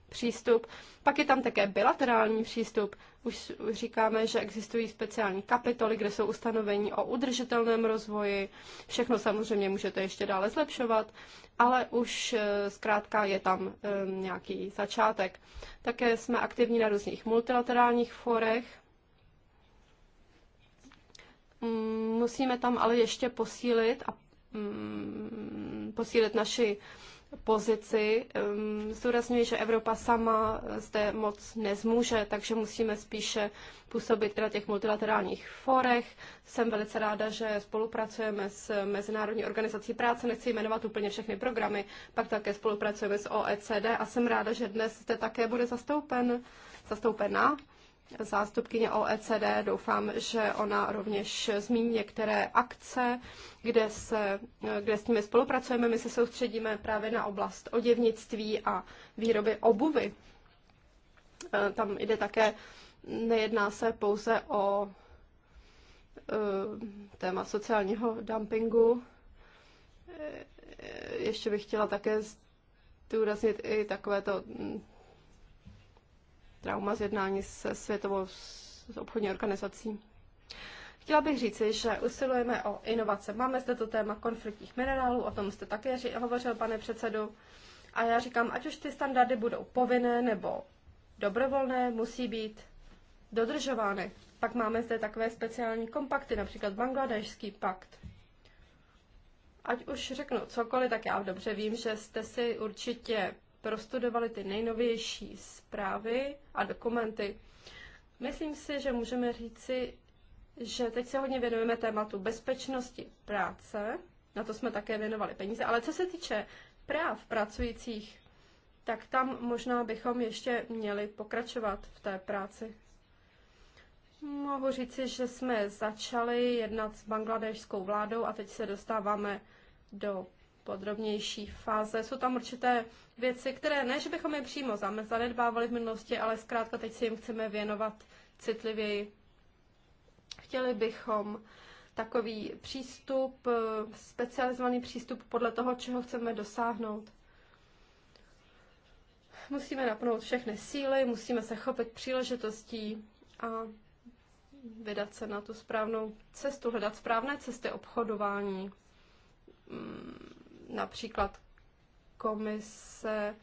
přístup. Pak je tam také bilaterální přístup. Už říkáme, že existují speciální kapitoly, kde jsou ustanovení o udržitelném rozvoji. Všechno samozřejmě můžete ještě dále zlepšovat, ale už eh, zkrátka je tam eh, nějaký začátek. Také jsme aktivní na různých multilaterálních forech. Mm, musíme tam ale ještě posílit a mm, posílit naši pozici. Zdůrazňuji, že Evropa sama zde moc nezmůže, takže musíme spíše působit na těch multilaterálních forech. Jsem velice ráda, že spolupracujeme s Mezinárodní organizací práce, nechci jmenovat úplně všechny programy, pak také spolupracujeme s OECD a jsem ráda, že dnes zde také bude zastoupen, zastoupena zástupkyně OECD. Doufám, že ona rovněž zmíní některé akce, kde, se, kde s nimi spolupracujeme. My se soustředíme právě na oblast oděvnictví a výroby obuvy. E, tam jde také, nejedná se pouze o e, téma sociálního dumpingu. E, ještě bych chtěla také zdůraznit i takovéto trauma z jednání se Světovou obchodní organizací. Chtěla bych říci, že usilujeme o inovace. Máme zde to téma konfliktních minerálů, o tom jste také hovořil, pane předsedu. A já říkám, ať už ty standardy budou povinné nebo dobrovolné, musí být dodržovány. Pak máme zde takové speciální kompakty, například Bangladešský pakt. Ať už řeknu cokoliv, tak já dobře vím, že jste si určitě prostudovali ty nejnovější zprávy a dokumenty. Myslím si, že můžeme říci, že teď se hodně věnujeme tématu bezpečnosti práce, na to jsme také věnovali peníze, ale co se týče práv pracujících, tak tam možná bychom ještě měli pokračovat v té práci. Mohu říci, že jsme začali jednat s bangladešskou vládou a teď se dostáváme do podrobnější fáze. Jsou tam určité věci, které ne, že bychom je přímo zanedbávali v minulosti, ale zkrátka teď si jim chceme věnovat citlivěji. Chtěli bychom takový přístup, eh, specializovaný přístup podle toho, čeho chceme dosáhnout. Musíme napnout všechny síly, musíme se chopit příležitostí a vydat se na tu správnou cestu, hledat správné cesty obchodování. Mm, Například komise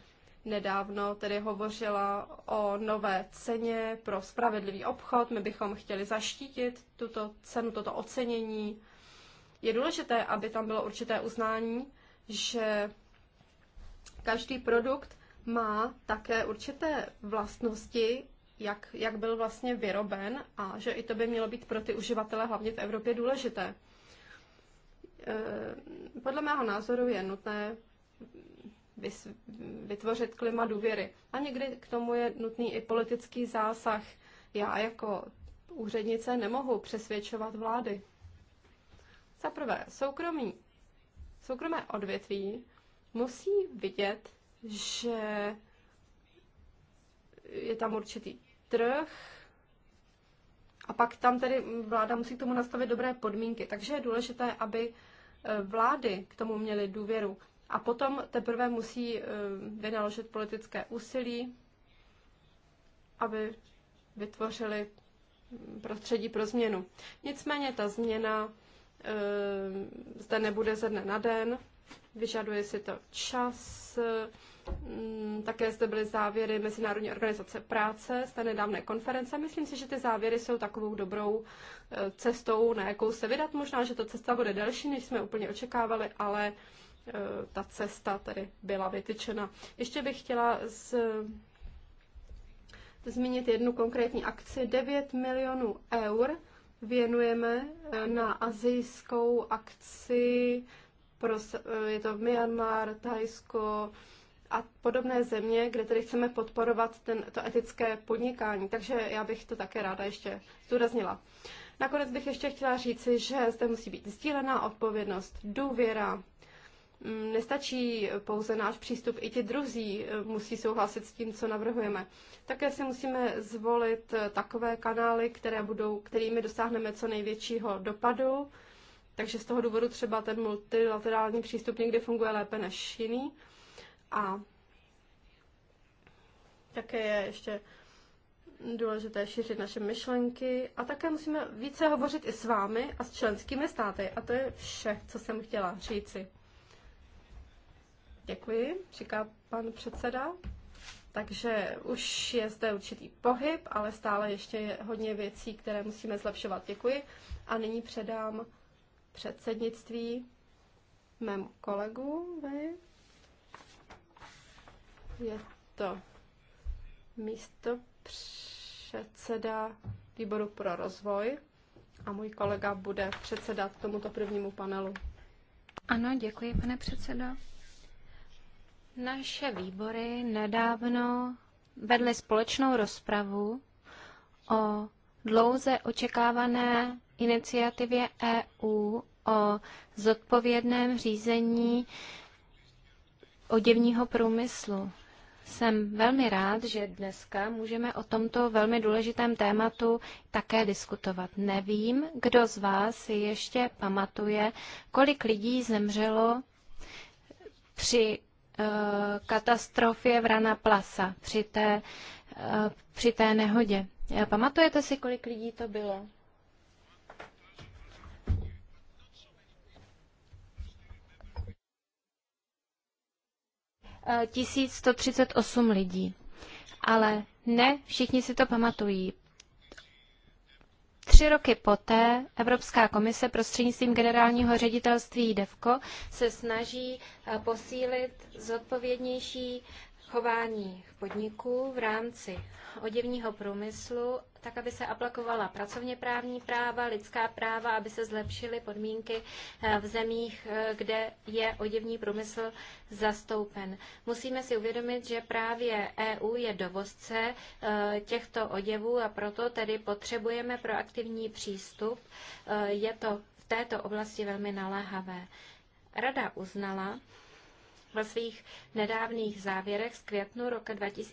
nedávno tedy hovořila o nové ceně pro spravedlivý obchod. My bychom chtěli zaštítit tuto cenu, toto ocenění. Je důležité, aby tam bylo určité uznání, že každý produkt má také určité vlastnosti, jak, jak byl vlastně vyroben a že i to by mělo být pro ty uživatele hlavně v Evropě důležité. Eh, podle mého názoru je nutné vytvořit klima důvěry. A někdy k tomu je nutný i politický zásah. Já jako úřednice nemohu přesvědčovat vlády. Za prvé, soukromí. Soukromé odvětví musí vidět, že je tam určitý trh a pak tam tedy vláda musí k tomu nastavit dobré podmínky. Takže je důležité, aby Eh, vlády k tomu měly důvěru. A potom teprve musí eh, vynaložit politické úsilí, aby vytvořili hm, prostředí pro změnu. Nicméně ta změna eh, zde nebude ze dne na den, vyžaduje si to čas, Mm, také zde byly závěry Mezinárodní organizace práce z té nedávné konference. Myslím si, že ty závěry jsou takovou dobrou e, cestou, na jakou se vydat. Možná, že ta cesta bude delší, než jsme úplně očekávali, ale e, ta cesta tedy byla vytyčena. Ještě bych chtěla z, zmínit jednu konkrétní akci. 9 milionů eur věnujeme e, na azijskou akci pro, je to Myanmar, Thajsko, a podobné země, kde tedy chceme podporovat ten, to etické podnikání. Takže já bych to také ráda ještě zdůraznila. Nakonec bych ještě chtěla říci, že zde musí být sdílená odpovědnost, důvěra. Mm, nestačí pouze náš přístup, i ti druzí e, musí souhlasit s tím, co navrhujeme. Také si musíme zvolit e, takové kanály, které budou, kterými dosáhneme co největšího dopadu. Takže z toho důvodu třeba ten multilaterální přístup někdy funguje lépe než jiný. A také je ještě důležité šířit naše myšlenky a také musíme více hovořit i s vámi a s členskými státy. A to je vše, co jsem chtěla říci. Děkuji, říká pan předseda. Takže už je zde určitý pohyb, ale stále ještě je hodně věcí, které musíme zlepšovat. Děkuji. A nyní předám předsednictví mému kolegu. Vy. Je to místo předseda výboru pro rozvoj a můj kolega bude předsedat tomuto prvnímu panelu. Ano, děkuji, pane předsedo. Naše výbory nedávno vedly společnou rozpravu o dlouze očekávané iniciativě EU o zodpovědném řízení oděvního průmyslu. Jsem velmi rád, že dneska můžeme o tomto velmi důležitém tématu také diskutovat. Nevím, kdo z vás si ještě pamatuje, kolik lidí zemřelo při uh, katastrofě v Rana Plasa, při té, uh, při té nehodě. Eh, pamatujete si, kolik lidí to bylo? 1138 lidí. Ale ne, všichni si to pamatují. Tři roky poté Evropská komise prostřednictvím generálního ředitelství DEVKO se snaží eh, posílit zodpovědnější chování v podniku v rámci oděvního průmyslu, tak aby se aplikovala pracovně právní práva, lidská práva, aby se zlepšily podmínky eh, v zemích, eh, kde je oděvní průmysl zastoupen. Musíme si uvědomit, že právě EU je dovozce eh, těchto oděvů a proto tedy potřebujeme proaktivní přístup. Je to v této oblasti velmi naléhavé. Rada uznala, ve svých nedávných závěrech z květnu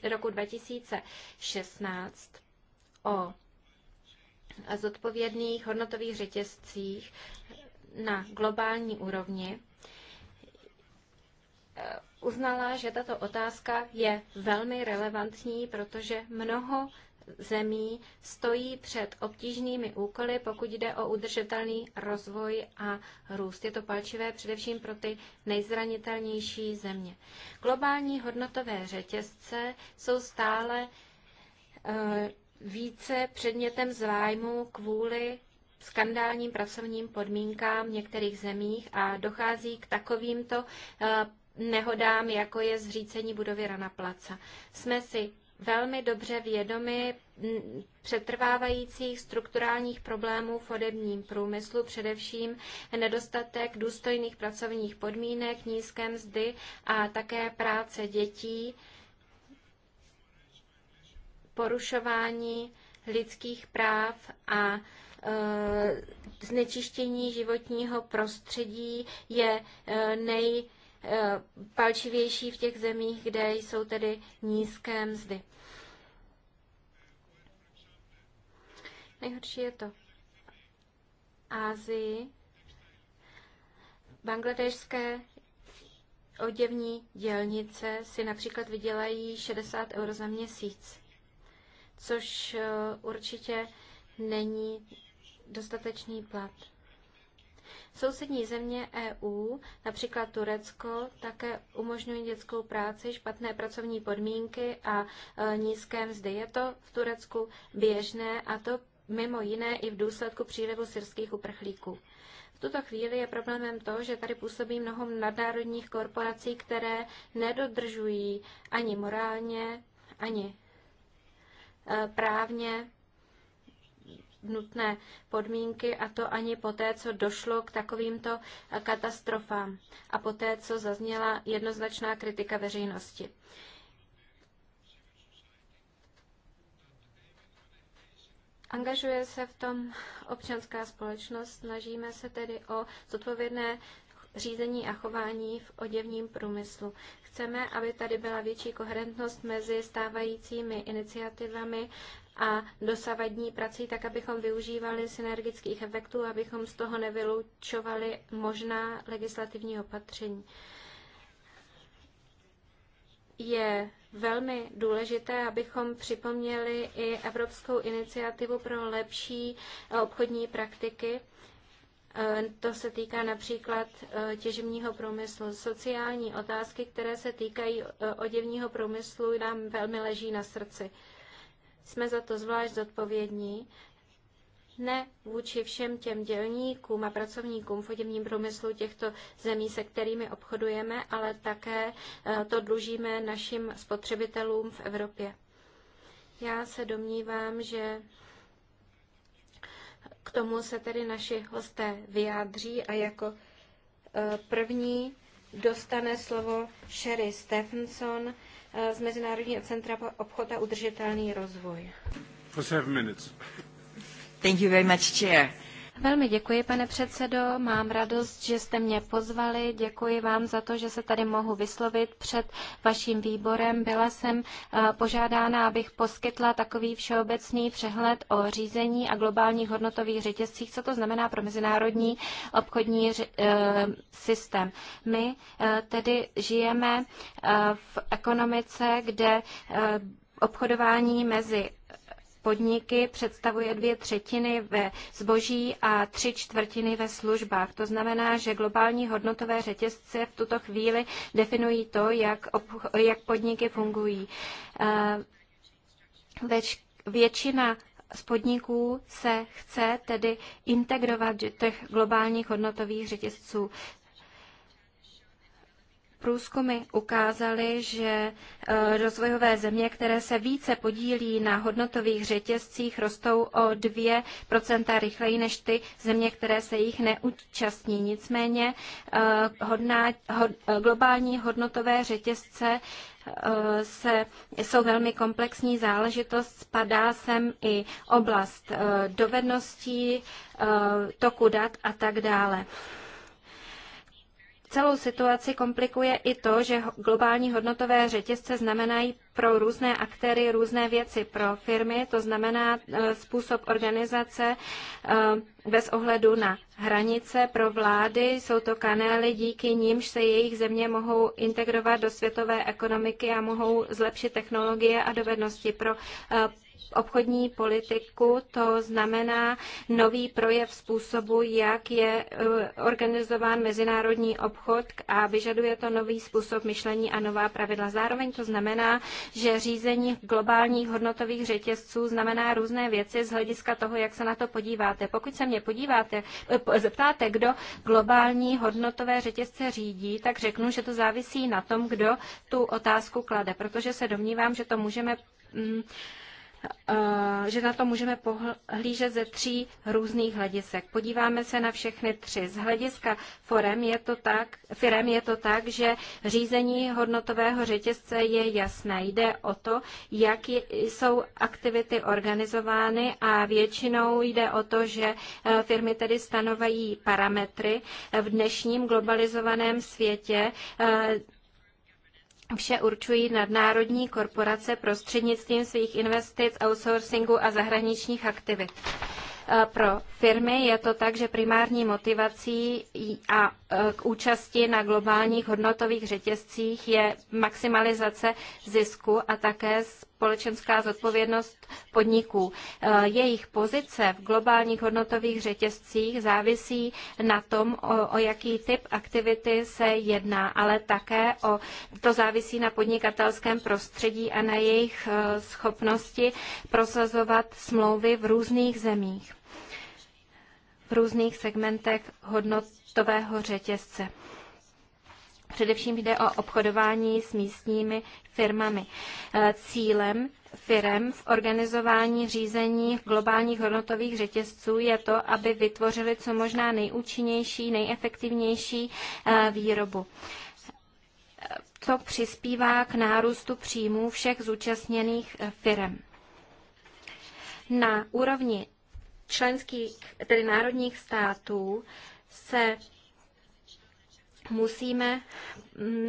roku 2016 o zodpovědných hodnotových řetězcích na globální úrovni e, uznala, že tato otázka je velmi relevantní, protože mnoho zemí stojí před obtížnými úkoly, pokud jde o udržitelný rozvoj a růst. Je to palčivé především pro ty nejzranitelnější země. Globální hodnotové řetězce jsou stále eh, více předmětem zvájmu kvůli skandálním pracovním podmínkám v některých zemích a dochází k takovýmto eh, nehodám, jako je zřícení budovy Rana Placa. Jsme si velmi dobře vědomi mm, přetrvávajících strukturálních problémů v odebním průmyslu, především nedostatek důstojných pracovních podmínek, nízké mzdy a také práce dětí, porušování lidských práv a e, znečištění životního prostředí je e, nej Eh, palčivější v těch zemích, kde jsou tedy nízké mzdy. Nejhorší je to Ázii, bangladežské oděvní dělnice si například vydělají 60 euro za měsíc, což eh, určitě není dostatečný plat. Sousední země EU, například Turecko, také umožňují dětskou práci, špatné pracovní podmínky a e, nízké mzdy. Je to v Turecku běžné a to mimo jiné i v důsledku přílivu syrských uprchlíků. V tuto chvíli je problémem to, že tady působí mnoho nadnárodních korporací, které nedodržují ani morálně, ani e, právně nutné podmínky a to ani poté, co došlo k takovýmto katastrofám a poté, co zazněla jednoznačná kritika veřejnosti. Angažuje se v tom občanská společnost, snažíme se tedy o zodpovědné řízení a chování v oděvním průmyslu. Chceme, aby tady byla větší koherentnost mezi stávajícími iniciativami a dosavadní prací, tak abychom využívali synergických efektů, abychom z toho nevylučovali možná legislativní opatření. Je velmi důležité, abychom připomněli i Evropskou iniciativu pro lepší obchodní praktiky. To se týká například eh, těžebního průmyslu. Sociální otázky, které se týkají eh, oděvního průmyslu, nám velmi leží na srdci jsme za to zvlášť zodpovědní, ne vůči všem těm dělníkům a pracovníkům v oděvním průmyslu těchto zemí, se kterými obchodujeme, ale také eh, to dlužíme našim spotřebitelům v Evropě. Já se domnívám, že k tomu se tedy naši hosté vyjádří a jako eh, první dostane slovo Sherry Stephenson, z Mezinárodního centra pro obchod a udržitelný rozvoj. For seven minutes. Thank you very much, Chair. Velmi děkuji, pane předsedo. Mám radost, že jste mě pozvali. Děkuji vám za to, že se tady mohu vyslovit před vaším výborem. Byla jsem eh, požádána, abych poskytla takový všeobecný přehled o řízení a globálních hodnotových řetězcích, co to znamená pro mezinárodní obchodní eh, systém. My eh, tedy žijeme v ekonomice, kde obchodování mezi podniky představuje dvě třetiny ve zboží a tři čtvrtiny ve službách. To znamená, že globální hodnotové řetězce v tuto chvíli definují to, jak, jak podniky fungují. Eh, več, většina z podniků se chce tedy integrovat do těch globálních hodnotových řetězců. Průzkumy ukázaly, že e, rozvojové země, které se více podílí na hodnotových řetězcích, rostou o 2% rychleji než ty země, které se jich neúčastní. Nicméně e, hodná, hod, e, globální hodnotové řetězce se, jsou velmi komplexní záležitost. Spadá sem i oblast dovedností, toku dat a tak dále. Celou situaci komplikuje i to, že globální hodnotové řetězce znamenají pro různé aktéry různé věci. Pro firmy to znamená e, způsob organizace e, bez ohledu na hranice. Pro vlády jsou to kanály, díky nímž se jejich země mohou integrovat do světové ekonomiky a mohou zlepšit technologie a dovednosti. Pro e, obchodní politiku, to znamená nový projev způsobu, jak je e, organizován mezinárodní obchod a vyžaduje to nový způsob myšlení a nová pravidla. Zároveň to znamená, že řízení globálních hodnotových řetězců znamená různé věci z hlediska toho, jak se na to podíváte. Pokud se mě podíváte, e, zeptáte, kdo globální hodnotové řetězce řídí, tak řeknu, že to závisí na tom, kdo tu otázku klade, protože se domnívám, že to můžeme mm, Eh, že na to můžeme pohlížet ze tří různých hledisek. Podíváme se na všechny tři. Z hlediska forem je to tak, firem je to tak, že řízení hodnotového řetězce je jasné. Jde o to, jak jsou aktivity organizovány a většinou jde o to, že eh, firmy tedy stanovají parametry. V dnešním globalizovaném světě eh, vše určují nadnárodní korporace prostřednictvím svých investic, outsourcingu a zahraničních aktivit. E, pro firmy je to tak, že primární motivací a e, k účasti na globálních hodnotových řetězcích je maximalizace zisku a také společenská zodpovědnost podniků. Eh, jejich pozice v globálních hodnotových řetězcích závisí na tom, o, o jaký typ aktivity se jedná, ale také o, to závisí na podnikatelském prostředí a na jejich eh, schopnosti prosazovat smlouvy v různých zemích, v různých segmentech hodnotového řetězce. Především jde o obchodování s místními firmami. E, cílem firem v organizování řízení globálních hodnotových řetězců je to, aby vytvořili co možná nejúčinnější, nejefektivnější e, výrobu co přispívá k nárůstu příjmů všech zúčastněných e, firm. Na úrovni členských, tedy národních států, se musíme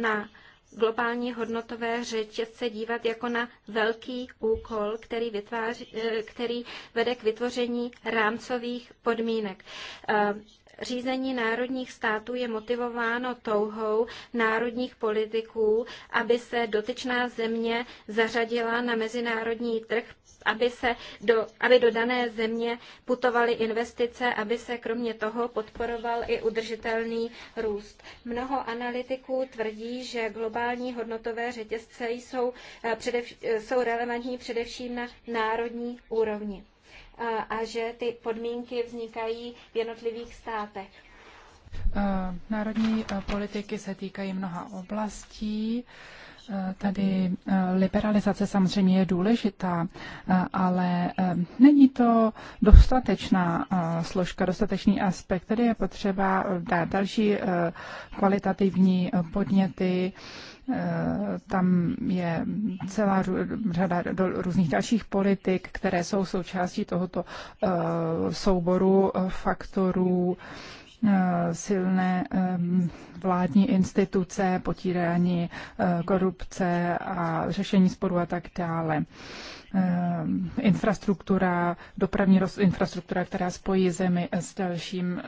na globální hodnotové řetězce dívat jako na velký úkol, který, vytváří, eh, který vede k vytvoření rámcových podmínek. Eh, Řízení národních států je motivováno touhou národních politiků, aby se dotyčná země zařadila na mezinárodní trh, aby, se do, aby do dané země putovaly investice, aby se kromě toho podporoval i udržitelný růst. Mnoho analytiků tvrdí, že globální hodnotové řetězce jsou, eh, předev, jsou relevantní především na národní úrovni a že ty podmínky vznikají v jednotlivých státech. Národní politiky se týkají mnoha oblastí. Tady liberalizace samozřejmě je důležitá, ale není to dostatečná složka, dostatečný aspekt. Tady je potřeba dát další kvalitativní podněty Eh, tam je celá řada různých dalších politik, které jsou součástí tohoto eh, souboru eh, faktorů silné vládní instituce, potírání korupce a řešení sporu a tak dále. Infrastruktura, dopravní infrastruktura, která spojí zemi s dalším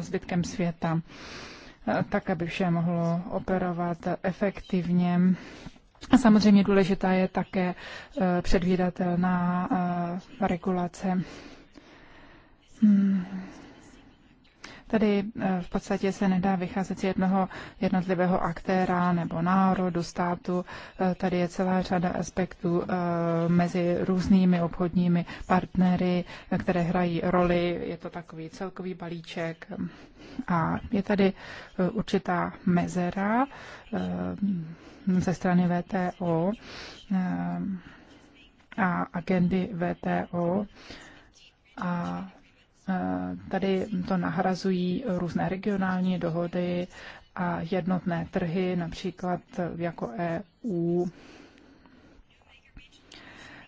zbytkem světa tak aby vše mohlo operovat efektivně. A samozřejmě důležitá je také e, předvídatelná e, regulace. Hmm. Tady eh, v podstatě se nedá vycházet z jednoho jednotlivého aktéra nebo národu, státu. Eh, tady je celá řada aspektů eh, mezi různými obchodními partnery, které hrají roli. Je to takový celkový balíček a je tady určitá mezera ze strany VTO a agendy VTO a Eh, tady to nahrazují různé regionální dohody a jednotné trhy, například jako EU.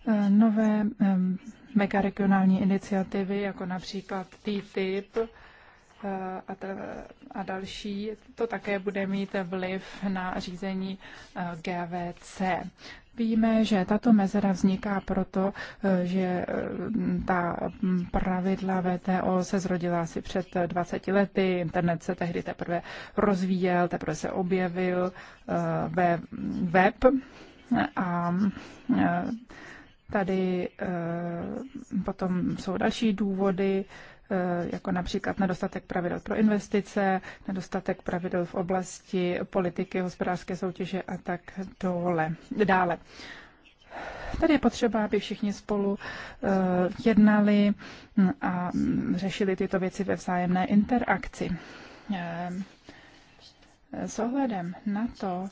Eh, nové megaregionální iniciativy, jako například TTIP, eh, a, a další, to také bude mít vliv na řízení GVC. Víme, že tato mezera vzniká proto, eh, že eh, ta mm, pravidla VTO se zrodila asi před 20 eh, lety, internet se tehdy teprve rozvíjel, teprve se objevil ve web a tady potom jsou další důvody, Eh, jako například nedostatek pravidel pro investice, nedostatek pravidel v oblasti politiky, hospodářské soutěže a tak dole, dále. Tady je potřeba, aby všichni spolu eh, jednali mm, a mm, řešili tyto věci ve vzájemné interakci. Eh, s ohledem na to,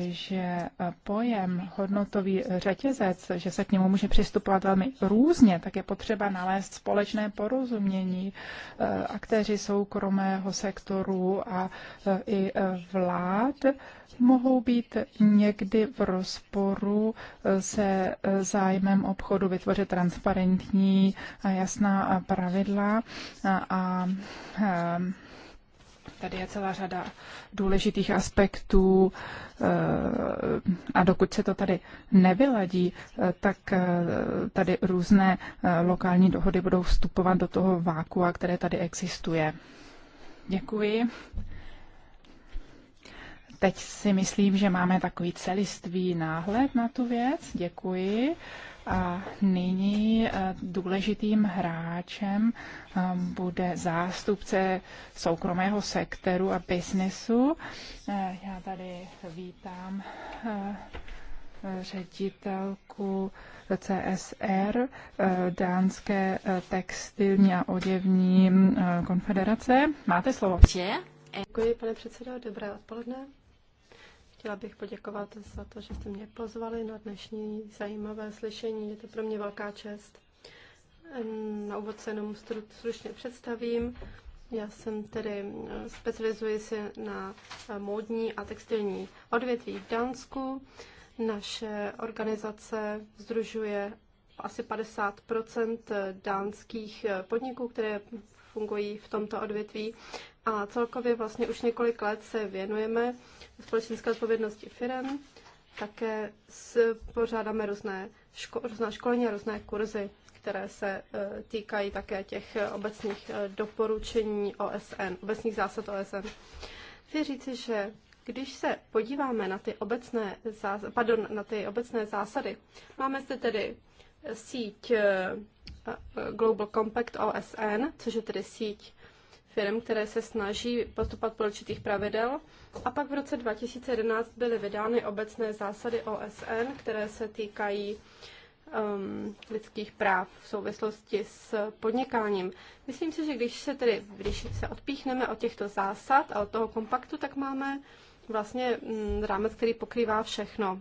že eh, pojem hodnotový řetězec, že se k němu může přistupovat velmi různě, tak je potřeba nalézt společné porozumění. Eh, aktéři soukromého sektoru a eh, i vlád mohou být někdy v rozporu se zájmem obchodu vytvořit transparentní a jasná pravidla a, a, a tady je celá řada důležitých aspektů eh, a dokud se to tady nevyladí, eh, tak eh, tady různé lokální dohody budou vstupovat do toho vákua, které tady existuje. Děkuji. Teď si myslím, že máme takový celistvý náhled na tu věc. Děkuji. A nyní eh, důležitým hráčem eh, bude zástupce soukromého sektoru a biznesu. Eh, já tady vítám ředitelku CSR, Dánské textilní a oděvní konfederace. Máte slovo. Děkuji, pane předsedo. Dobré odpoledne. Chtěla bych poděkovat za to, že jste mě pozvali na dnešní zajímavé slyšení. Je to pro mě velká čest. Na úvod se jenom stručně představím. Já jsem tedy eh, specializuji se na eh, módní a textilní odvětví v Dánsku. Naše organizace združuje asi 50 eh, dánských podniků, které fungují v tomto odvětví. A celkově vlastně už několik let se věnujeme společenské odpovědnosti firm. Také pořádáme různé ško- různé školení a různé kurzy, které se eh, týkají také těch eh, obecných eh, doporučení OSN, obecných zásad OSN. Chci říci, že když se podíváme na ty obecné, zásady, pardon, na ty obecné zásady, máme zde tedy síť Global Compact OSN, což je tedy síť firm, které se snaží postupovat podle určitých pravidel. A pak v roce 2011 byly vydány obecné zásady OSN, které se týkají um, lidských práv v souvislosti s podnikáním. Myslím si, že když se tedy, když se odpíchneme od těchto zásad a od toho kompaktu, tak máme vlastně mm, rámec, který pokrývá všechno.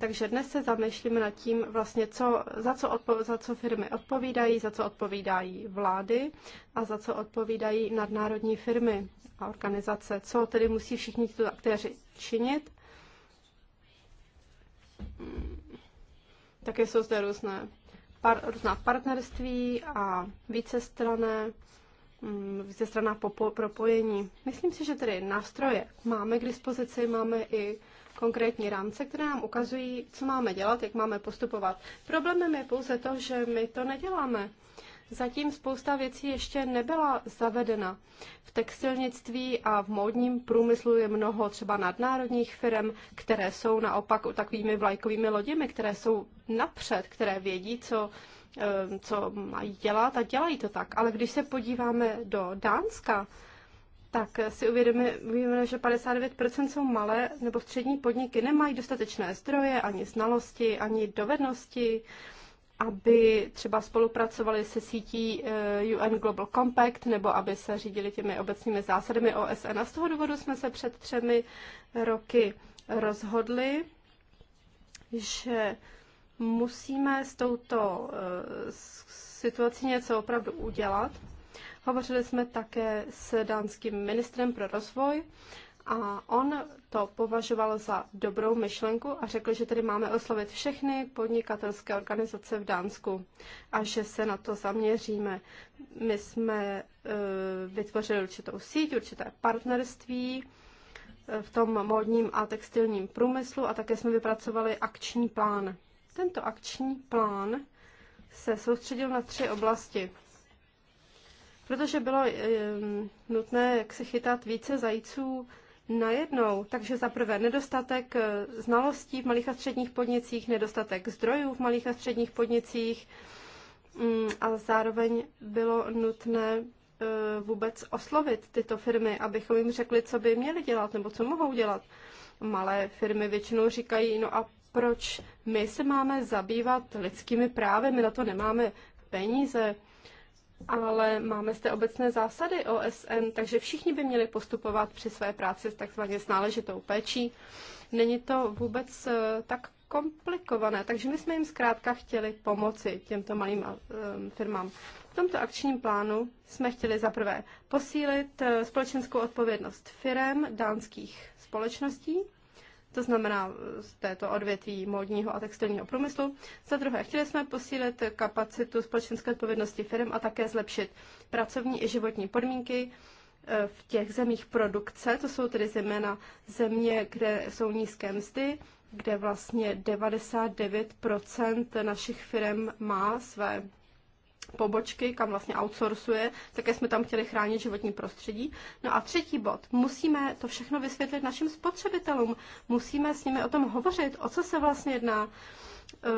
Takže dnes se zamýšlíme nad tím, vlastně co, za, co odpo, za co firmy odpovídají, za co odpovídají vlády a za co odpovídají nadnárodní firmy a organizace. Co tedy musí všichni tito aktéři činit? Také jsou zde různé par, různá partnerství a vícestrané, mm, vícestraná popo, propojení. Myslím si, že tedy nástroje máme k dispozici, máme i konkrétní rámce, které nám ukazují, co máme dělat, jak máme postupovat. Problémem je pouze to, že my to neděláme. Zatím spousta věcí ještě nebyla zavedena. V textilnictví a v módním průmyslu je mnoho třeba nadnárodních firm, které jsou naopak takovými vlajkovými loděmi, které jsou napřed, které vědí, co, eh, co mají dělat a dělají to tak. Ale když se podíváme do Dánska, tak si uvědomíme, že 59% jsou malé nebo střední podniky, nemají dostatečné zdroje, ani znalosti, ani dovednosti, aby třeba spolupracovali se sítí eh, UN Global Compact nebo aby se řídili těmi obecnými zásadami OSN. A z toho důvodu jsme se před třemi roky rozhodli, že musíme s touto eh, situací něco opravdu udělat, Hovořili jsme také s dánským ministrem pro rozvoj a on to považoval za dobrou myšlenku a řekl, že tedy máme oslovit všechny podnikatelské organizace v Dánsku a že se na to zaměříme. My jsme e, vytvořili určitou síť, určité partnerství e, v tom módním a textilním průmyslu a také jsme vypracovali akční plán. Tento akční plán se soustředil na tři oblasti protože bylo eh, nutné jak se chytat více zajíců najednou. Takže za prvé nedostatek eh, znalostí v malých a středních podnicích, nedostatek zdrojů v malých a středních podnicích mm, a zároveň bylo nutné eh, vůbec oslovit tyto firmy, abychom jim řekli, co by měli dělat nebo co mohou dělat. Malé firmy většinou říkají, no a proč my se máme zabývat lidskými právy, my na to nemáme peníze ale máme zde obecné zásady OSN, takže všichni by měli postupovat při své práci takzvaně s náležitou péčí. Není to vůbec eh, tak komplikované, takže my jsme jim zkrátka chtěli pomoci těmto malým eh, firmám. V tomto akčním plánu jsme chtěli zaprvé posílit eh, společenskou odpovědnost firem dánských společností, to znamená z této odvětví módního a textilního průmyslu. Za druhé, chtěli jsme posílit kapacitu společenské odpovědnosti firm a také zlepšit pracovní i životní podmínky eh, v těch zemích produkce, to jsou tedy zejména země, kde jsou nízké mzdy, kde vlastně 99% našich firm má své pobočky, kam vlastně outsourcuje. Také jsme tam chtěli chránit životní prostředí. No a třetí bod. Musíme to všechno vysvětlit našim spotřebitelům. Musíme s nimi o tom hovořit, o co se vlastně jedná, eh,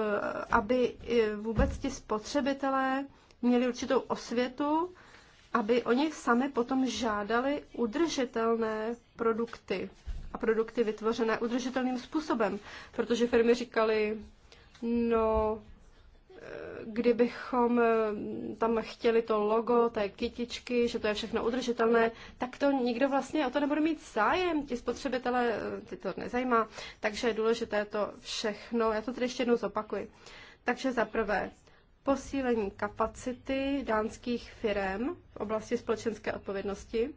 aby eh, vůbec ti spotřebitelé měli určitou osvětu, aby oni sami potom žádali udržitelné produkty a produkty vytvořené udržitelným způsobem, protože firmy říkaly, no kdybychom eh, tam chtěli to logo té kytičky, že to je všechno udržitelné, tak to nikdo vlastně o to nebude mít zájem, ti spotřebitele eh, ty to nezajímá, takže je důležité to všechno, já to tedy ještě jednou zopakuji. Takže za prvé, posílení kapacity dánských firm v oblasti společenské odpovědnosti.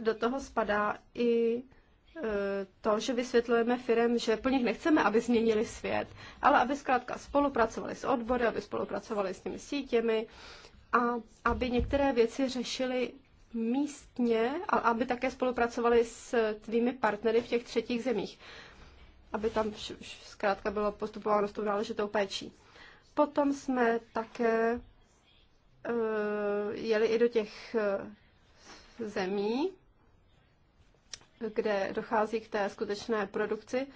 Do toho spadá i Eh, to, že vysvětlujeme firem, že po nich nechceme, aby změnili svět, ale aby zkrátka spolupracovali s odbory, aby spolupracovali s těmi sítěmi a aby některé věci řešili místně a aby také spolupracovali s tvými partnery v těch třetích zemích, aby tam zkrátka bylo postupováno s tou náležitou péčí. Potom jsme také uh, jeli i do těch uh, zemí, kde dochází k té skutečné produkci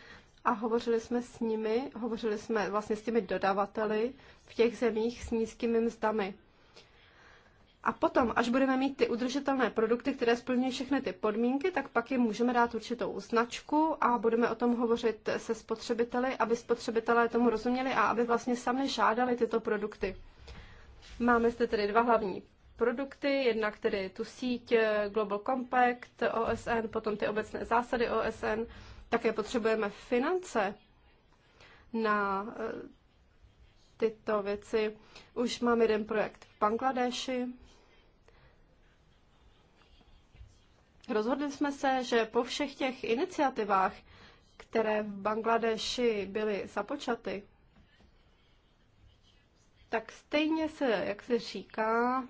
a hovořili jsme s nimi, hovořili jsme vlastně s těmi dodavateli v těch zemích s nízkými mzdami. A potom, až budeme mít ty udržitelné produkty, které splňují všechny ty podmínky, tak pak jim můžeme dát určitou značku a budeme o tom hovořit se spotřebiteli, aby spotřebitelé tomu rozuměli a aby vlastně sami žádali tyto produkty. Máme zde tedy dva hlavní produkty, jednak tedy tu síť eh, Global Compact OSN, potom ty obecné zásady OSN. Také potřebujeme finance na eh, tyto věci. Už mám jeden projekt v Bangladeši. Rozhodli jsme se, že po všech těch iniciativách, které v Bangladeši byly započaty, tak stejně se, jak se říká,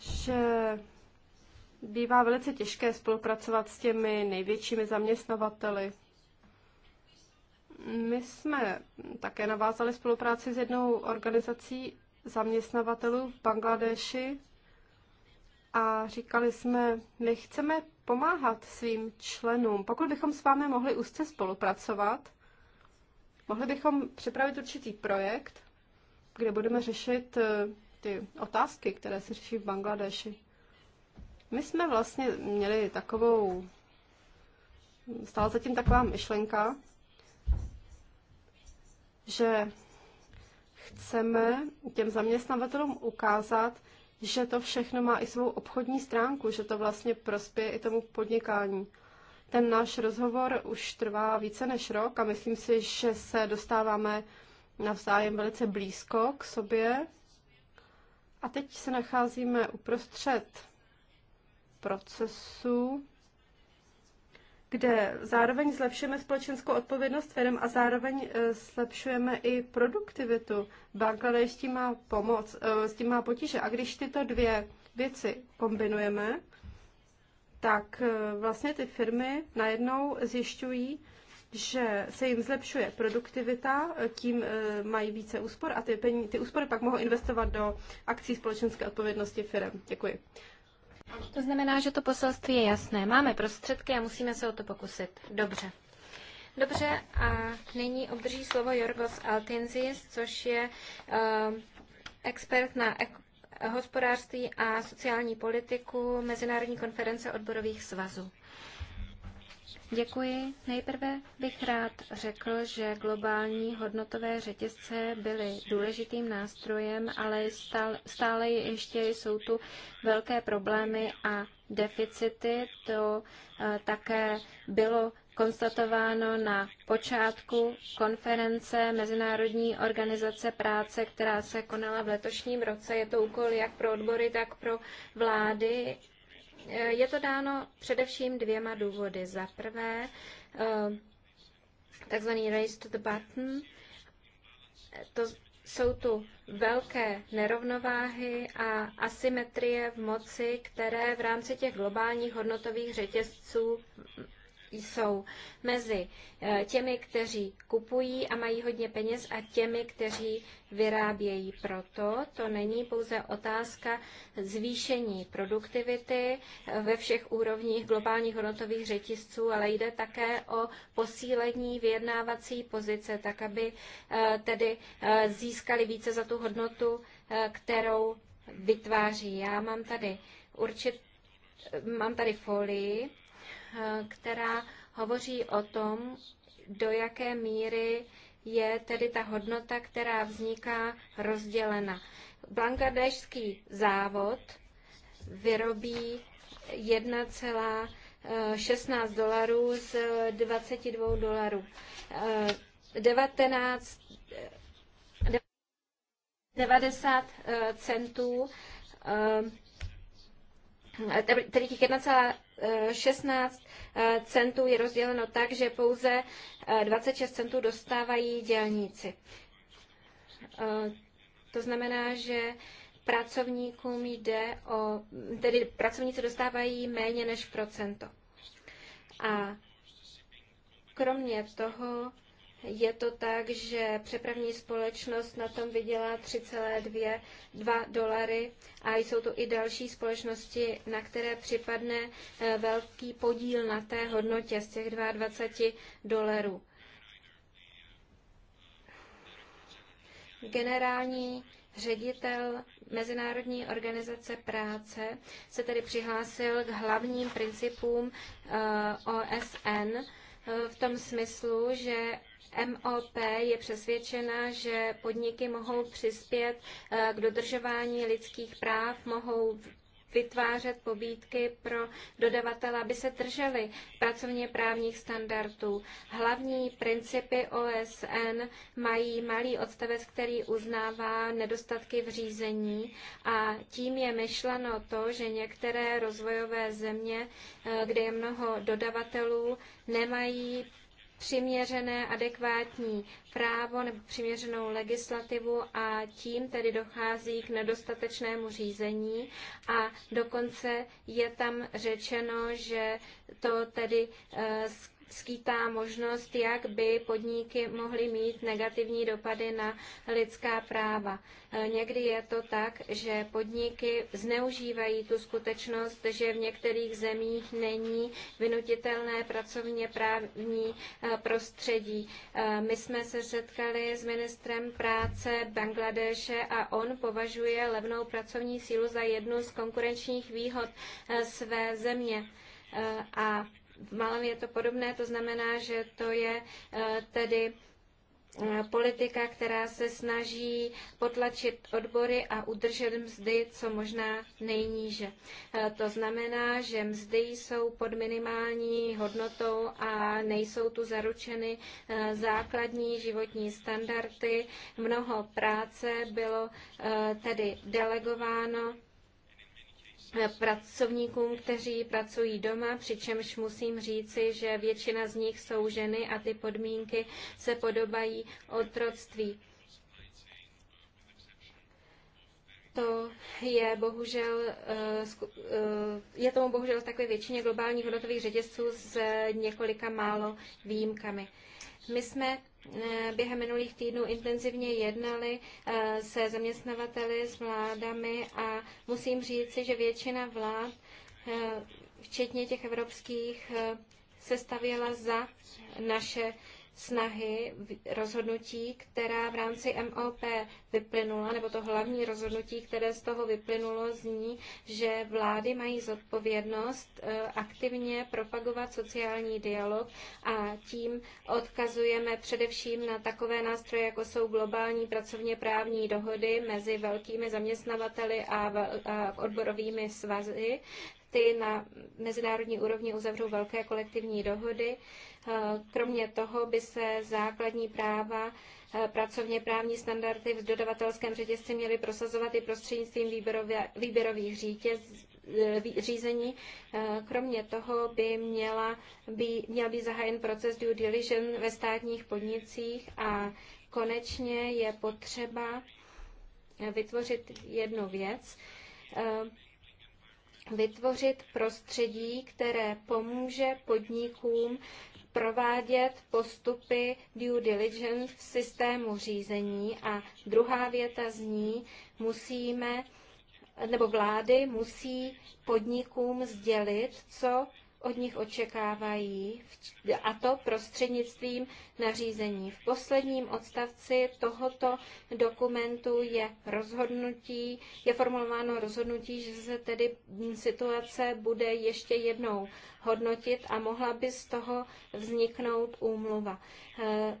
že bývá velice těžké spolupracovat s těmi největšími zaměstnavateli. My jsme také navázali spolupráci s jednou organizací zaměstnavatelů v Bangladeši a říkali jsme, my chceme pomáhat svým členům. Pokud bychom s vámi mohli úzce spolupracovat, mohli bychom připravit určitý projekt, kde budeme řešit eh, ty otázky, které se řeší v Bangladeši. My jsme vlastně měli takovou, stála zatím taková myšlenka, že chceme těm zaměstnavatelům ukázat, že to všechno má i svou obchodní stránku, že to vlastně prospěje i tomu podnikání. Ten náš rozhovor už trvá více než rok a myslím si, že se dostáváme navzájem velice blízko k sobě. A teď se nacházíme uprostřed procesu, kde zároveň zlepšujeme společenskou odpovědnost firm a zároveň eh, zlepšujeme i produktivitu. Bangladeš s tím má pomoc, eh, s tím má potíže. A když tyto dvě věci kombinujeme, tak eh, vlastně ty firmy najednou zjišťují, že se jim zlepšuje produktivita, tím eh, mají více úspor a ty, peníze, ty úspory pak mohou investovat do akcí společenské odpovědnosti firm. Děkuji. To znamená, že to poselství je jasné. Máme prostředky a musíme se o to pokusit. Dobře. Dobře, a nyní obdrží slovo Jorgos Altinzis, což je uh, expert na ek- hospodářství a sociální politiku Mezinárodní konference odborových svazů. Děkuji. Nejprve bych rád řekl, že globální hodnotové řetězce byly důležitým nástrojem, ale stále ještě jsou tu velké problémy a deficity. To eh, také bylo konstatováno na počátku konference Mezinárodní organizace práce, která se konala v letošním roce. Je to úkol jak pro odbory, tak pro vlády Eh, je to dáno především dvěma důvody. Za prvé, eh, takzvaný race to the button, to jsou tu velké nerovnováhy a asymetrie v moci, které v rámci těch globálních hodnotových řetězců jsou mezi eh, těmi, kteří kupují a mají hodně peněz a těmi, kteří vyrábějí. Proto to není pouze otázka zvýšení produktivity eh, ve všech úrovních globálních hodnotových řetězců, ale jde také o posílení vyjednávací pozice, tak aby eh, tedy získali více za tu hodnotu, kterou vytváří. Já mám tady určitě mám tady folii, Eh, která hovoří o tom, do jaké míry je tedy ta hodnota, která vzniká, rozdělena. Bangladešský závod vyrobí 1,16 dolarů z 22 dolarů. 19, eh, 90 eh, centů Eh, tedy těch 1,16 eh, eh, centů je rozděleno tak, že pouze 26 centů dostávají dělníci. To znamená, že pracovníkům jde o, tedy pracovníci dostávají méně než procento. A kromě toho je to tak, že přepravní společnost na tom vydělá 3,2 dolary a jsou tu i další společnosti, na které připadne eh, velký podíl na té hodnotě z těch 22 dolarů. Generální ředitel Mezinárodní organizace práce se tedy přihlásil k hlavním principům eh, OSN eh, v tom smyslu, že MOP je přesvědčena, že podniky mohou přispět eh, k dodržování lidských práv, mohou vytvářet pobídky pro dodavatele, aby se drželi pracovně právních standardů. Hlavní principy OSN mají malý odstavec, který uznává nedostatky v řízení a tím je myšleno to, že některé rozvojové země, eh, kde je mnoho dodavatelů, nemají přiměřené, adekvátní právo nebo přiměřenou legislativu a tím tedy dochází k nedostatečnému řízení a dokonce je tam řečeno, že to tedy eh, skýtá možnost, jak by podniky mohly mít negativní dopady na lidská práva. E, někdy je to tak, že podniky zneužívají tu skutečnost, že v některých zemích není vynutitelné pracovně právní e, prostředí. E, my jsme se setkali s ministrem práce Bangladeše a on považuje levnou pracovní sílu za jednu z konkurenčních výhod své země. A malém je to podobné, to znamená, že to je eh, tedy eh, politika, která se snaží potlačit odbory a udržet mzdy co možná nejníže. Eh, to znamená, že mzdy jsou pod minimální hodnotou a nejsou tu zaručeny základní životní standardy. Mnoho práce bylo tedy delegováno pracovníkům, kteří pracují doma, přičemž musím říci, že většina z nich jsou ženy a ty podmínky se podobají otroctví. To je bohužel, eh, eh, je tomu bohužel v takové většině globálních hodnotových řetězců s několika málo výjimkami. My jsme eh, během minulých týdnů intenzivně jednali eh, se zaměstnavateli, s vládami a musím říci, že většina vlád, eh, včetně těch evropských, se stavěla za naše snahy rozhodnutí, která v rámci MOP vyplynula, nebo to hlavní rozhodnutí, které z toho vyplynulo, zní, že vlády mají zodpovědnost e, aktivně propagovat sociální dialog a tím odkazujeme především na takové nástroje, jako jsou globální pracovně právní dohody mezi velkými zaměstnavateli a, odborovými svazy. Ty na mezinárodní úrovni uzavřou velké kolektivní dohody. Eh, kromě toho by se základní práva, eh, pracovně právní standardy v dodavatelském řetězci měly prosazovat i prostřednictvím výběrově, výběrových eh, řízení. Kromě toho by měla by, měl být zahájen proces due diligence ve státních podnicích a konečně je potřeba vytvořit jednu věc, vytvořit prostředí, které pomůže podnikům provádět postupy due diligence v systému řízení a druhá věta zní, musíme, nebo vlády musí podnikům sdělit, co od nich očekávají, a to prostřednictvím nařízení. V posledním odstavci tohoto dokumentu je rozhodnutí, je formulováno rozhodnutí, že se tedy situace bude ještě jednou hodnotit a mohla by z toho vzniknout úmluva. E,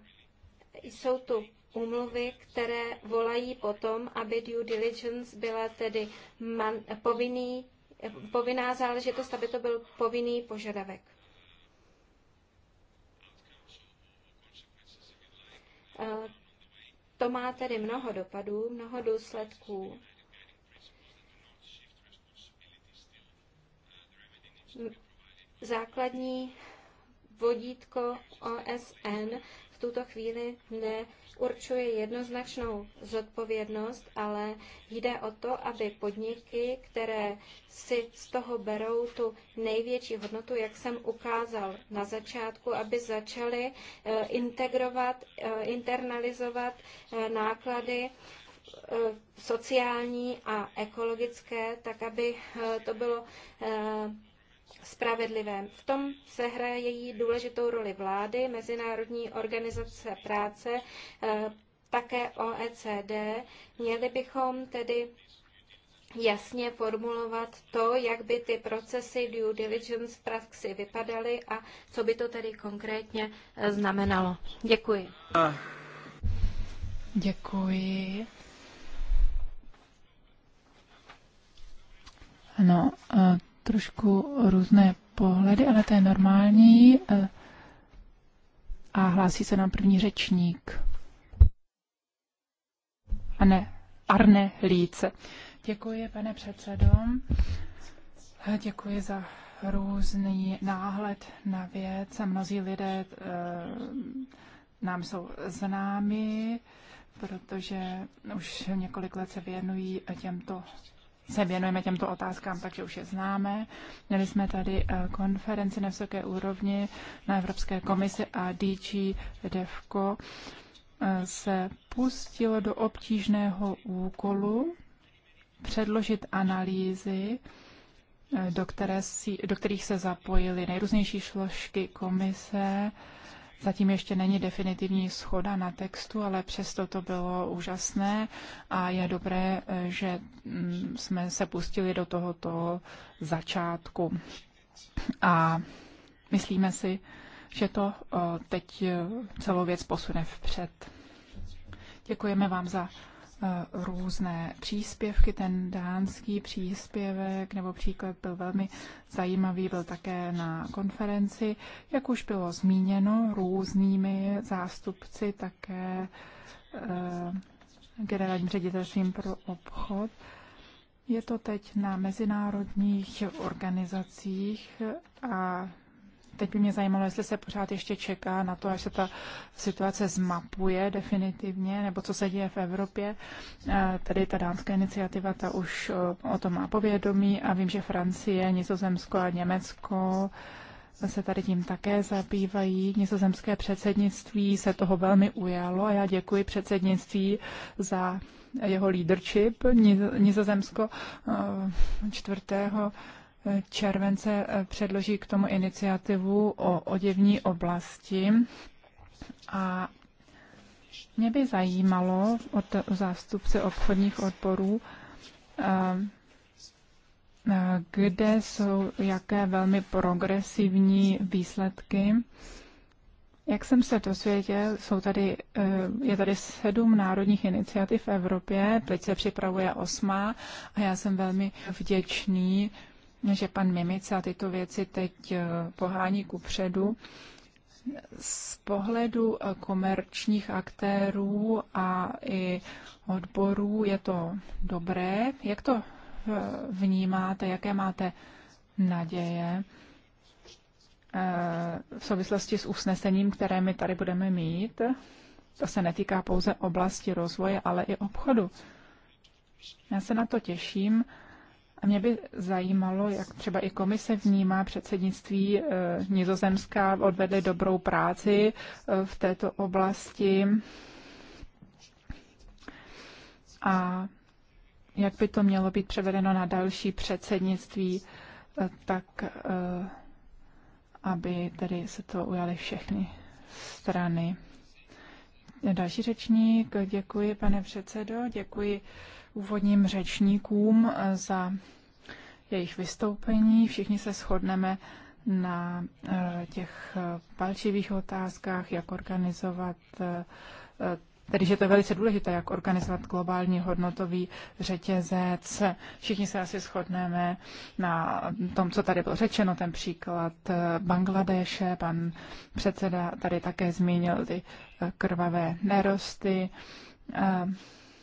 jsou tu úmluvy, které volají potom, aby due diligence byla tedy man, povinný povinná záležitost, aby to byl povinný požadavek. E, to má tedy mnoho dopadů, mnoho důsledků. Základní vodítko OSN tuto chvíli neurčuje jednoznačnou zodpovědnost, ale jde o to, aby podniky, které si z toho berou tu největší hodnotu, jak jsem ukázal na začátku, aby začaly eh, integrovat, eh, internalizovat eh, náklady sociální a ekologické, tak aby to bylo spravedlivém. V tom se hraje její důležitou roli vlády, Mezinárodní organizace práce, eh, také OECD. Měli bychom tedy jasně formulovat to, jak by ty procesy due diligence v praxi vypadaly a co by to tedy konkrétně eh, znamenalo. Děkuji. Děkuji. No, trošku různé pohledy, ale to je normální. Eh, a hlásí se nám první řečník. A ne, Arne Líce. Děkuji, pane předsedo. Eh, děkuji za různý náhled na věc. Mnozí lidé eh, nám jsou známi, protože už několik let se věnují těmto se věnujeme těmto otázkám, takže už je známe. Měli jsme tady eh, konferenci na vysoké úrovni na Evropské komisi a DG DEVCO eh, se pustilo do obtížného úkolu předložit analýzy, eh, do, které si, do kterých se zapojily nejrůznější složky komise, Zatím ještě není definitivní schoda na textu, ale přesto to bylo úžasné a je dobré, že mm, jsme se pustili do tohoto začátku. A myslíme si, že to teď celou věc posune vpřed. Děkujeme vám za Eh, různé příspěvky. Ten dánský příspěvek nebo příklad byl velmi zajímavý, byl také na konferenci, jak už bylo zmíněno, různými zástupci, také eh, generálním ředitelstvím pro obchod. Je to teď na mezinárodních organizacích a teď by mě zajímalo, jestli se pořád ještě čeká na to, až se ta situace zmapuje definitivně, nebo co se děje v Evropě. Eh, tady ta dánská iniciativa, ta už eh, o tom má povědomí a vím, že Francie, Nizozemsko a Německo se tady tím také zabývají. Nizozemské předsednictví se toho velmi ujalo a já děkuji předsednictví za jeho leadership. Nizozemsko eh, čtvrtého července eh, předloží k tomu iniciativu o oděvní oblasti. A mě by zajímalo od zástupce obchodních odborů, eh, eh, kde jsou jaké velmi progresivní výsledky. Jak jsem se dosvěděl, jsou tady, je tady sedm národních iniciativ v Evropě, teď se připravuje osmá a já jsem velmi vděčný, že pan Mimica tyto věci teď eh, pohání ku předu. Z pohledu eh, komerčních aktérů a i odborů je to dobré. Jak to eh, vnímáte, jaké máte naděje v souvislosti s usnesením, které my tady budeme mít? To se netýká pouze oblasti rozvoje, ale i obchodu. Já se na to těším a mě by zajímalo, jak třeba i komise vnímá předsednictví eh, Nizozemská, odvedly dobrou práci eh, v této oblasti. A jak by to mělo být převedeno na další předsednictví, eh, tak aby tedy se to ujaly všechny strany. Další řečník, děkuji pane předsedo, děkuji úvodním řečníkům eh, za jejich vystoupení. Všichni se shodneme na eh, těch eh, palčivých otázkách, jak organizovat, tedy že to je velice důležité, jak organizovat globální hodnotový řetězec. Všichni se asi shodneme na tom, co tady bylo řečeno, ten příklad Bangladeše, pan předseda tady také zmínil ty krvavé nerosty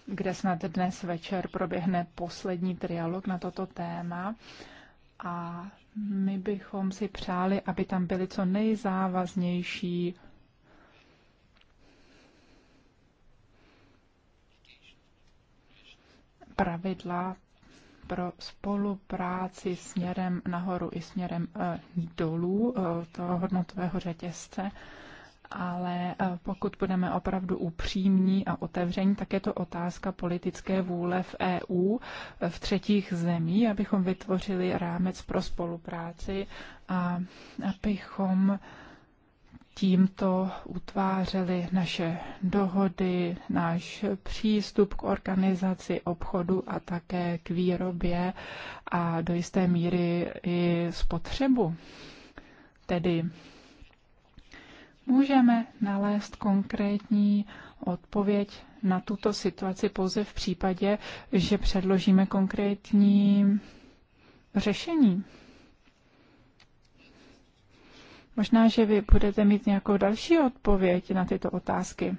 kde snad dnes večer proběhne poslední trialog na toto téma. A my bychom si přáli, aby tam byly co nejzávaznější pravidla pro spolupráci směrem nahoru i směrem eh, dolů eh, toho hodnotového řetězce ale eh, pokud budeme opravdu upřímní a otevření, tak je to otázka politické vůle v EU, eh, v třetích zemí, abychom vytvořili rámec pro spolupráci a abychom tímto utvářeli naše dohody, náš přístup k organizaci obchodu a také k výrobě a do jisté míry i spotřebu. Tedy Můžeme nalézt konkrétní odpověď na tuto situaci pouze v případě, že předložíme konkrétní řešení. Možná, že vy budete mít nějakou další odpověď na tyto otázky.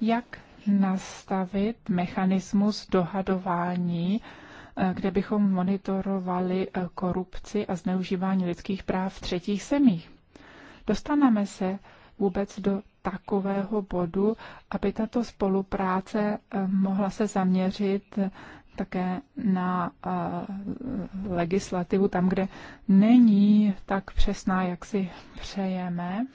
Jak nastavit mechanismus dohadování Eh, kde bychom monitorovali eh, korupci a zneužívání lidských práv v třetích zemích. Dostaneme se vůbec do takového bodu, aby tato spolupráce eh, mohla se zaměřit také na legislativu tam, kde není tak přesná, jak si přejeme.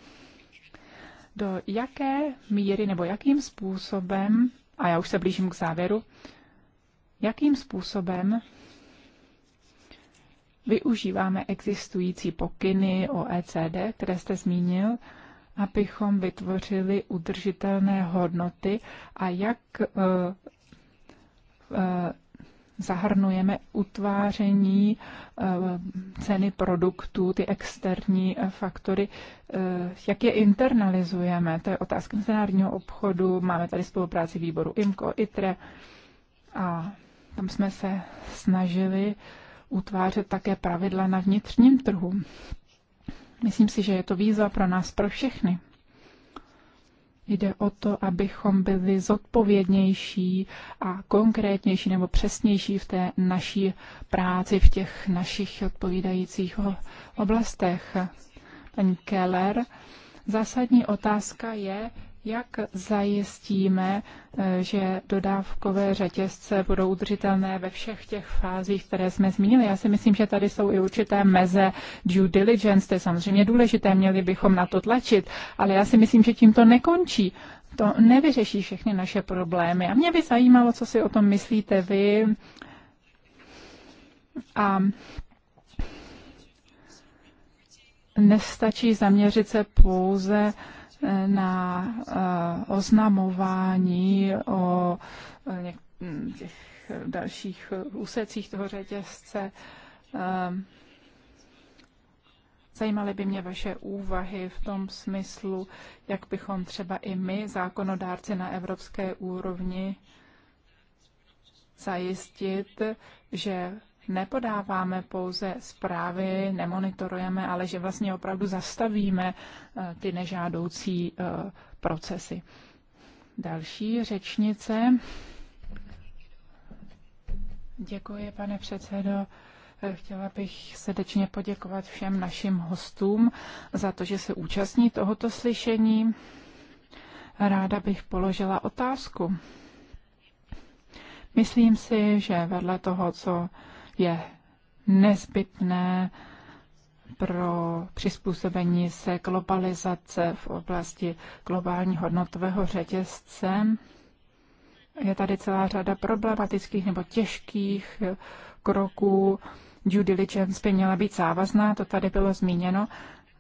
Do jaké míry nebo jakým způsobem, a já už se blížím k závěru, jakým způsobem využíváme existující pokyny OECD, které jste zmínil, abychom vytvořili udržitelné hodnoty a jak eh, eh, zahrnujeme utváření eh, ceny produktů, ty externí faktory, jak je internalizujeme. To je otázka mezinárodního obchodu, máme tady spolupráci výboru IMCO, ITRE a tam jsme se snažili utvářet také pravidla na vnitřním trhu. Myslím si, že je to výzva pro nás, pro všechny. Jde o to, abychom byli zodpovědnější a konkrétnější nebo přesnější v té naší práci, v těch našich odpovídajících oblastech. Paní Keller, zásadní otázka je, jak zajistíme, eh, že dodávkové řetězce budou udržitelné ve všech těch fázích, které jsme zmínili? Já si myslím, že tady jsou i určité meze due diligence, to je samozřejmě důležité, měli bychom na to tlačit, ale já si myslím, že tím to nekončí. To nevyřeší všechny naše problémy. A mě by zajímalo, co si o tom myslíte vy. A nestačí zaměřit se pouze na eh, oznamování o eh, těch dalších úsecích toho řetězce. Eh, zajímaly by mě vaše úvahy v tom smyslu, jak bychom třeba i my, zákonodárci na evropské úrovni, zajistit, že nepodáváme pouze zprávy, nemonitorujeme, ale že vlastně opravdu zastavíme eh, ty nežádoucí eh, procesy. Další řečnice. Děkuji, pane předsedo. Eh, chtěla bych srdečně poděkovat všem našim hostům za to, že se účastní tohoto slyšení. Ráda bych položila otázku. Myslím si, že vedle toho, co je nezbytné pro přizpůsobení se globalizace v oblasti globální hodnotového řetězce. Je tady celá řada problematických nebo těžkých kroků. Due diligence by měla být závazná, to tady bylo zmíněno.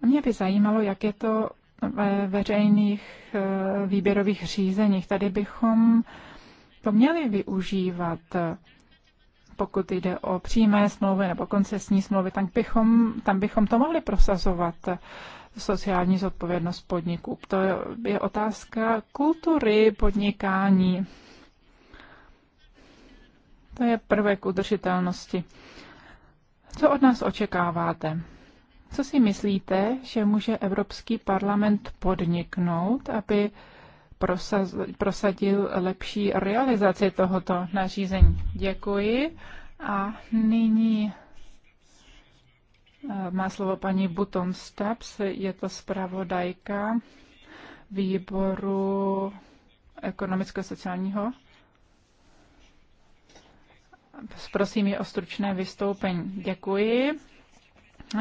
Mě by zajímalo, jak je to ve veřejných eh, výběrových řízeních. Tady bychom to měli využívat pokud jde o přímé smlouvy nebo koncesní smlouvy, tam bychom, tam bychom to mohli prosazovat sociální zodpovědnost podniků. To je otázka kultury podnikání. To je prvek udržitelnosti. Co od nás očekáváte? Co si myslíte, že může Evropský parlament podniknout, aby prosaz, prosadil lepší realizaci tohoto nařízení. Děkuji. A nyní eh, má slovo paní Buton Steps, je to zpravodajka výboru ekonomicko-sociálního. Prosím ji o stručné vystoupení. Děkuji.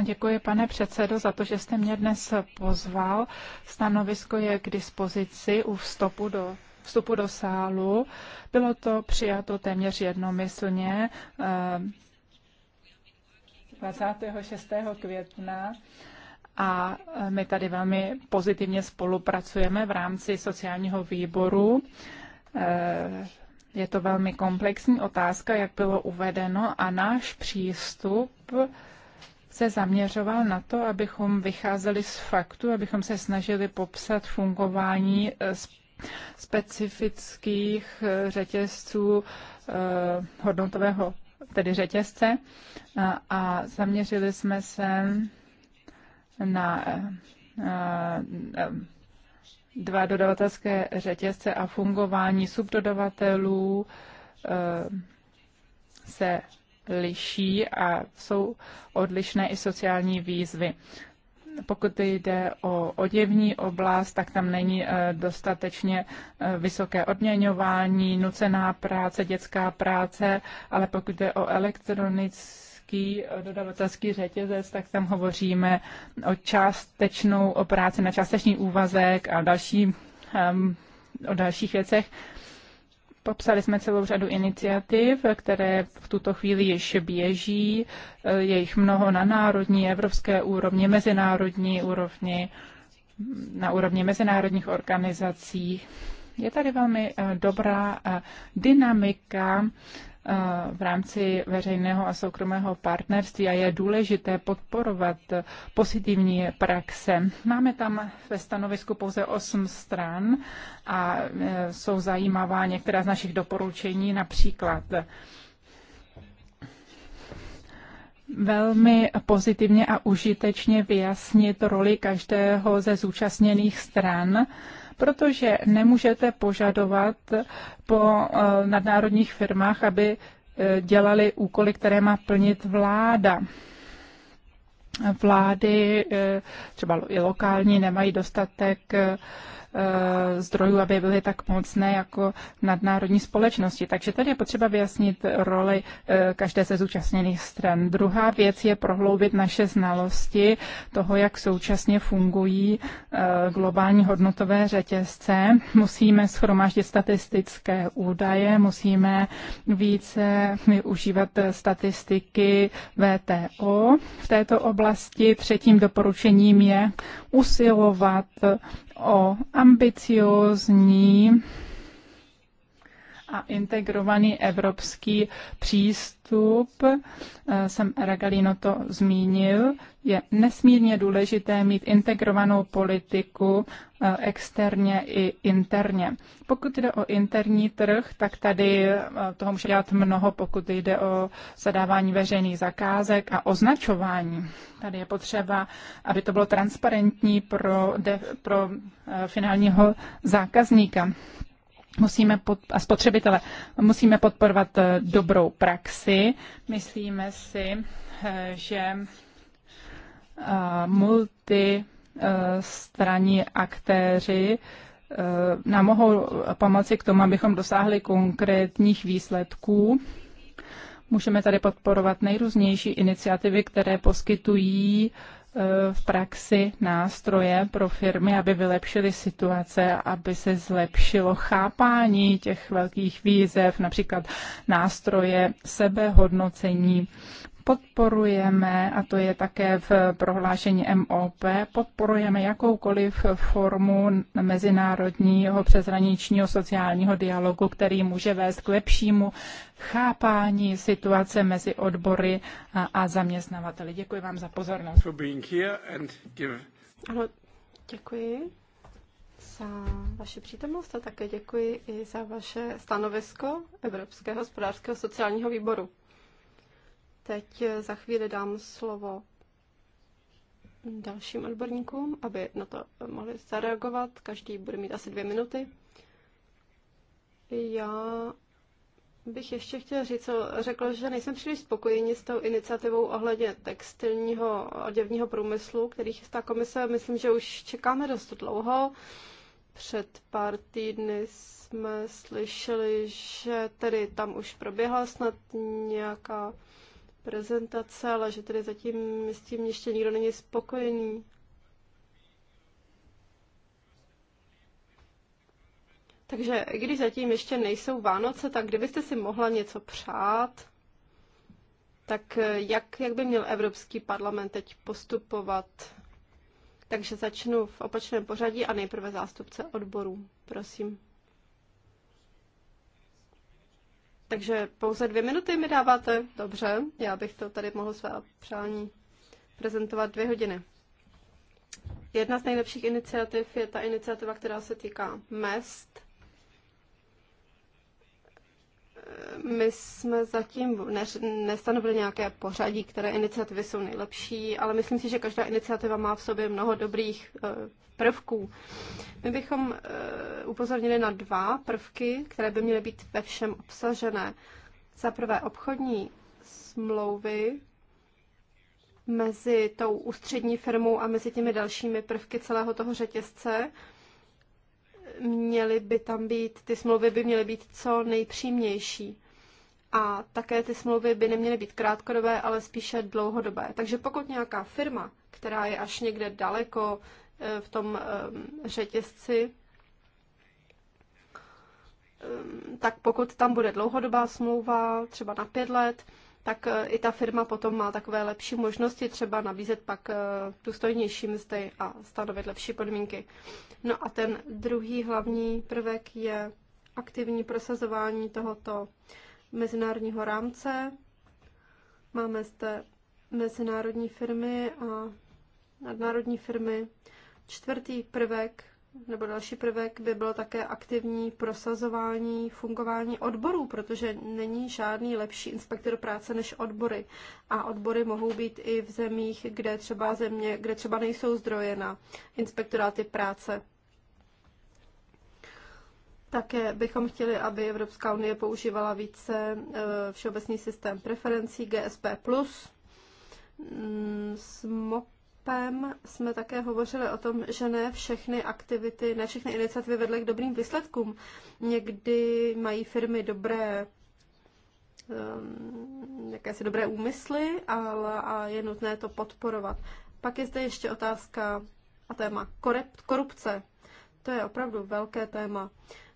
Děkuji, pane předsedo, za to, že jste mě dnes pozval. Stanovisko je k dispozici u vstupu do vstupu do sálu. Bylo to přijato téměř jednomyslně 26. Eh, května a eh, my tady velmi pozitivně spolupracujeme v rámci sociálního výboru. Eh, je to velmi komplexní otázka, jak bylo uvedeno, a náš přístup se zaměřoval na to, abychom vycházeli z faktu, abychom se snažili popsat fungování eh, specifických eh, řetězců eh, hodnotového tedy řetězce a zaměřili jsme se na dva dodavatelské řetězce a fungování subdodavatelů se liší a jsou odlišné i sociální výzvy. Pokud jde o oděvní oblast, tak tam není eh, dostatečně eh, vysoké odměňování, nucená práce, dětská práce, ale pokud jde o elektronický eh, dodavatelský, řetězec, tak tam hovoříme o částečnou o práci na částečný úvazek a další, ehm, o dalších věcech. Popsali jsme celou řadu iniciativ, které v tuto chvíli již běží. Je jich mnoho na národní, evropské úrovni, mezinárodní úrovni, na úrovni mezinárodních organizací. Je tady velmi eh, dobrá eh, dynamika v rámci veřejného a soukromého partnerství a je důležité podporovat pozitivní praxe. Máme tam ve stanovisku pouze 8 stran a e, jsou zajímavá některá z našich doporučení, například velmi pozitivně a užitečně vyjasnit roli každého ze zúčastněných stran protože nemůžete požadovat po eh, nadnárodních firmách, aby eh, dělali úkoly, které má plnit vláda vlády, eh, třeba i lokální, nemají dostatek Eh, zdrojů, aby byly tak mocné jako nadnárodní společnosti. Takže tady je potřeba vyjasnit roli eh, každé ze zúčastněných stran. Druhá věc je prohloubit naše znalosti toho, jak současně fungují eh, globální hodnotové řetězce. Musíme schromáždit statistické údaje, musíme více využívat statistiky VTO v této oblasti. Třetím doporučením je usilovat o ambiciózní a integrovaný evropský přístup, eh, jsem Ragalino to zmínil, je nesmírně důležité mít integrovanou politiku eh, externě i interně. Pokud jde o interní trh, tak tady eh, toho může dělat mnoho, pokud jde o zadávání veřejných zakázek a označování. Tady je potřeba, aby to bylo transparentní pro, de, pro finálního zákazníka. Musíme pod, a spotřebitele musíme podporovat eh, dobrou praxi. Myslíme si, eh, že eh, multi straní aktéři nám mohou pomoci k tomu, abychom dosáhli konkrétních výsledků. Můžeme tady podporovat nejrůznější iniciativy, které poskytují uh, v praxi nástroje pro firmy, aby vylepšily situace, aby se zlepšilo chápání těch velkých výzev, například nástroje sebehodnocení podporujeme, a to je také v prohlášení MOP, podporujeme jakoukoliv formu mezinárodního přeshraničního sociálního dialogu, který může vést k lepšímu chápání situace mezi odbory a, a zaměstnavateli. Děkuji vám za pozornost. Ano, děkuji za vaši přítomnost a také děkuji i za vaše stanovisko Evropského hospodářského sociálního výboru. Teď za chvíli dám slovo dalším odborníkům, aby na to mohli zareagovat. Každý bude mít asi dvě minuty. Já bych ještě chtěla říct, co řekl, že nejsem příliš spokojený s tou iniciativou ohledně textilního oděvního průmyslu, který chystá komise. Myslím, že už čekáme dost dlouho. Před pár týdny jsme slyšeli, že tedy tam už proběhla snad nějaká prezentace, ale že tedy zatím s tím ještě nikdo není spokojený. Takže i když zatím ještě nejsou Vánoce, tak kdybyste si mohla něco přát, tak jak, jak by měl Evropský parlament teď postupovat? Takže začnu v opačném pořadí a nejprve zástupce odborů. Prosím. Takže pouze dvě minuty mi dáváte? Dobře, já bych to tady mohl své přání prezentovat dvě hodiny. Jedna z nejlepších iniciativ je ta iniciativa, která se týká mest. My jsme zatím nestanovili nějaké pořadí, které iniciativy jsou nejlepší, ale myslím si, že každá iniciativa má v sobě mnoho dobrých eh, prvků. My bychom eh, upozornili na dva prvky, které by měly být ve všem obsažené. Za prvé obchodní smlouvy mezi tou ústřední firmou a mezi těmi dalšími prvky celého toho řetězce. Měly by tam být, ty smlouvy by měly být co nejpřímější. A také ty smlouvy by neměly být krátkodobé, ale spíše dlouhodobé. Takže pokud nějaká firma, která je až někde daleko v tom eh, řetězci, eh, tak pokud tam bude dlouhodobá smlouva, třeba na pět let, tak eh, i ta firma potom má takové lepší možnosti třeba nabízet pak důstojnější mzdy a stanovit lepší podmínky. No a ten druhý hlavní prvek je aktivní prosazování tohoto mezinárodního rámce. Máme zde mezinárodní firmy a nadnárodní firmy. Čtvrtý prvek nebo další prvek by bylo také aktivní prosazování fungování odborů, protože není žádný lepší inspektor práce než odbory. A odbory mohou být i v zemích, kde třeba, země, kde třeba nejsou zdroje na inspektoráty práce. Také bychom chtěli, aby Evropská unie používala více eh, všeobecný systém preferencí GSP+. Smok PEM jsme také hovořili o tom, že ne všechny aktivity, ne všechny iniciativy vedly k dobrým výsledkům. Někdy mají firmy dobré um, jakési dobré úmysly, ale a je nutné to podporovat. Pak je zde ještě otázka a téma korupce. To je opravdu velké téma.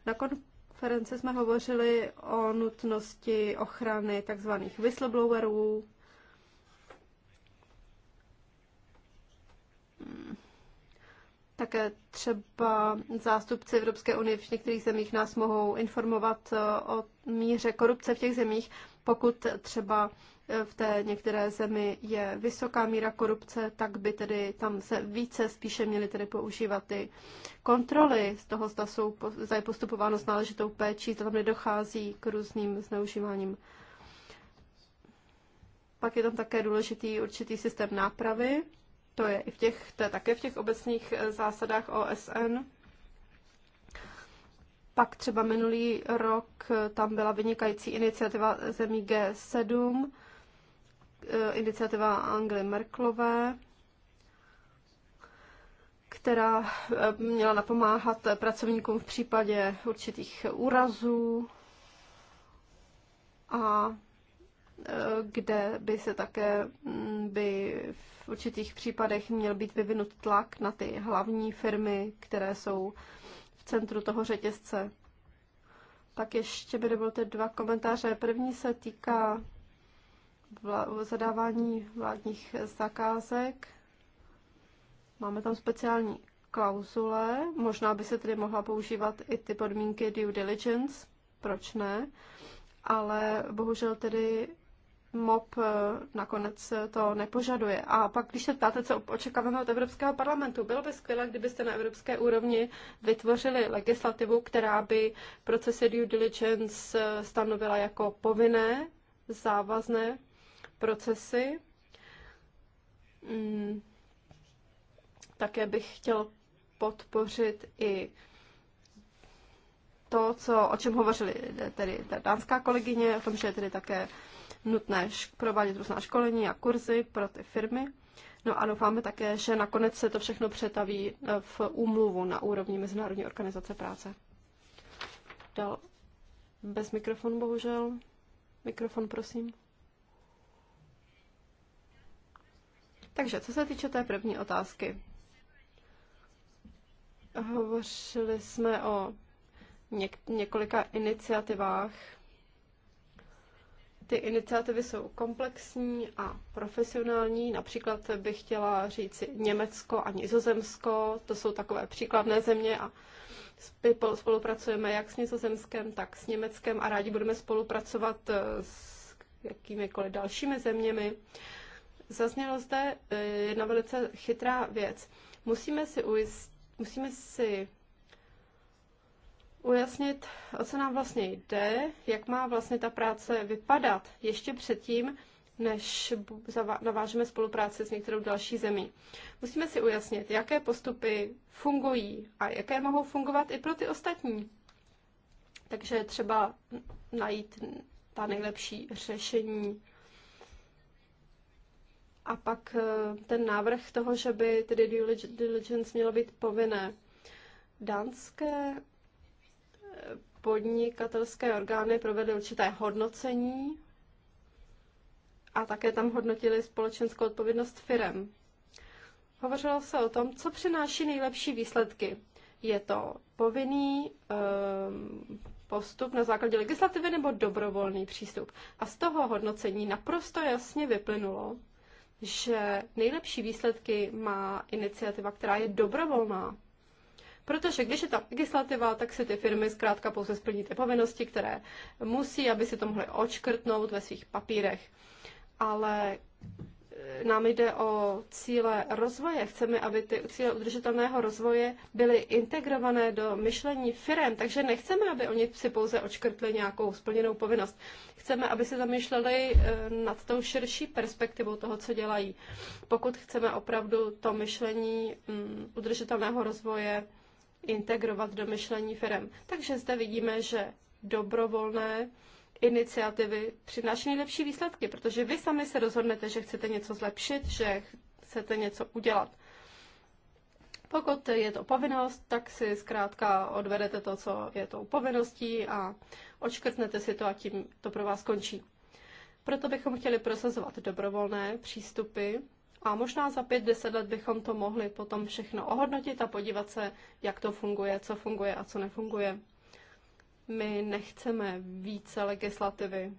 Na konferenci jsme hovořili o nutnosti ochrany tzv. whistleblowerů, Také třeba zástupci Evropské unie v některých zemích nás mohou informovat eh, o míře korupce v těch zemích, pokud třeba eh, v té některé zemi je vysoká míra korupce, tak by tedy tam se více spíše měly tedy používat ty kontroly z toho, zda, jsou, zda je postupováno s náležitou péčí, to tam nedochází k různým zneužíváním. Pak je tam také důležitý určitý systém nápravy. To je, i v těch, to je také v těch obecných eh, zásadách OSN. Pak třeba minulý rok eh, tam byla vynikající iniciativa zemí G7, eh, iniciativa Angely Merklové, která měla napomáhat pracovníkům v případě určitých úrazů a kde by se také mm, by v určitých případech měl být vyvinut tlak na ty hlavní firmy, které jsou v centru toho řetězce. Pak ještě by dovolte dva komentáře. První se týká vla- zadávání vládních zakázek. Máme tam speciální klauzule. Možná by se tedy mohla používat i ty podmínky due diligence. Proč ne? Ale bohužel tedy MOP eh, nakonec eh, to nepožaduje. A pak, když se ptáte, co očekáváme od Evropského parlamentu, bylo by skvělé, kdybyste na evropské úrovni vytvořili legislativu, která by procesy due diligence eh, stanovila jako povinné, závazné procesy. Mm, také bych chtěl podpořit i to, co, o čem hovořili tedy ta dánská kolegyně, o tom, že je tedy také nutné provádět různá školení a kurzy pro ty firmy. No a doufáme také, že nakonec se to všechno přetaví e, v úmluvu na úrovni Mezinárodní organizace práce. Dal bez mikrofonu, bohužel. Mikrofon, prosím. Takže, co se týče té první otázky. Hovořili jsme o něk- několika iniciativách ty iniciativy jsou komplexní a profesionální. Například bych chtěla říci Německo a Nizozemsko, to jsou takové příkladné země a spolupracujeme jak s Nizozemskem, tak s Německem a rádi budeme spolupracovat eh, s jakýmikoliv dalšími zeměmi. Zaznělo zde eh, jedna velice chytrá věc. Musíme si, ujist, musíme si ujasnit, o co nám vlastně jde, jak má vlastně ta práce vypadat ještě předtím, než navážeme spolupráci s některou další zemí. Musíme si ujasnit, jaké postupy fungují a jaké mohou fungovat i pro ty ostatní. Takže třeba najít ta nejlepší řešení. A pak eh, ten návrh toho, že by tedy diligence mělo být povinné. Dánské podnikatelské orgány provedly určité hodnocení a také tam hodnotili společenskou odpovědnost firem. Hovořilo se o tom, co přináší nejlepší výsledky. Je to povinný um, postup na základě legislativy nebo dobrovolný přístup. A z toho hodnocení naprosto jasně vyplynulo, že nejlepší výsledky má iniciativa, která je dobrovolná. Protože když je tam legislativa, tak si ty firmy zkrátka pouze splní ty povinnosti, které musí, aby si to mohly očkrtnout ve svých papírech. Ale e, nám jde o cíle rozvoje. Chceme, aby ty cíle udržitelného rozvoje byly integrované do myšlení firm. takže nechceme, aby oni si pouze očkrtli nějakou splněnou povinnost. Chceme, aby si zamýšleli e, nad tou širší perspektivou toho, co dělají. Pokud chceme opravdu to myšlení mm, udržitelného rozvoje integrovat do myšlení firm. Takže zde vidíme, že dobrovolné iniciativy přináší nejlepší výsledky, protože vy sami se rozhodnete, že chcete něco zlepšit, že chcete něco udělat. Pokud je to povinnost, tak si zkrátka odvedete to, co je tou povinností a očkrtnete si to a tím to pro vás končí. Proto bychom chtěli prosazovat dobrovolné přístupy a možná za pět deset let bychom to mohli potom všechno ohodnotit a podívat se, jak to funguje, co funguje a co nefunguje. My nechceme více legislativy.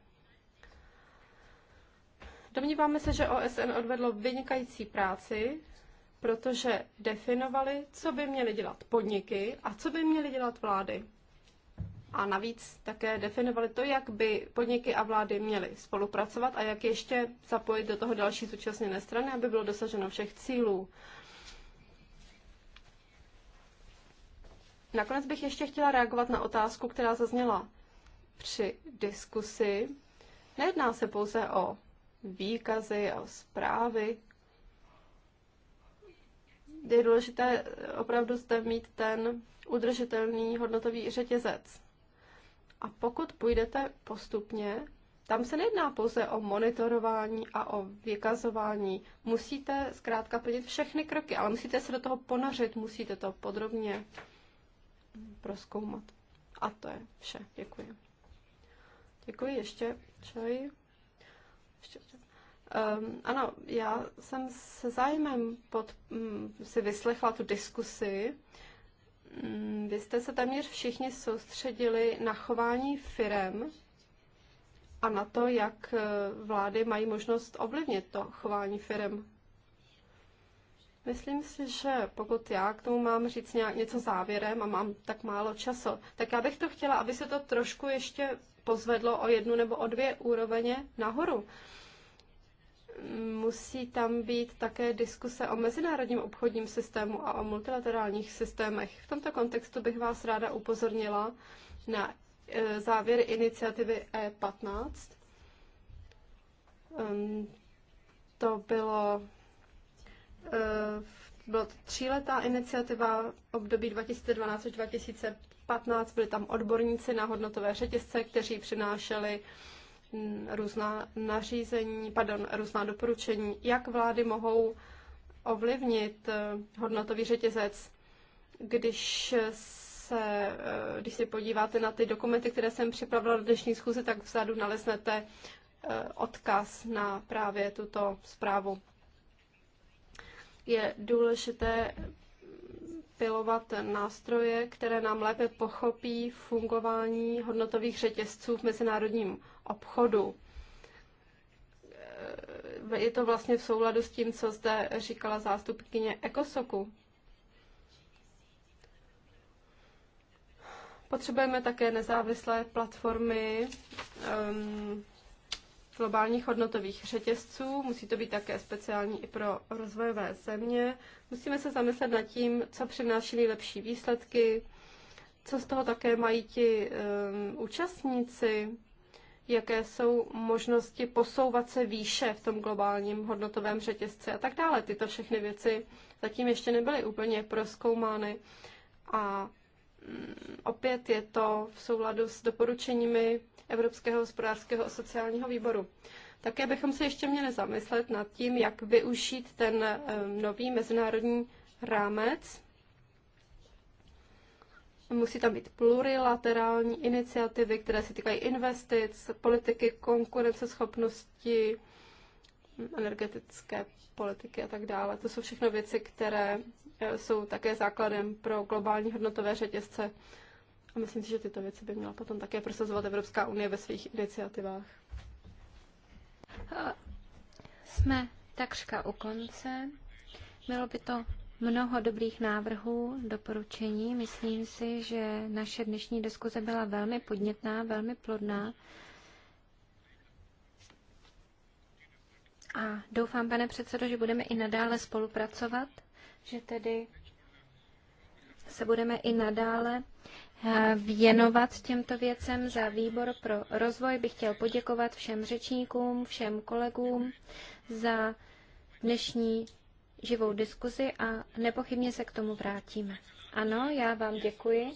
Domníváme se, že OSN odvedlo vynikající práci, protože definovali, co by měly dělat podniky a co by měly dělat vlády a navíc také definovali to, jak by podniky a vlády měly spolupracovat a jak ještě zapojit do toho další zúčastněné strany, aby bylo dosaženo všech cílů. Nakonec bych ještě chtěla reagovat na otázku, která zazněla při diskusi. Nejedná se pouze o výkazy, o zprávy. Je důležité opravdu zde mít ten udržitelný hodnotový řetězec. A pokud půjdete postupně, tam se nejedná pouze o monitorování a o vykazování. Musíte zkrátka plnit všechny kroky, ale musíte se do toho ponořit, musíte to podrobně proskoumat. A to je vše. Děkuji. Děkuji ještě. Čaj. Ještě. Um, ano, já jsem se zájmem pod, um, si vyslechla tu diskusi Mm, vy jste se téměř všichni soustředili na chování firem a na to, jak eh, vlády mají možnost ovlivnit to chování firem. Myslím si, že pokud já k tomu mám říct nějak něco závěrem a mám tak málo času, tak já bych to chtěla, aby se to trošku ještě pozvedlo o jednu nebo o dvě úroveně nahoru musí tam být také diskuse o mezinárodním obchodním systému a o multilaterálních systémech. V tomto kontextu bych vás ráda upozornila na e, závěry iniciativy E15. To bylo e, byla to tříletá iniciativa období 2012 až 2015. Byli tam odborníci na hodnotové řetězce, kteří přinášeli Mm, různá nařízení, pardon, různá doporučení, jak vlády mohou ovlivnit eh, hodnotový řetězec, když se, eh, když si podíváte na ty dokumenty, které jsem připravila do dnešní schůze, tak vzadu naleznete eh, odkaz na právě tuto zprávu. Je důležité kompilovat nástroje, které nám lépe pochopí fungování hodnotových řetězců v mezinárodním obchodu. E, je to vlastně v souladu s tím, co zde říkala zástupkyně Ekosoku. Potřebujeme také nezávislé platformy um, globálních hodnotových řetězců, musí to být také speciální i pro rozvojové země. Musíme se zamyslet nad tím, co přináší lepší výsledky, co z toho také mají ti um, účastníci, jaké jsou možnosti posouvat se výše v tom globálním hodnotovém řetězci a tak dále. Tyto všechny věci zatím ještě nebyly úplně proskoumány a mm, opět je to v souladu s doporučeními Evropského hospodářského a sociálního výboru. Také bychom se ještě měli zamyslet nad tím, jak využít ten nový mezinárodní rámec. Musí tam být plurilaterální iniciativy, které se týkají investic, politiky konkurenceschopnosti, energetické politiky a tak dále. To jsou všechno věci, které eh, jsou také základem pro globální hodnotové řetězce myslím si, že tyto věci by měla potom také prosazovat Evropská unie ve svých iniciativách. Jsme takřka u konce. Bylo by to mnoho dobrých návrhů, doporučení. Myslím si, že naše dnešní diskuze byla velmi podnětná, velmi plodná. A doufám, pane předsedo, že budeme i nadále spolupracovat, že tedy se budeme i nadále věnovat těmto věcem. Za výbor pro rozvoj bych chtěl poděkovat všem řečníkům, všem kolegům za dnešní živou diskuzi a nepochybně se k tomu vrátíme. Ano, já vám děkuji.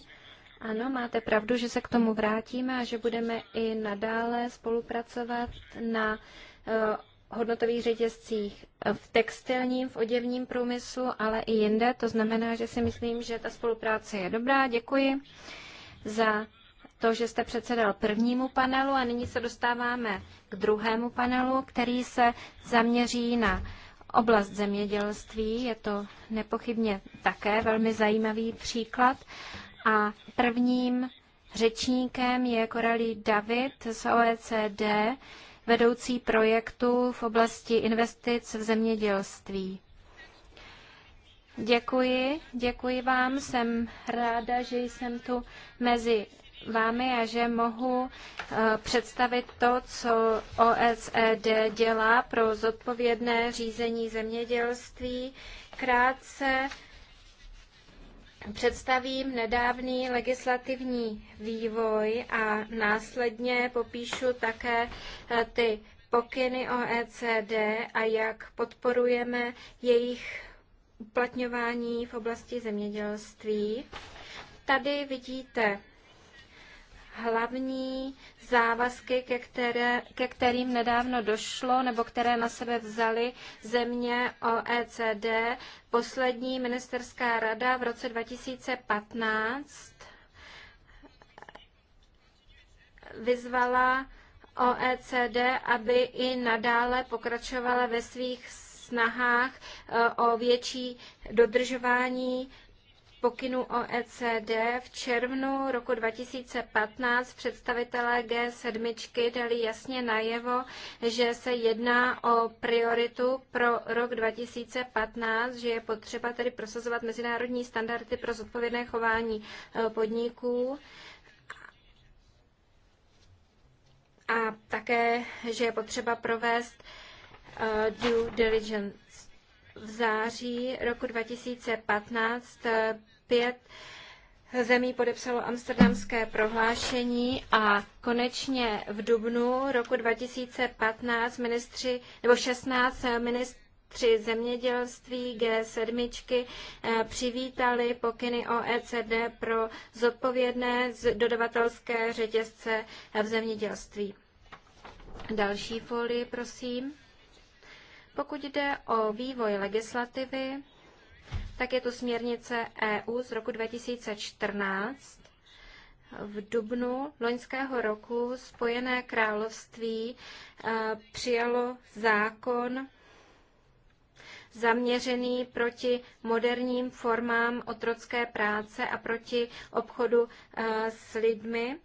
Ano, máte pravdu, že se k tomu vrátíme a že budeme i nadále spolupracovat na eh, hodnotových řetězcích v textilním, v oděvním průmyslu, ale i jinde. To znamená, že si myslím, že ta spolupráce je dobrá. Děkuji za to, že jste předsedal prvnímu panelu a nyní se dostáváme k druhému panelu, který se zaměří na oblast zemědělství. Je to nepochybně také velmi zajímavý příklad. A prvním řečníkem je Koralí David z OECD, vedoucí projektu v oblasti investic v zemědělství. Děkuji, děkuji vám. Jsem ráda, že jsem tu mezi vámi a že mohu eh, představit to, co OECD dělá pro zodpovědné řízení zemědělství. Krátce představím nedávný legislativní vývoj a následně popíšu také eh, ty pokyny OECD a jak podporujeme jejich uplatňování v oblasti zemědělství. Tady vidíte hlavní závazky, ke, které, ke kterým nedávno došlo nebo které na sebe vzaly země OECD. Poslední ministerská rada v roce 2015 vyzvala OECD, aby i nadále pokračovala ve svých snahách e, o větší dodržování pokynu OECD v červnu roku 2015 představitelé G7 dali jasně najevo, že se jedná o prioritu pro rok 2015, že je potřeba tedy prosazovat mezinárodní standardy pro zodpovědné chování e, podniků. A také, že je potřeba provést e, due diligence v září roku 2015 pět zemí podepsalo amsterdamské prohlášení a konečně v dubnu roku 2015 ministři, nebo 16 ministři zemědělství G7 eh, přivítali pokyny OECD pro zodpovědné dodavatelské řetězce v zemědělství. Další folii, prosím. Pokud jde o vývoj legislativy, tak je to směrnice EU z roku 2014. V dubnu loňského roku Spojené království eh, přijalo zákon zaměřený proti moderním formám otrocké práce a proti obchodu eh, s lidmi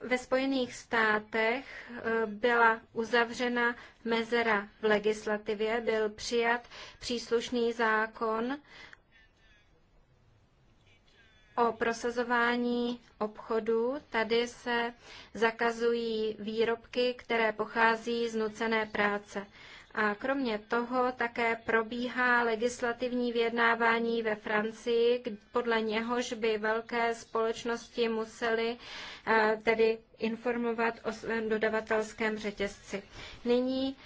ve Spojených státech eh, byla uzavřena mezera v legislativě, byl přijat příslušný zákon o prosazování obchodu. Tady se zakazují výrobky, které pochází z nucené práce. A kromě toho také probíhá legislativní vyjednávání ve Francii, podle něhož by velké společnosti musely eh, tedy informovat o svém dodavatelském řetězci. Nyní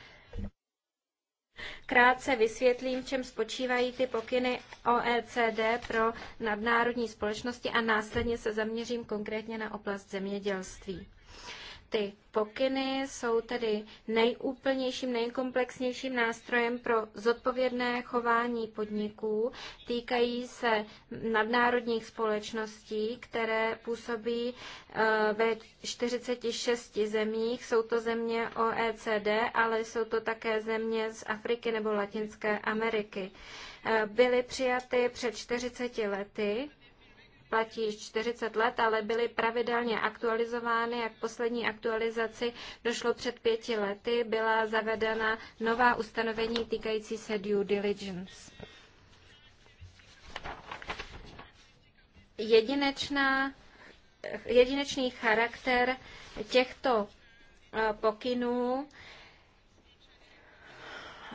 Krátce vysvětlím, čem spočívají ty pokyny OECD pro nadnárodní společnosti a následně se zaměřím konkrétně na oblast zemědělství. Ty pokyny jsou tedy nejúplnějším, nejkomplexnějším nástrojem pro zodpovědné chování podniků. Týkají se nadnárodních společností, které působí eh, ve 46 zemích. Jsou to země OECD, ale jsou to také země z Afriky nebo Latinské Ameriky. Eh, byly přijaty před 40 lety platí již 40 let, ale byly pravidelně aktualizovány. Jak poslední aktualizaci došlo před pěti lety, byla zavedena nová ustanovení týkající se due diligence. Jedinečná, jedinečný charakter těchto eh, pokynů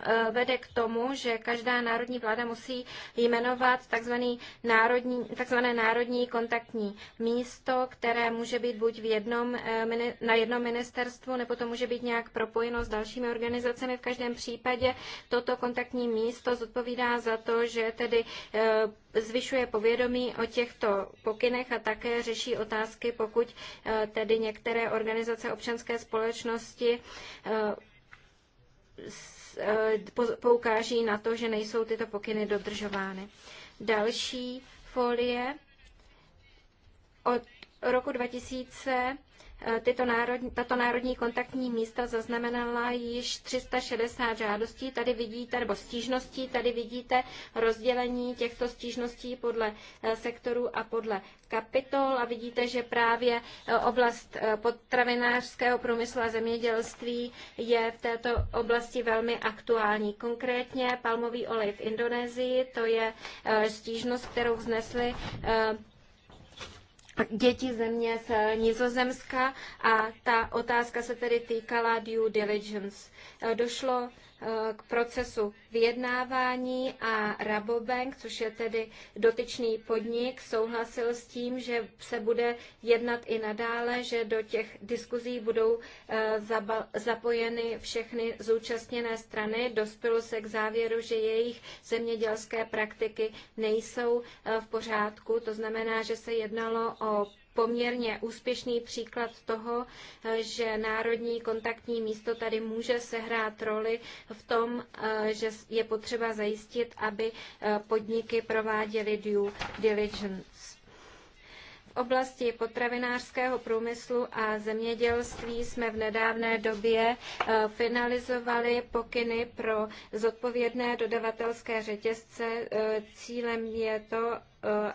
Eh, vede k tomu, že každá národní vláda musí jmenovat takzvaný národní, takzvané národní kontaktní místo, které může být buď v jednom, eh, na jednom ministerstvu, nebo to může být nějak propojeno s dalšími organizacemi. V každém případě toto kontaktní místo zodpovídá za to, že tedy eh, zvyšuje povědomí o těchto pokynech a také řeší otázky, pokud tedy některé organizace občanské společnosti Eh, poukáží na to, že nejsou tyto pokyny dodržovány. Další folie od roku 2000 Eh, tyto národní, tato národní kontaktní místa zaznamenala již 360 žádostí, tady vidíte, nebo stížností, tady vidíte rozdělení těchto stížností podle eh, sektorů a podle kapitol a vidíte, že právě eh, oblast potravinářského průmyslu a zemědělství je v této oblasti velmi aktuální. Konkrétně palmový olej v Indonésii, to je stížnost, kterou vznesli děti země z Nizozemska a ta otázka se tedy týkala due diligence. Došlo k procesu vyjednávání a Rabobank, což je tedy dotyčný podnik, souhlasil s tím, že se bude jednat i nadále, že do těch diskuzí budou e, zapojeny všechny zúčastněné strany. Dospělo se k závěru, že jejich zemědělské praktiky nejsou e, v pořádku. To znamená, že se jednalo o poměrně úspěšný příklad toho, že národní kontaktní místo tady může sehrát roli v tom, eh, že je potřeba zajistit, aby eh, podniky prováděly due diligence oblasti potravinářského průmyslu a zemědělství jsme v nedávné době eh, finalizovali pokyny pro zodpovědné dodavatelské řetězce. Cílem je to,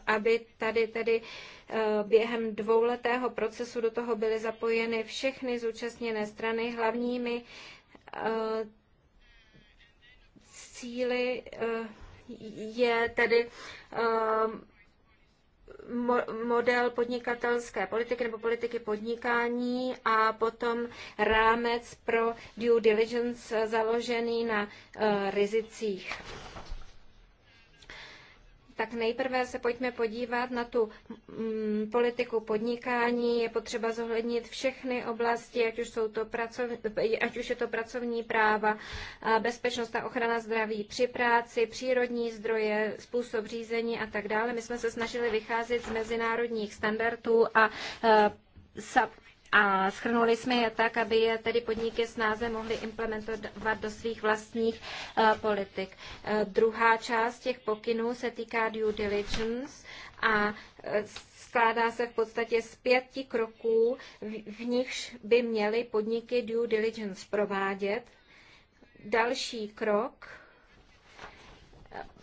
aby tady tedy Eh, během dvouletého procesu do toho byly zapojeny všechny zúčastněné strany. Hlavními eh, cíly eh, je tedy model podnikatelské politiky nebo politiky podnikání a potom rámec pro due diligence založený na rizicích tak nejprve se pojďme podívat na tu mm, politiku podnikání. Je potřeba zohlednit všechny oblasti, ať už, jsou to pracov, ať už je to pracovní práva, bezpečnost a ochrana zdraví při práci, přírodní zdroje, způsob řízení a tak dále. My jsme se snažili vycházet z mezinárodních standardů a e, a schrnuli jsme je tak, aby je tedy podniky snáze mohly implementovat do svých vlastních eh, politik. Eh, druhá část těch pokynů se týká due diligence a eh, skládá se v podstatě z pěti kroků, v nichž by měly podniky due diligence provádět. Další krok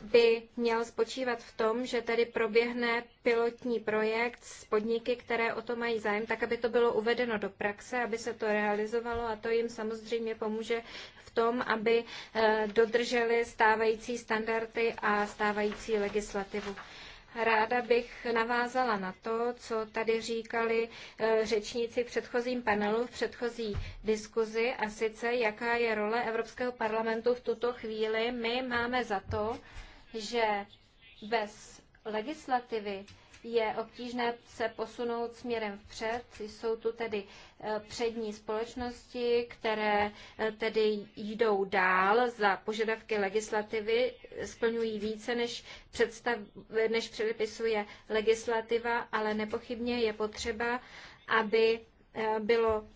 by měl spočívat v tom, že tady proběhne pilotní projekt s podniky, které o to mají zájem, tak aby to bylo uvedeno do praxe, aby se to realizovalo a to jim samozřejmě pomůže v tom, aby eh, dodrželi stávající standardy a stávající legislativu. Ráda bych navázala na to, co tady říkali eh, řečníci v předchozím panelu, v předchozí diskuzi, a sice jaká je role Evropského parlamentu v tuto chvíli. My máme za to, že bez legislativy je obtížné se posunout směrem vpřed. Jsou tu tedy eh, přední společnosti, které eh, tedy jdou dál za požadavky legislativy, splňují více, než, představ, než předepisuje legislativa, ale nepochybně je potřeba, aby eh, bylo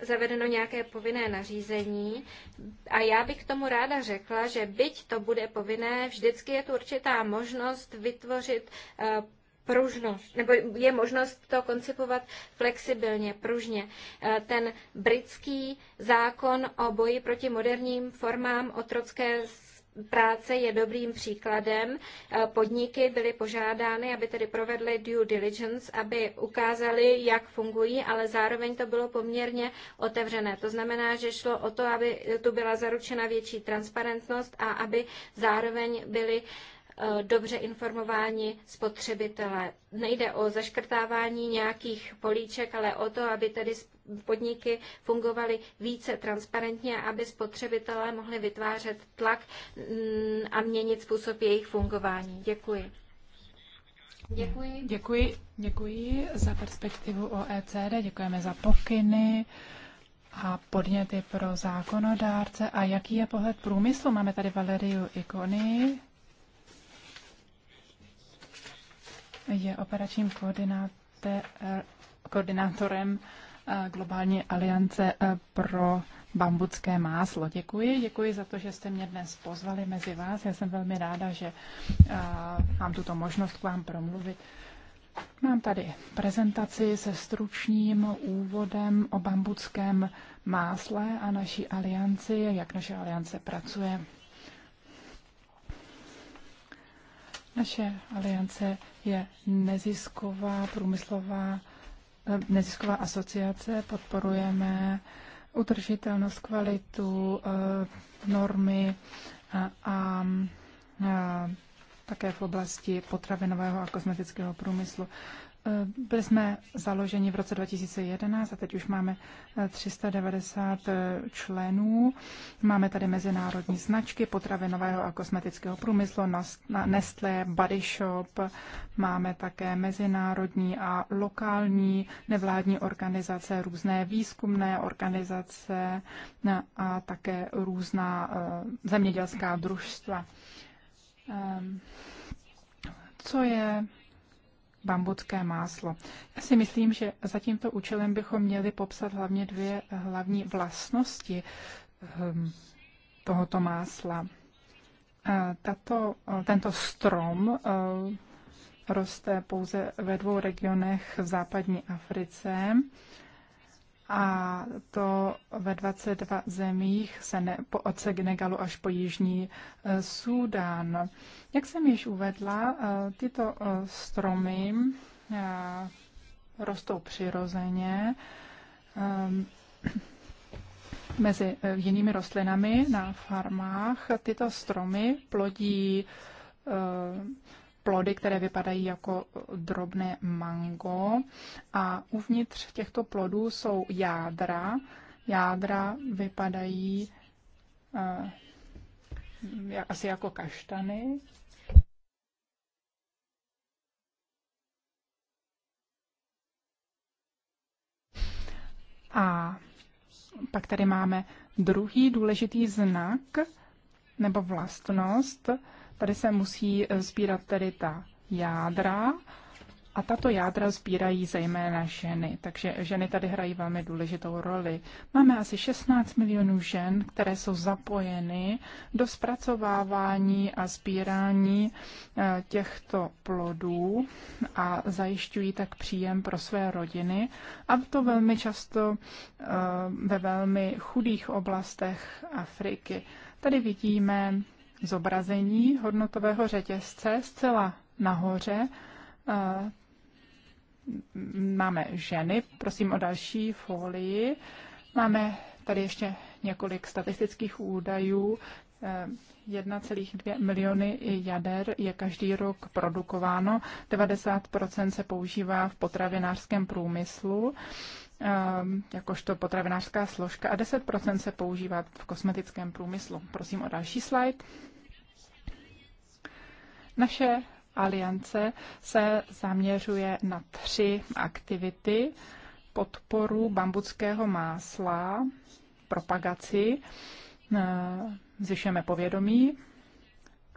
zavedeno nějaké povinné nařízení. A já bych k tomu ráda řekla, že byť to bude povinné, vždycky je tu určitá možnost vytvořit pružnost, nebo je možnost to koncipovat flexibilně, pružně. Eh, ten britský zákon o boji proti moderním formám otrocké práce je dobrým příkladem. Eh, podniky byly požádány, aby tedy provedly due diligence, aby ukázali, jak fungují, ale zároveň to bylo poměrně otevřené. To znamená, že šlo o to, aby tu byla zaručena větší transparentnost a aby zároveň byly uh, Eh, dobře informováni spotřebitelé. Nejde o zaškrtávání nějakých políček, ale o to, aby tedy podniky fungovaly více transparentně, aby spotřebitelé mohli vytvářet tlak mm, a měnit způsob jejich fungování. Děkuji. Děkuji. Děkuji, děkuji za perspektivu OECD, děkujeme za pokyny a podněty pro zákonodárce. A jaký je pohled průmyslu? Máme tady Valeriu Ikony, je operačním eh, koordinátorem eh, globální aliance eh, pro bambucké máslo. Děkuji, děkuji za to, že jste mě dnes pozvali mezi vás. Já jsem velmi ráda, že mám tuto možnost k vám promluvit. Mám tady prezentaci se stručným úvodem o bambuckém másle a naší alianci, jak naše aliance pracuje Naše aliance je nezisková průmyslová eh, nezisková asociace. Podporujeme udržitelnost, kvalitu, eh, normy a, a, a také v oblasti potravinového a kosmetického průmyslu. Eh, byli jsme založeni v roce 2011 a teď už máme 390 eh, eh, členů. Máme tady mezinárodní značky potravinového a kosmetického průmyslu, Nestlé, Body Shop. Máme také mezinárodní a lokální nevládní organizace, různé výzkumné organizace a také různá zemědělská družstva. Ehm, co je bambucké máslo. Já si myslím, že za tímto účelem bychom měli popsat hlavně dvě hlavní vlastnosti ehm, tohoto másla. Tato, tento strom ehm, roste pouze ve dvou regionech v západní Africe a to ve 22 zemích se ne, po, od Senegalu až po Jižní e, Súdán. Jak jsem již uvedla, e, tyto e, stromy rostou přirozeně mezi jinými rostlinami na farmách. Tyto stromy plodí plody, které vypadají jako drobné mango. A uvnitř těchto plodů jsou jádra. Jádra vypadají uh, asi jako kaštany. A pak tady máme druhý důležitý znak nebo vlastnost, Tady se musí eh, sbírat tedy ta jádra a tato jádra sbírají zejména ženy, takže ženy tady hrají velmi důležitou roli. Máme asi 16 milionů žen, které jsou zapojeny do zpracovávání a sbírání eh, těchto plodů a zajišťují tak příjem pro své rodiny. A to velmi často eh, ve velmi chudých oblastech Afriky. Tady vidíme zobrazení hodnotového řetězce zcela nahoře. Eh, máme ženy, prosím o další folii. Máme tady ještě několik statistických údajů. 1,2 eh, miliony jader je každý rok produkováno, 90 se používá v potravinářském průmyslu. Ehm, jakožto potravinářská složka a 10% se používá v kosmetickém průmyslu. Prosím o další slide. Naše aliance se zaměřuje na tři aktivity. Podporu bambuckého másla, propagaci, ehm, zvyšujeme povědomí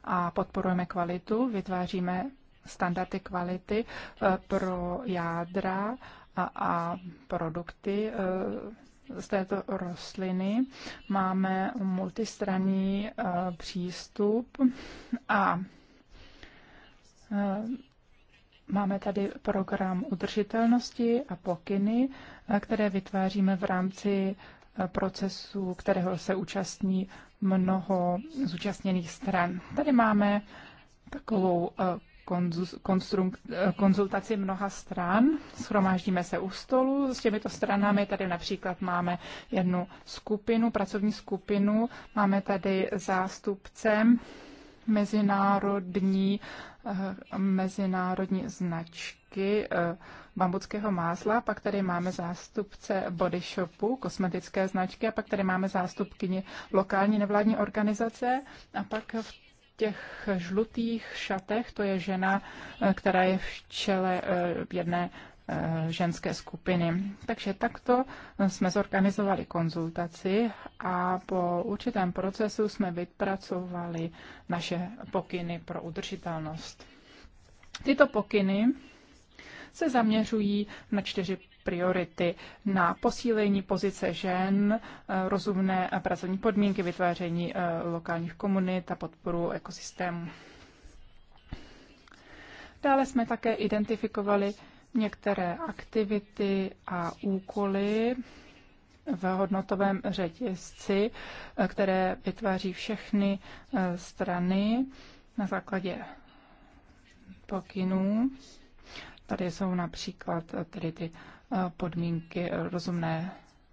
a podporujeme kvalitu, vytváříme standardy kvality eh, pro jádra a, a produkty eh, z této rostliny. Máme multistranný eh, přístup a eh, Máme tady program udržitelnosti a pokyny, které vytváříme v rámci procesu, kterého se účastní mnoho zúčastněných stran. Tady máme takovou Eh, konzultaci mnoha stran. Schromáždíme se u stolu s těmito stranami. Tady například máme jednu skupinu, pracovní skupinu. Máme tady zástupce mezinárodní, eh, mezinárodní značky eh, bambuckého másla, pak tady máme zástupce body shopu, kosmetické značky a pak tady máme zástupkyni lokální nevládní organizace a pak v těch žlutých šatech, to je žena, eh, která je v čele eh, jedné eh, ženské skupiny. Takže takto jsme zorganizovali konzultaci a po určitém procesu jsme vypracovali naše pokyny pro udržitelnost. Tyto pokyny se zaměřují na čtyři priority na posílení pozice žen, eh, rozumné pracovní podmínky, vytváření eh, lokálních komunit a podporu ekosystému. Dále jsme také identifikovali některé aktivity a úkoly v hodnotovém řetězci, eh, které vytváří všechny strany na základě pokynů. Tady jsou například tedy ty podmínky rozumné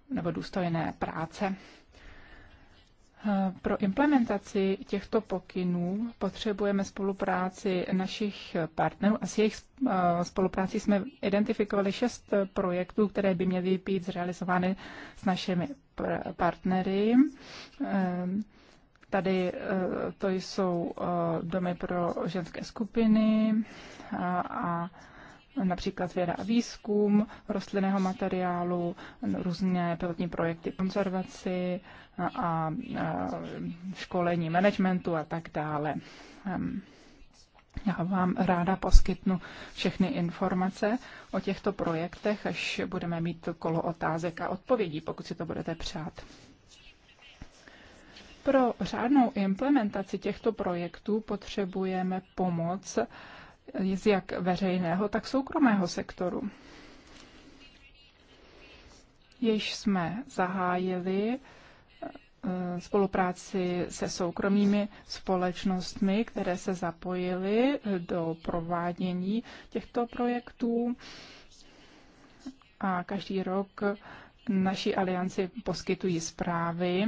nebo důstojné práce. Pro implementaci těchto pokynů potřebujeme spolupráci našich partnerů a s jejich eh, spoluprácí jsme identifikovali šest projektů, které by měly být zrealizovány s našimi partnery. Ehm, tady eh, to jsou eh, domy pro ženské skupiny a, a například věda a výzkum rostlinného materiálu, různé pilotní projekty konzervaci a školení managementu a tak dále. Já vám ráda poskytnu všechny informace o těchto projektech, až budeme mít kolo otázek a odpovědí, pokud si to budete přát. Pro řádnou implementaci těchto projektů potřebujeme pomoc z jak veřejného, tak soukromého sektoru. Jež jsme zahájili eh, spolupráci se soukromými společnostmi, které se zapojily do provádění těchto projektů. A každý rok naší alianci poskytují zprávy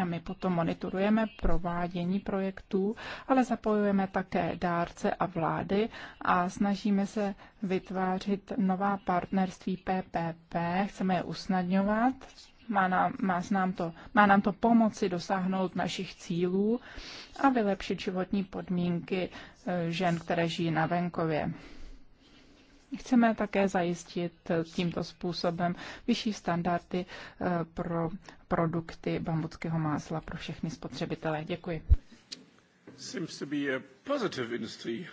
a my potom monitorujeme provádění projektů, ale zapojujeme také dárce a vlády a snažíme se vytvářet nová partnerství PPP, chceme je usnadňovat, má nám, má, nám to, má nám to pomoci dosáhnout našich cílů a vylepšit životní podmínky eh, žen, které žijí na venkově. Chceme také zajistit tímto způsobem vyšší standardy eh, pro produkty bambuckého másla pro všechny spotřebitele. Děkuji.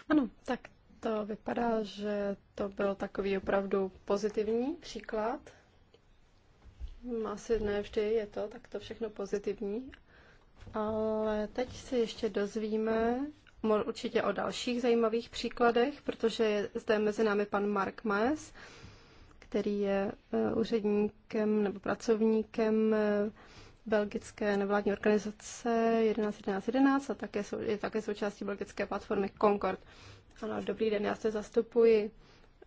Ano, tak to vypadá, že to byl takový opravdu pozitivní příklad. Asi ne vždy je to tak to všechno pozitivní. Ale teď si ještě dozvíme, určitě o dalších zajímavých příkladech, protože je zde mezi námi pan Mark Maes, který je e, úředníkem nebo pracovníkem e, belgické nevládní organizace 111111 a také sou, je také součástí belgické platformy Concord. Ano, dobrý den, já se zastupuji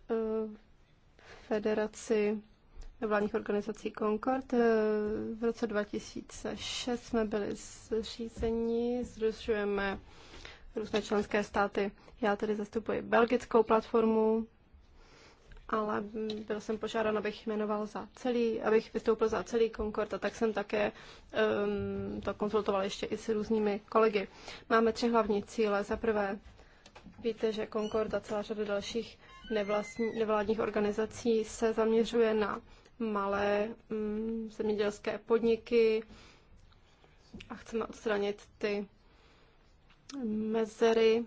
uh, federaci nevládních organizací Concord. V roce 2006 jsme byli zřízeni, uh, různé členské státy. Já tedy zastupuji belgickou platformu, ale byl jsem požádán, abych jmenoval za celý, abych vystoupil za celý Concord a tak jsem také um, to konzultoval ještě i s různými kolegy. Máme tři hlavní cíle. Za prvé, víte, že Concord a celá řada dalších nevlastní, nevládních organizací se zaměřuje na malé um, zemědělské podniky a chceme odstranit ty mezery.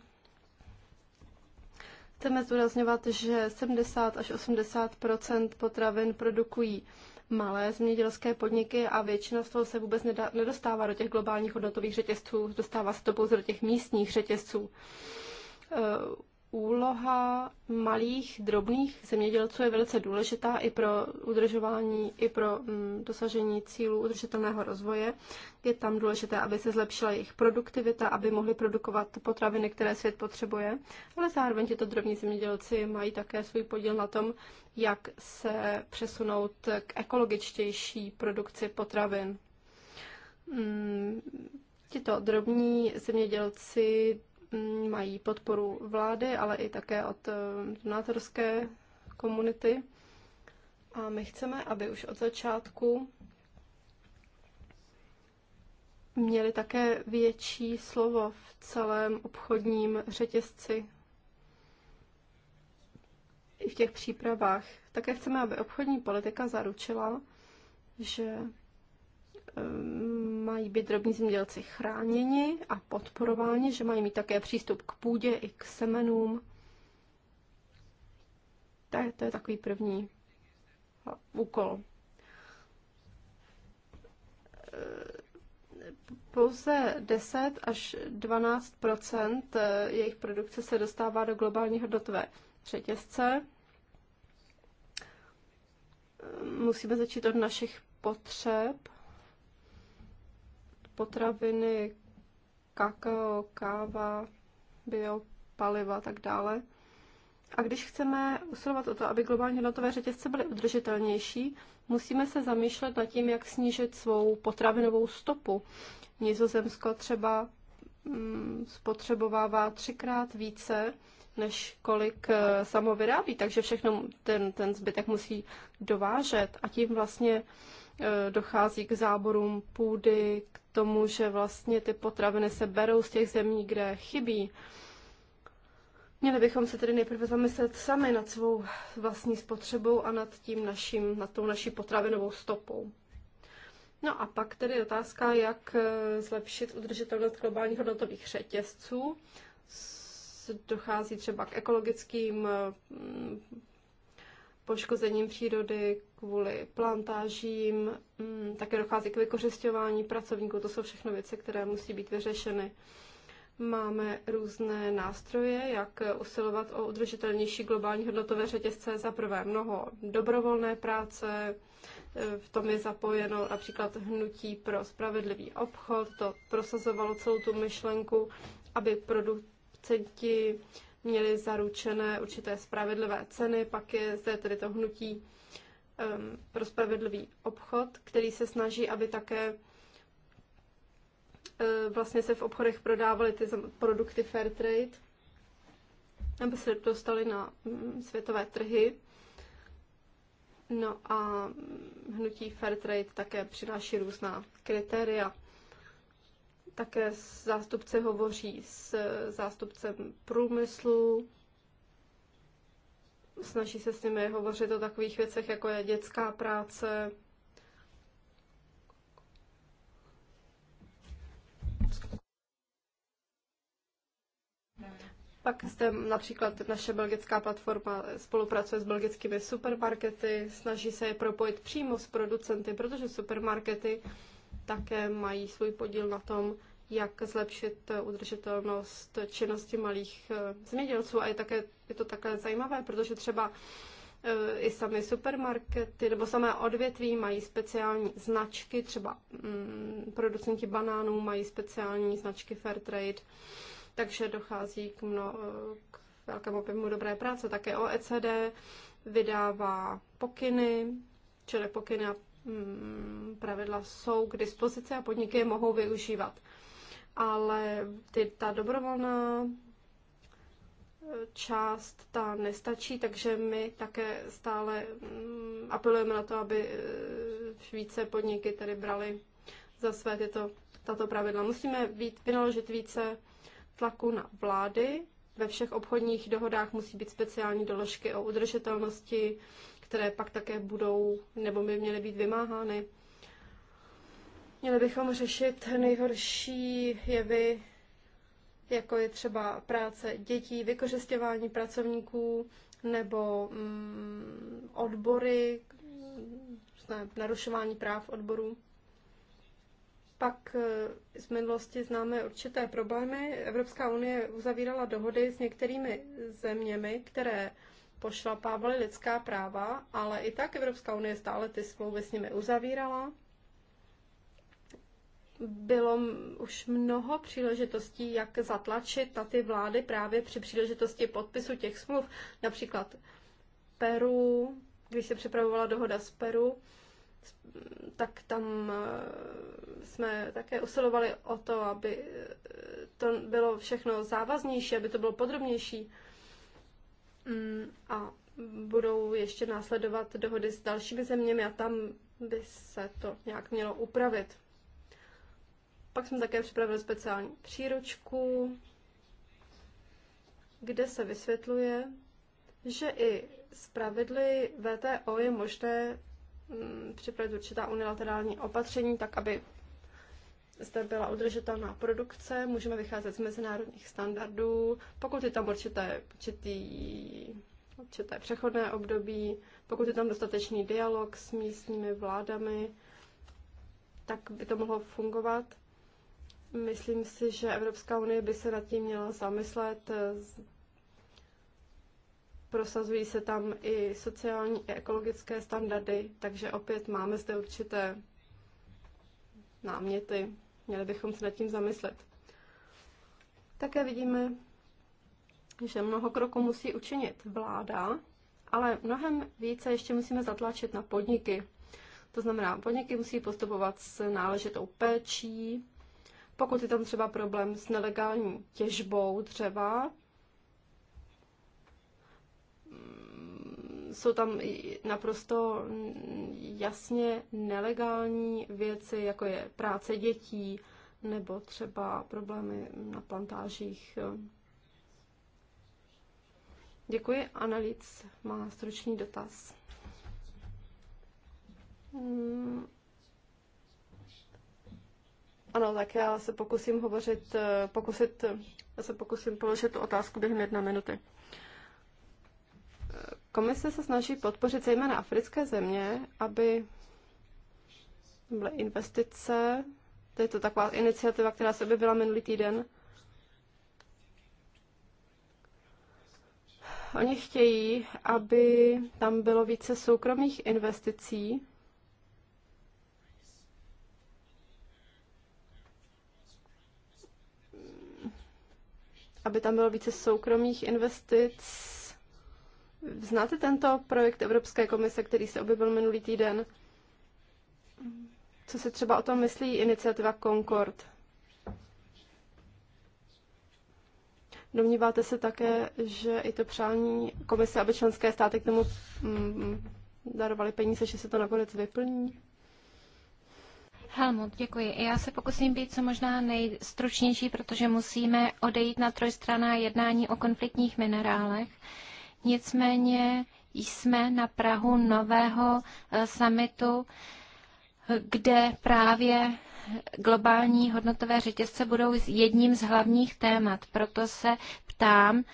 Chceme zdůrazňovat, že 70 až 80 potravin produkují malé zemědělské podniky a většina z toho se vůbec nedostává do těch globálních hodnotových řetězců, dostává se to pouze do těch místních řetězců úloha malých, drobných zemědělců je velice důležitá i pro udržování, i pro mm, dosažení cílů udržitelného rozvoje. Je tam důležité, aby se zlepšila jejich produktivita, aby mohli produkovat potraviny, které svět potřebuje, ale zároveň tyto drobní zemědělci mají také svůj podíl na tom, jak se přesunout k ekologičtější produkci potravin. Mm, Tito drobní zemědělci Mm, mají podporu vlády, ale i také od eh, donátorské komunity. A my chceme, aby už od začátku měli také větší slovo v celém obchodním řetězci i v těch přípravách. Také chceme, aby obchodní politika zaručila, že mají být drobní zemědělci chráněni a podporováni, že mají mít také přístup k půdě i k semenům. To je, to je takový první úkol. E, pouze 10 až 12 e, jejich produkce se dostává do globální hodnotové řetězce. E, musíme začít od našich potřeb potraviny, kakao, káva, biopaliva a tak dále. A když chceme usilovat o to, aby globální hodnotové řetězce byly udržitelnější, musíme se zamýšlet nad tím, jak snížit svou potravinovou stopu. Nizozemsko třeba mm, spotřebovává třikrát více, než kolik eh, samo vyrábí, takže všechno ten, ten zbytek musí dovážet a tím vlastně eh, dochází k záborům půdy, k tomu, že vlastně ty potraviny se berou z těch zemí, kde chybí. Měli bychom se tedy nejprve zamyslet sami nad svou vlastní spotřebou a nad tím naším, nad tou naší potravinovou stopou. No a pak tedy otázka, jak eh, zlepšit udržitelnost globálních hodnotových řetězců. Dochází třeba k ekologickým eh, poškozením přírody, kvůli plantážím, mm, také dochází k vykořišťování pracovníků. To jsou všechno věci, které musí být vyřešeny. Máme různé nástroje, jak usilovat o udržitelnější globální hodnotové řetězce. Za prvé mnoho dobrovolné práce, e, v tom je zapojeno například hnutí pro spravedlivý obchod, to prosazovalo celou tu myšlenku, aby producenti měli zaručené určité spravedlivé ceny, pak je zde tedy to hnutí um, pro spravedlivý obchod, který se snaží, aby také e, vlastně se v obchodech prodávaly ty produkty fair trade, aby se dostaly na mm, světové trhy. No a hnutí fair trade také přináší různá kritéria. Také zástupce hovoří s zástupcem průmyslu, snaží se s nimi hovořit o takových věcech, jako je dětská práce. Pak jste například naše belgická platforma spolupracuje s belgickými supermarkety, snaží se je propojit přímo s producenty, protože supermarkety také mají svůj podíl na tom, jak zlepšit eh, udržitelnost činnosti malých eh, zemědělců. A je, také, je to také zajímavé, protože třeba eh, i samé supermarkety nebo samé odvětví mají speciální značky, třeba mm, producenti banánů mají speciální značky Fairtrade, takže dochází k, mno, k velkému objemu dobré práce. Také OECD vydává pokyny, čili pokyny a mm, pravidla jsou k dispozici a podniky je mohou využívat ale ty, ta dobrovolná eh, část ta nestačí, takže my také stále mm, apelujeme na to, aby eh, více podniky tedy brali za své tyto, tato pravidla. Musíme být, vynaložit více tlaku na vlády. Ve všech obchodních dohodách musí být speciální doložky o udržitelnosti, které pak také budou nebo by měly být vymáhány. Měli bychom řešit nejhorší jevy, jako je třeba práce dětí, vykořisťování pracovníků nebo mm, odbory, ne, narušování práv odborů. Pak e, z minulosti známe určité problémy. Evropská unie uzavírala dohody s některými zeměmi, které pošlapávaly lidská práva, ale i tak Evropská unie stále ty smlouvy s nimi uzavírala bylo už mnoho příležitostí, jak zatlačit na ty vlády právě při příležitosti podpisu těch smluv. Například Peru, když se připravovala dohoda s Peru, tak tam e, jsme také usilovali o to, aby e, to bylo všechno závaznější, aby to bylo podrobnější. Mm, a budou ještě následovat dohody s dalšími zeměmi a tam by se to nějak mělo upravit. Pak jsme také připravili speciální příručku, kde se vysvětluje, že i z pravidly VTO je možné mm, připravit určitá unilaterální opatření, tak aby zde byla udržitelná produkce, můžeme vycházet z mezinárodních standardů, pokud je tam určité, určitý, určité přechodné období, pokud je tam dostatečný dialog s místními vládami, tak by to mohlo fungovat. Myslím si, že Evropská unie by se nad tím měla zamyslet. Prosazují se tam i sociální i ekologické standardy, takže opět máme zde určité náměty. Měli bychom se nad tím zamyslet. Také vidíme, že mnoho kroků musí učinit vláda, ale mnohem více ještě musíme zatlačit na podniky. To znamená, podniky musí postupovat s náležitou péčí, pokud je tam třeba problém s nelegální těžbou třeba, jsou tam naprosto jasně nelegální věci, jako je práce dětí nebo třeba problémy na plantážích. Děkuji. Analýc má stručný dotaz. Hmm. Ano, tak já se pokusím hovořit, eh, pokusit, já se pokusím položit tu otázku během jedné minuty. Eh, komise se snaží podpořit zejména africké země, aby byly investice. To je to taková iniciativa, která se objevila minulý týden. Oni chtějí, aby tam bylo více soukromých investicí, aby tam bylo více soukromých investic. Znáte tento projekt Evropské komise, který se objevil minulý týden? Co se třeba o tom myslí iniciativa Concord? Domníváte se také, že i to přání komise, aby členské státy k tomu mm, mm darovaly peníze, že se to nakonec vyplní? Helmut, děkuji. Já se pokusím být co možná nejstručnější, protože musíme odejít na trojstraná jednání o konfliktních minerálech. Nicméně jsme na Prahu nového eh, summitu, kde právě globální hodnotové řetězce budou jedním z hlavních témat. Proto se ptám,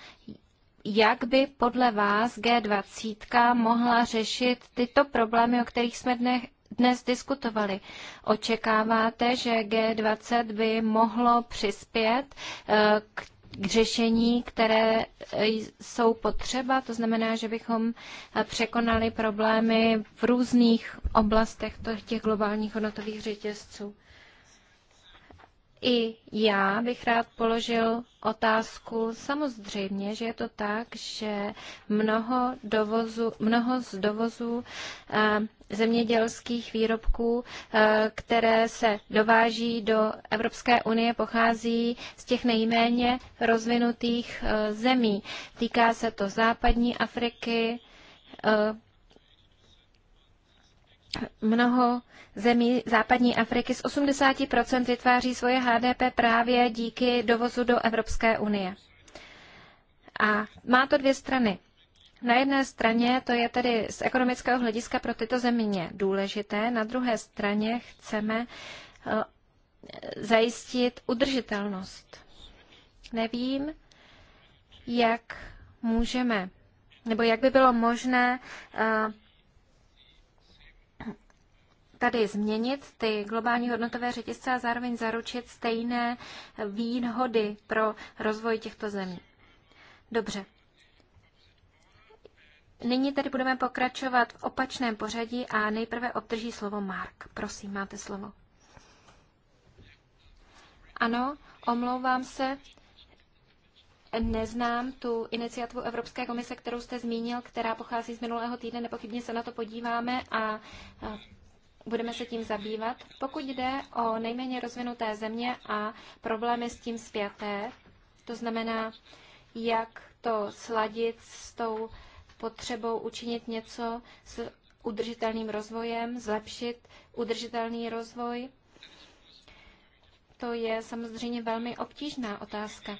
jak by podle vás G20 mohla řešit tyto problémy, o kterých jsme dnes, dnes diskutovali. Očekáváte, že G20 by mohlo přispět eh, k k řešení, které eh, jsou potřeba, to znamená, že bychom eh, překonali problémy v různých oblastech těch globálních hodnotových řetězců. I já bych rád položil otázku. Samozřejmě, že je to tak, že mnoho, dovozu, mnoho z dovozů eh, zemědělských výrobků, eh, které se dováží do Evropské unie, pochází z těch nejméně rozvinutých eh, zemí. Týká se to západní Afriky, Mnoho zemí západní Afriky z 80% vytváří svoje HDP právě díky dovozu do Evropské unie. A má to dvě strany. Na jedné straně to je tedy z ekonomického hlediska pro tyto země důležité, na druhé straně chceme eh, zajistit udržitelnost. Nevím, jak můžeme, nebo jak by bylo možné uh, tady změnit ty globální hodnotové řetězce a zároveň zaručit stejné výhody pro rozvoj těchto zemí. Dobře. Nyní tedy budeme pokračovat v opačném pořadí a nejprve obdrží slovo Mark. Prosím, máte slovo. Ano, omlouvám se. Neznám tu iniciativu Evropské komise, kterou jste zmínil, která pochází z minulého týdne. Nepochybně se na to podíváme a budeme se tím zabývat. Pokud jde o nejméně rozvinuté země a problémy s tím světé, to znamená, jak to sladit s tou potřebou učinit něco s udržitelným rozvojem, zlepšit udržitelný rozvoj, to je samozřejmě velmi obtížná otázka.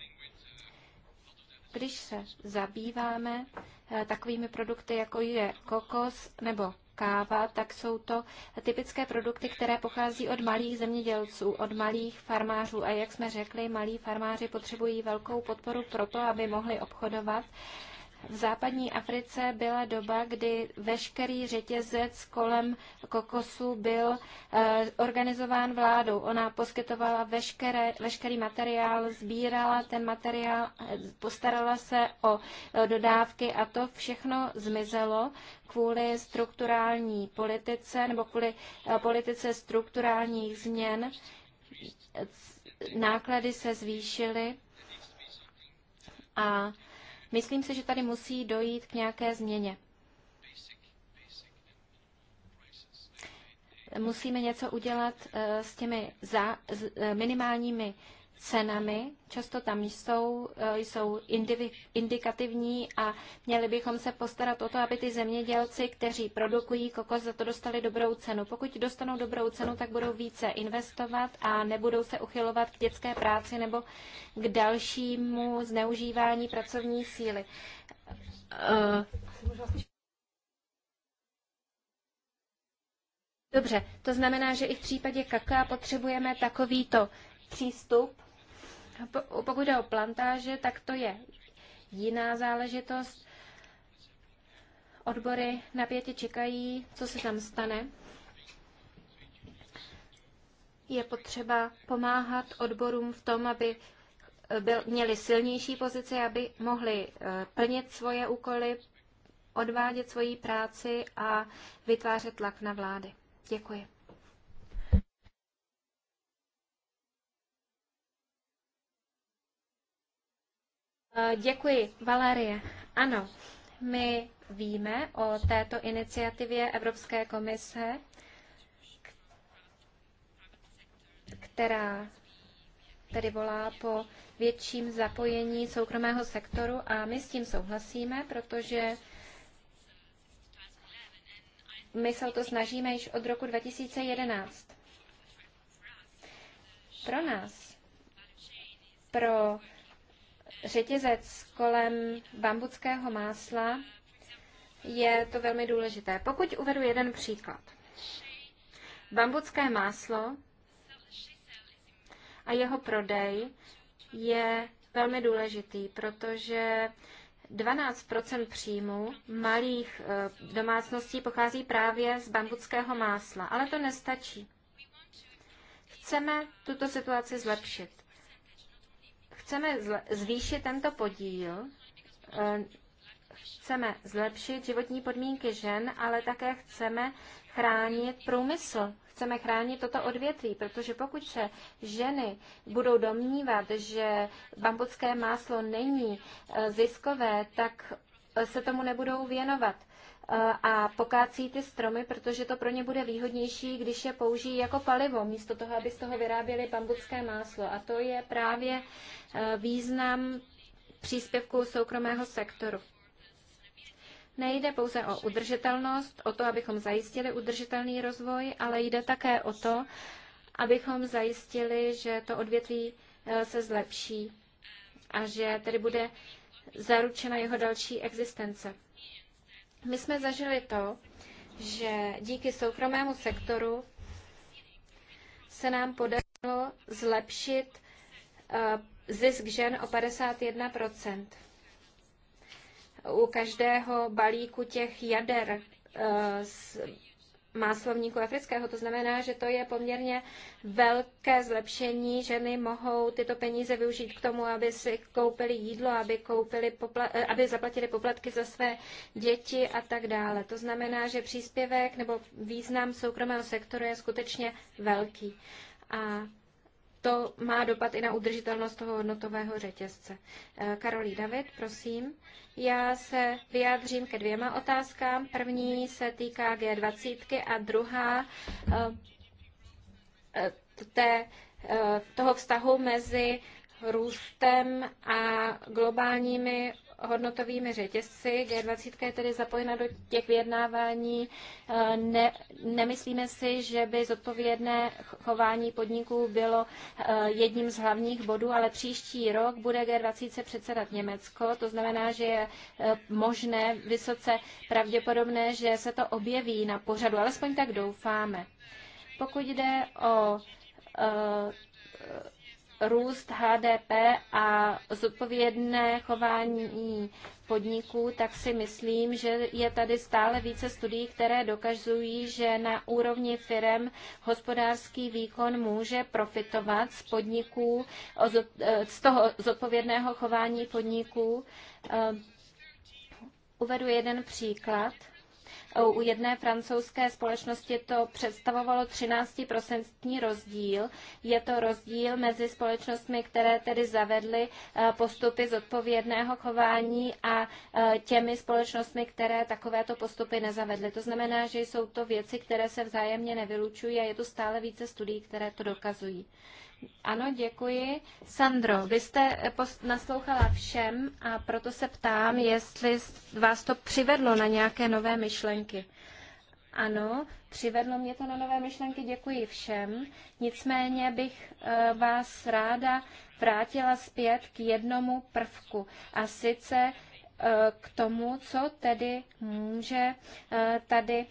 Když se zabýváme eh, takovými produkty, jako je kokos nebo káva, tak jsou to typické produkty, které pochází od malých zemědělců, od malých farmářů. A jak jsme řekli, malí farmáři potřebují velkou podporu pro to, aby mohli obchodovat. V západní Africe byla doba, kdy veškerý řetězec kolem kokosu byl eh, organizován vládou. Ona poskytovala veškeré, veškerý materiál, sbírala ten materiál, eh, postarala se o dodávky a to všechno zmizelo kvůli strukturální politice nebo kvůli eh, politice strukturálních změn. Náklady se zvýšily a Myslím si, že tady musí dojít k nějaké změně. Musíme něco udělat eh, s těmi za, s eh, minimálními cenami. Často tam jsou, eh, jsou indikativní a měli bychom se postarat o to, aby ty zemědělci, kteří produkují kokos, za to dostali dobrou cenu. Pokud dostanou dobrou cenu, tak budou více investovat a nebudou se uchylovat k dětské práci nebo k dalšímu zneužívání pracovní síly. Eh, dobře, to znamená, že i v případě kaká potřebujeme takovýto přístup pokud jde o plantáže, tak to je jiná záležitost. Odbory napětě čekají, co se tam stane. Je potřeba pomáhat odborům v tom, aby eh, byl, měli silnější pozici, aby mohli eh, plnit svoje úkoly, odvádět svoji práci a vytvářet tlak na vlády. Děkuji. Eh, děkuji, Valérie. Ano, my víme o této iniciativě Evropské komise, která tedy volá po větším zapojení soukromého sektoru a my s tím souhlasíme, protože my se o to snažíme již od roku 2011. Pro nás, pro řetězec kolem bambuckého másla, je to velmi důležité. Pokud uvedu jeden příklad. Bambucké máslo a jeho prodej je velmi důležitý, protože 12 příjmu malých eh, domácností pochází právě z bambuckého másla, ale to nestačí. Chceme tuto situaci zlepšit. Chceme zvýšit tento podíl, eh, chceme zlepšit životní podmínky žen, ale také chceme chránit průmysl, chceme chránit toto odvětví, protože pokud se ženy budou domnívat, že bambucké máslo není eh, ziskové, tak eh, se tomu nebudou věnovat a pokácí ty stromy, protože to pro ně bude výhodnější, když je použijí jako palivo, místo toho, aby z toho vyráběli bambucké máslo. A to je právě e, význam příspěvku soukromého sektoru. Nejde pouze o udržitelnost, o to, abychom zajistili udržitelný rozvoj, ale jde také o to, abychom zajistili, že to odvětví e, se zlepší a že tedy bude zaručena jeho další existence. My jsme zažili to, že díky soukromému sektoru se nám podařilo zlepšit eh, zisk žen o 51 U každého balíku těch jader eh, slovníku afrického. To znamená, že to je poměrně velké zlepšení. Ženy mohou tyto peníze využít k tomu, aby si koupili jídlo, aby, koupili popla- aby zaplatili poplatky za své děti a tak dále. To znamená, že příspěvek nebo význam soukromého sektoru je skutečně velký. A to má dopad i na udržitelnost toho hodnotového řetězce. Eh, Karolí David, prosím. Já se vyjádřím ke dvěma otázkám. První se týká G20 a druhá eh, eh, té, toho vztahu mezi růstem a globálními hodnotovými řetězci. G20 je tedy zapojena do těch vyjednávání. Eh, ne, nemyslíme si, že by zodpovědné chování podniků bylo eh, jedním z hlavních bodů, ale příští rok bude G20 předsedat Německo. To znamená, že je eh, možné, vysoce pravděpodobné, že se to objeví na pořadu. Alespoň tak doufáme. Pokud jde o růst HDP a zodpovědné chování podniků, tak si myslím, že je tady stále více studií, které dokazují, že na úrovni firm hospodářský výkon může profitovat z podniků, z toho zodpovědného chování podniků. Uvedu jeden příklad. U jedné francouzské společnosti to představovalo 13% rozdíl. Je to rozdíl mezi společnostmi, které tedy zavedly e, postupy zodpovědného chování a e, těmi společnostmi, které takovéto postupy nezavedly. To znamená, že jsou to věci, které se vzájemně nevylučují a je tu stále více studií, které to dokazují. Ano, děkuji. Sandro, vy jste eh, naslouchala všem a proto se ptám, jestli vás to přivedlo na nějaké nové myšlenky. Ano, přivedlo mě to na nové myšlenky, děkuji všem. Nicméně bych eh, vás ráda vrátila zpět k jednomu prvku, a sice eh, k tomu, co tedy může tady,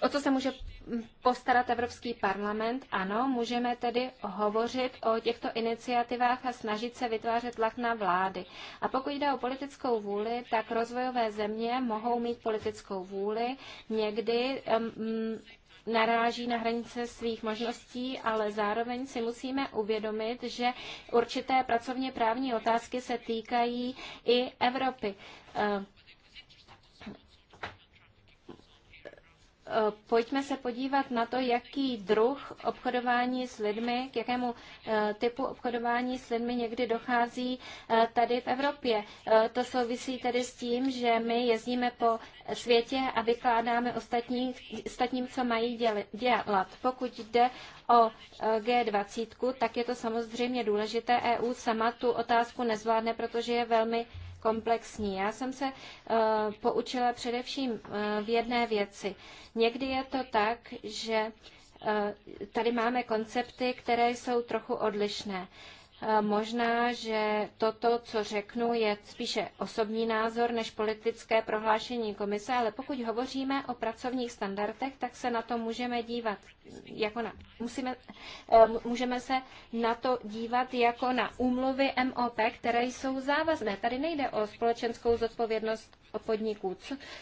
o co se může postarat Evropský parlament. Ano, můžeme tedy hovořit o těchto iniciativách a snažit se vytvářet tlak na vlády. A pokud jde o politickou vůli, tak rozvojové země mohou mít politickou vůli. Někdy um, naráží na hranice svých možností, ale zároveň si musíme uvědomit, že určité pracovně právní otázky se týkají i Evropy. Uh, Eh, pojďme se podívat na to, jaký druh obchodování s lidmi, k jakému eh, typu obchodování s lidmi někdy dochází eh, tady v Evropě. To souvisí tedy s tím, že my jezdíme po světě a vykládáme ostatním, ostatním co mají dělat. Pokud jde o G20, tak je to samozřejmě důležité. EU sama tu otázku nezvládne, protože je velmi komplexní. Já jsem se eh, poučila především eh, v jedné věci. Někdy je to tak, že eh, tady máme koncepty, které jsou trochu odlišné. Eh, možná, že toto, co řeknu, je spíše osobní názor než politické prohlášení komise, ale pokud hovoříme o pracovních standardech, tak se na to můžeme dívat jako na, musíme, eh, můžeme se na to dívat jako na úmluvy MOP, které jsou závazné. Tady nejde o společenskou zodpovědnost podniků.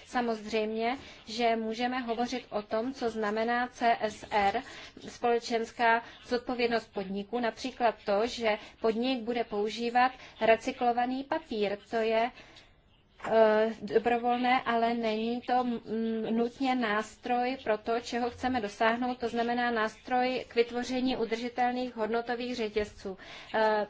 Samozřejmě, že můžeme hovořit o tom, co znamená CSR, společenská zodpovědnost podniku, například to, že podnik bude používat recyklovaný papír. To je e, dobrovolné, ale není to nutně nástroj pro to, čeho chceme dosáhnout, to znamená nástroj k vytvoření udržitelných hodnotových řetězců. E,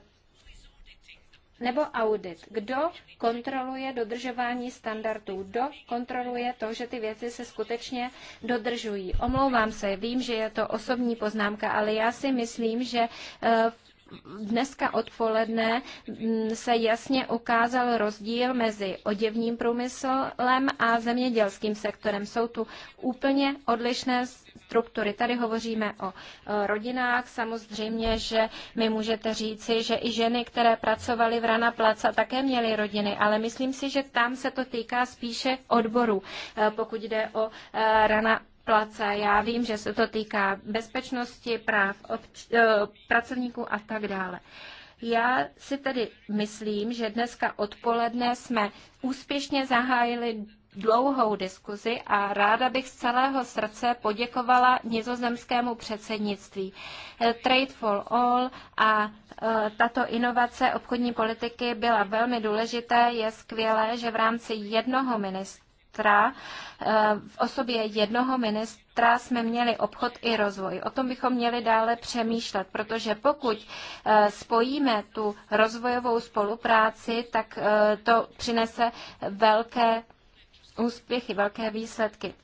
nebo audit. Kdo kontroluje dodržování standardů? Kdo kontroluje to, že ty věci se skutečně dodržují? Omlouvám se, vím, že je to osobní poznámka, ale já si myslím, že eh, dneska odpoledne mm, se jasně ukázal rozdíl mezi oděvním průmyslem a zemědělským sektorem. Jsou tu úplně odlišné struktury. Tady hovoříme o e, rodinách. Samozřejmě, že mi můžete říci, že i ženy, které pracovaly v Rana Placa, také měly rodiny, ale myslím si, že tam se to týká spíše odborů, e, pokud jde o e, Rana place. Já vím, že se to týká bezpečnosti, práv obč- eh, pracovníků a tak dále. Já si tedy myslím, že dneska odpoledne jsme úspěšně zahájili dlouhou diskuzi a ráda bych z celého srdce poděkovala nizozemskému předsednictví. Eh, Trade for All a eh, tato inovace obchodní politiky byla velmi důležité. Je skvělé, že v rámci jednoho ministra ministra, eh, v osobě jednoho ministra jsme měli obchod i rozvoj. O tom bychom měli dále přemýšlet, protože pokud eh, spojíme tu rozvojovou spolupráci, tak eh, to přinese velké úspěchy, velké výsledky.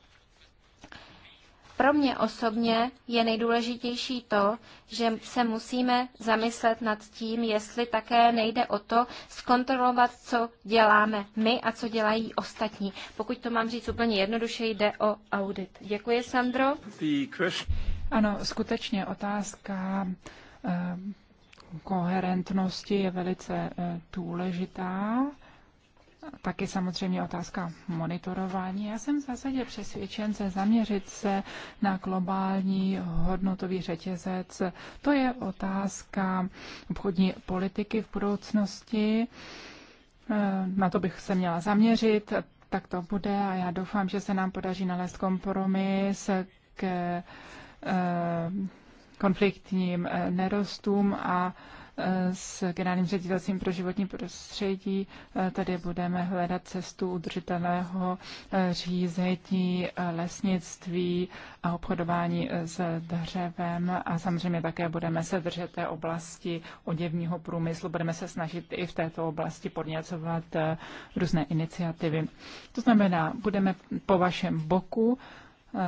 Pro mě osobně je nejdůležitější to, že se musíme zamyslet nad tím, jestli také nejde o to zkontrolovat, co děláme my a co dělají ostatní. Pokud to mám říct úplně jednoduše, jde o audit. Děkuji, Sandro. Ano, skutečně otázka eh, koherentnosti je velice eh, důležitá taky samozřejmě otázka monitorování. Já jsem v zásadě přesvědčen se zaměřit se na globální hodnotový řetězec. To je otázka obchodní politiky v budoucnosti. Eh, na to bych se měla zaměřit, tak to bude a já doufám, že se nám podaří nalézt kompromis k eh, konfliktním eh, nerostům a s generálním ředitelstvím pro životní prostředí. E, tady budeme hledat cestu udržitelného e, řízení e, lesnictví a obchodování s dřevem a samozřejmě také budeme se držet té oblasti oděvního průmyslu. Budeme se snažit i v této oblasti podněcovat různé iniciativy. To znamená, budeme po vašem boku,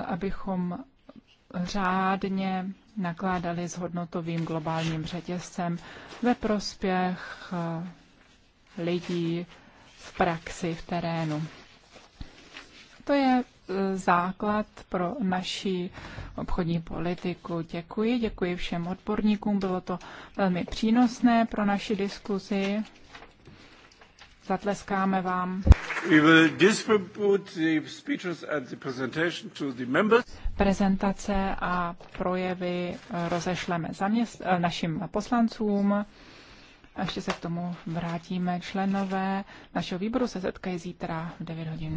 abychom řádně nakládali s hodnotovým globálním řetězcem ve prospěch eh, lidí v praxi, v terénu. To je eh, základ pro naši obchodní politiku. Děkuji, děkuji všem odborníkům, bylo to velmi přínosné pro naši diskuzi. Zatleskáme vám. Prezentace a projevy eh, rozešleme zaměst- eh, našim poslancům. A ještě se k tomu vrátíme. Členové našeho výboru se setkají zítra v 9 hodin.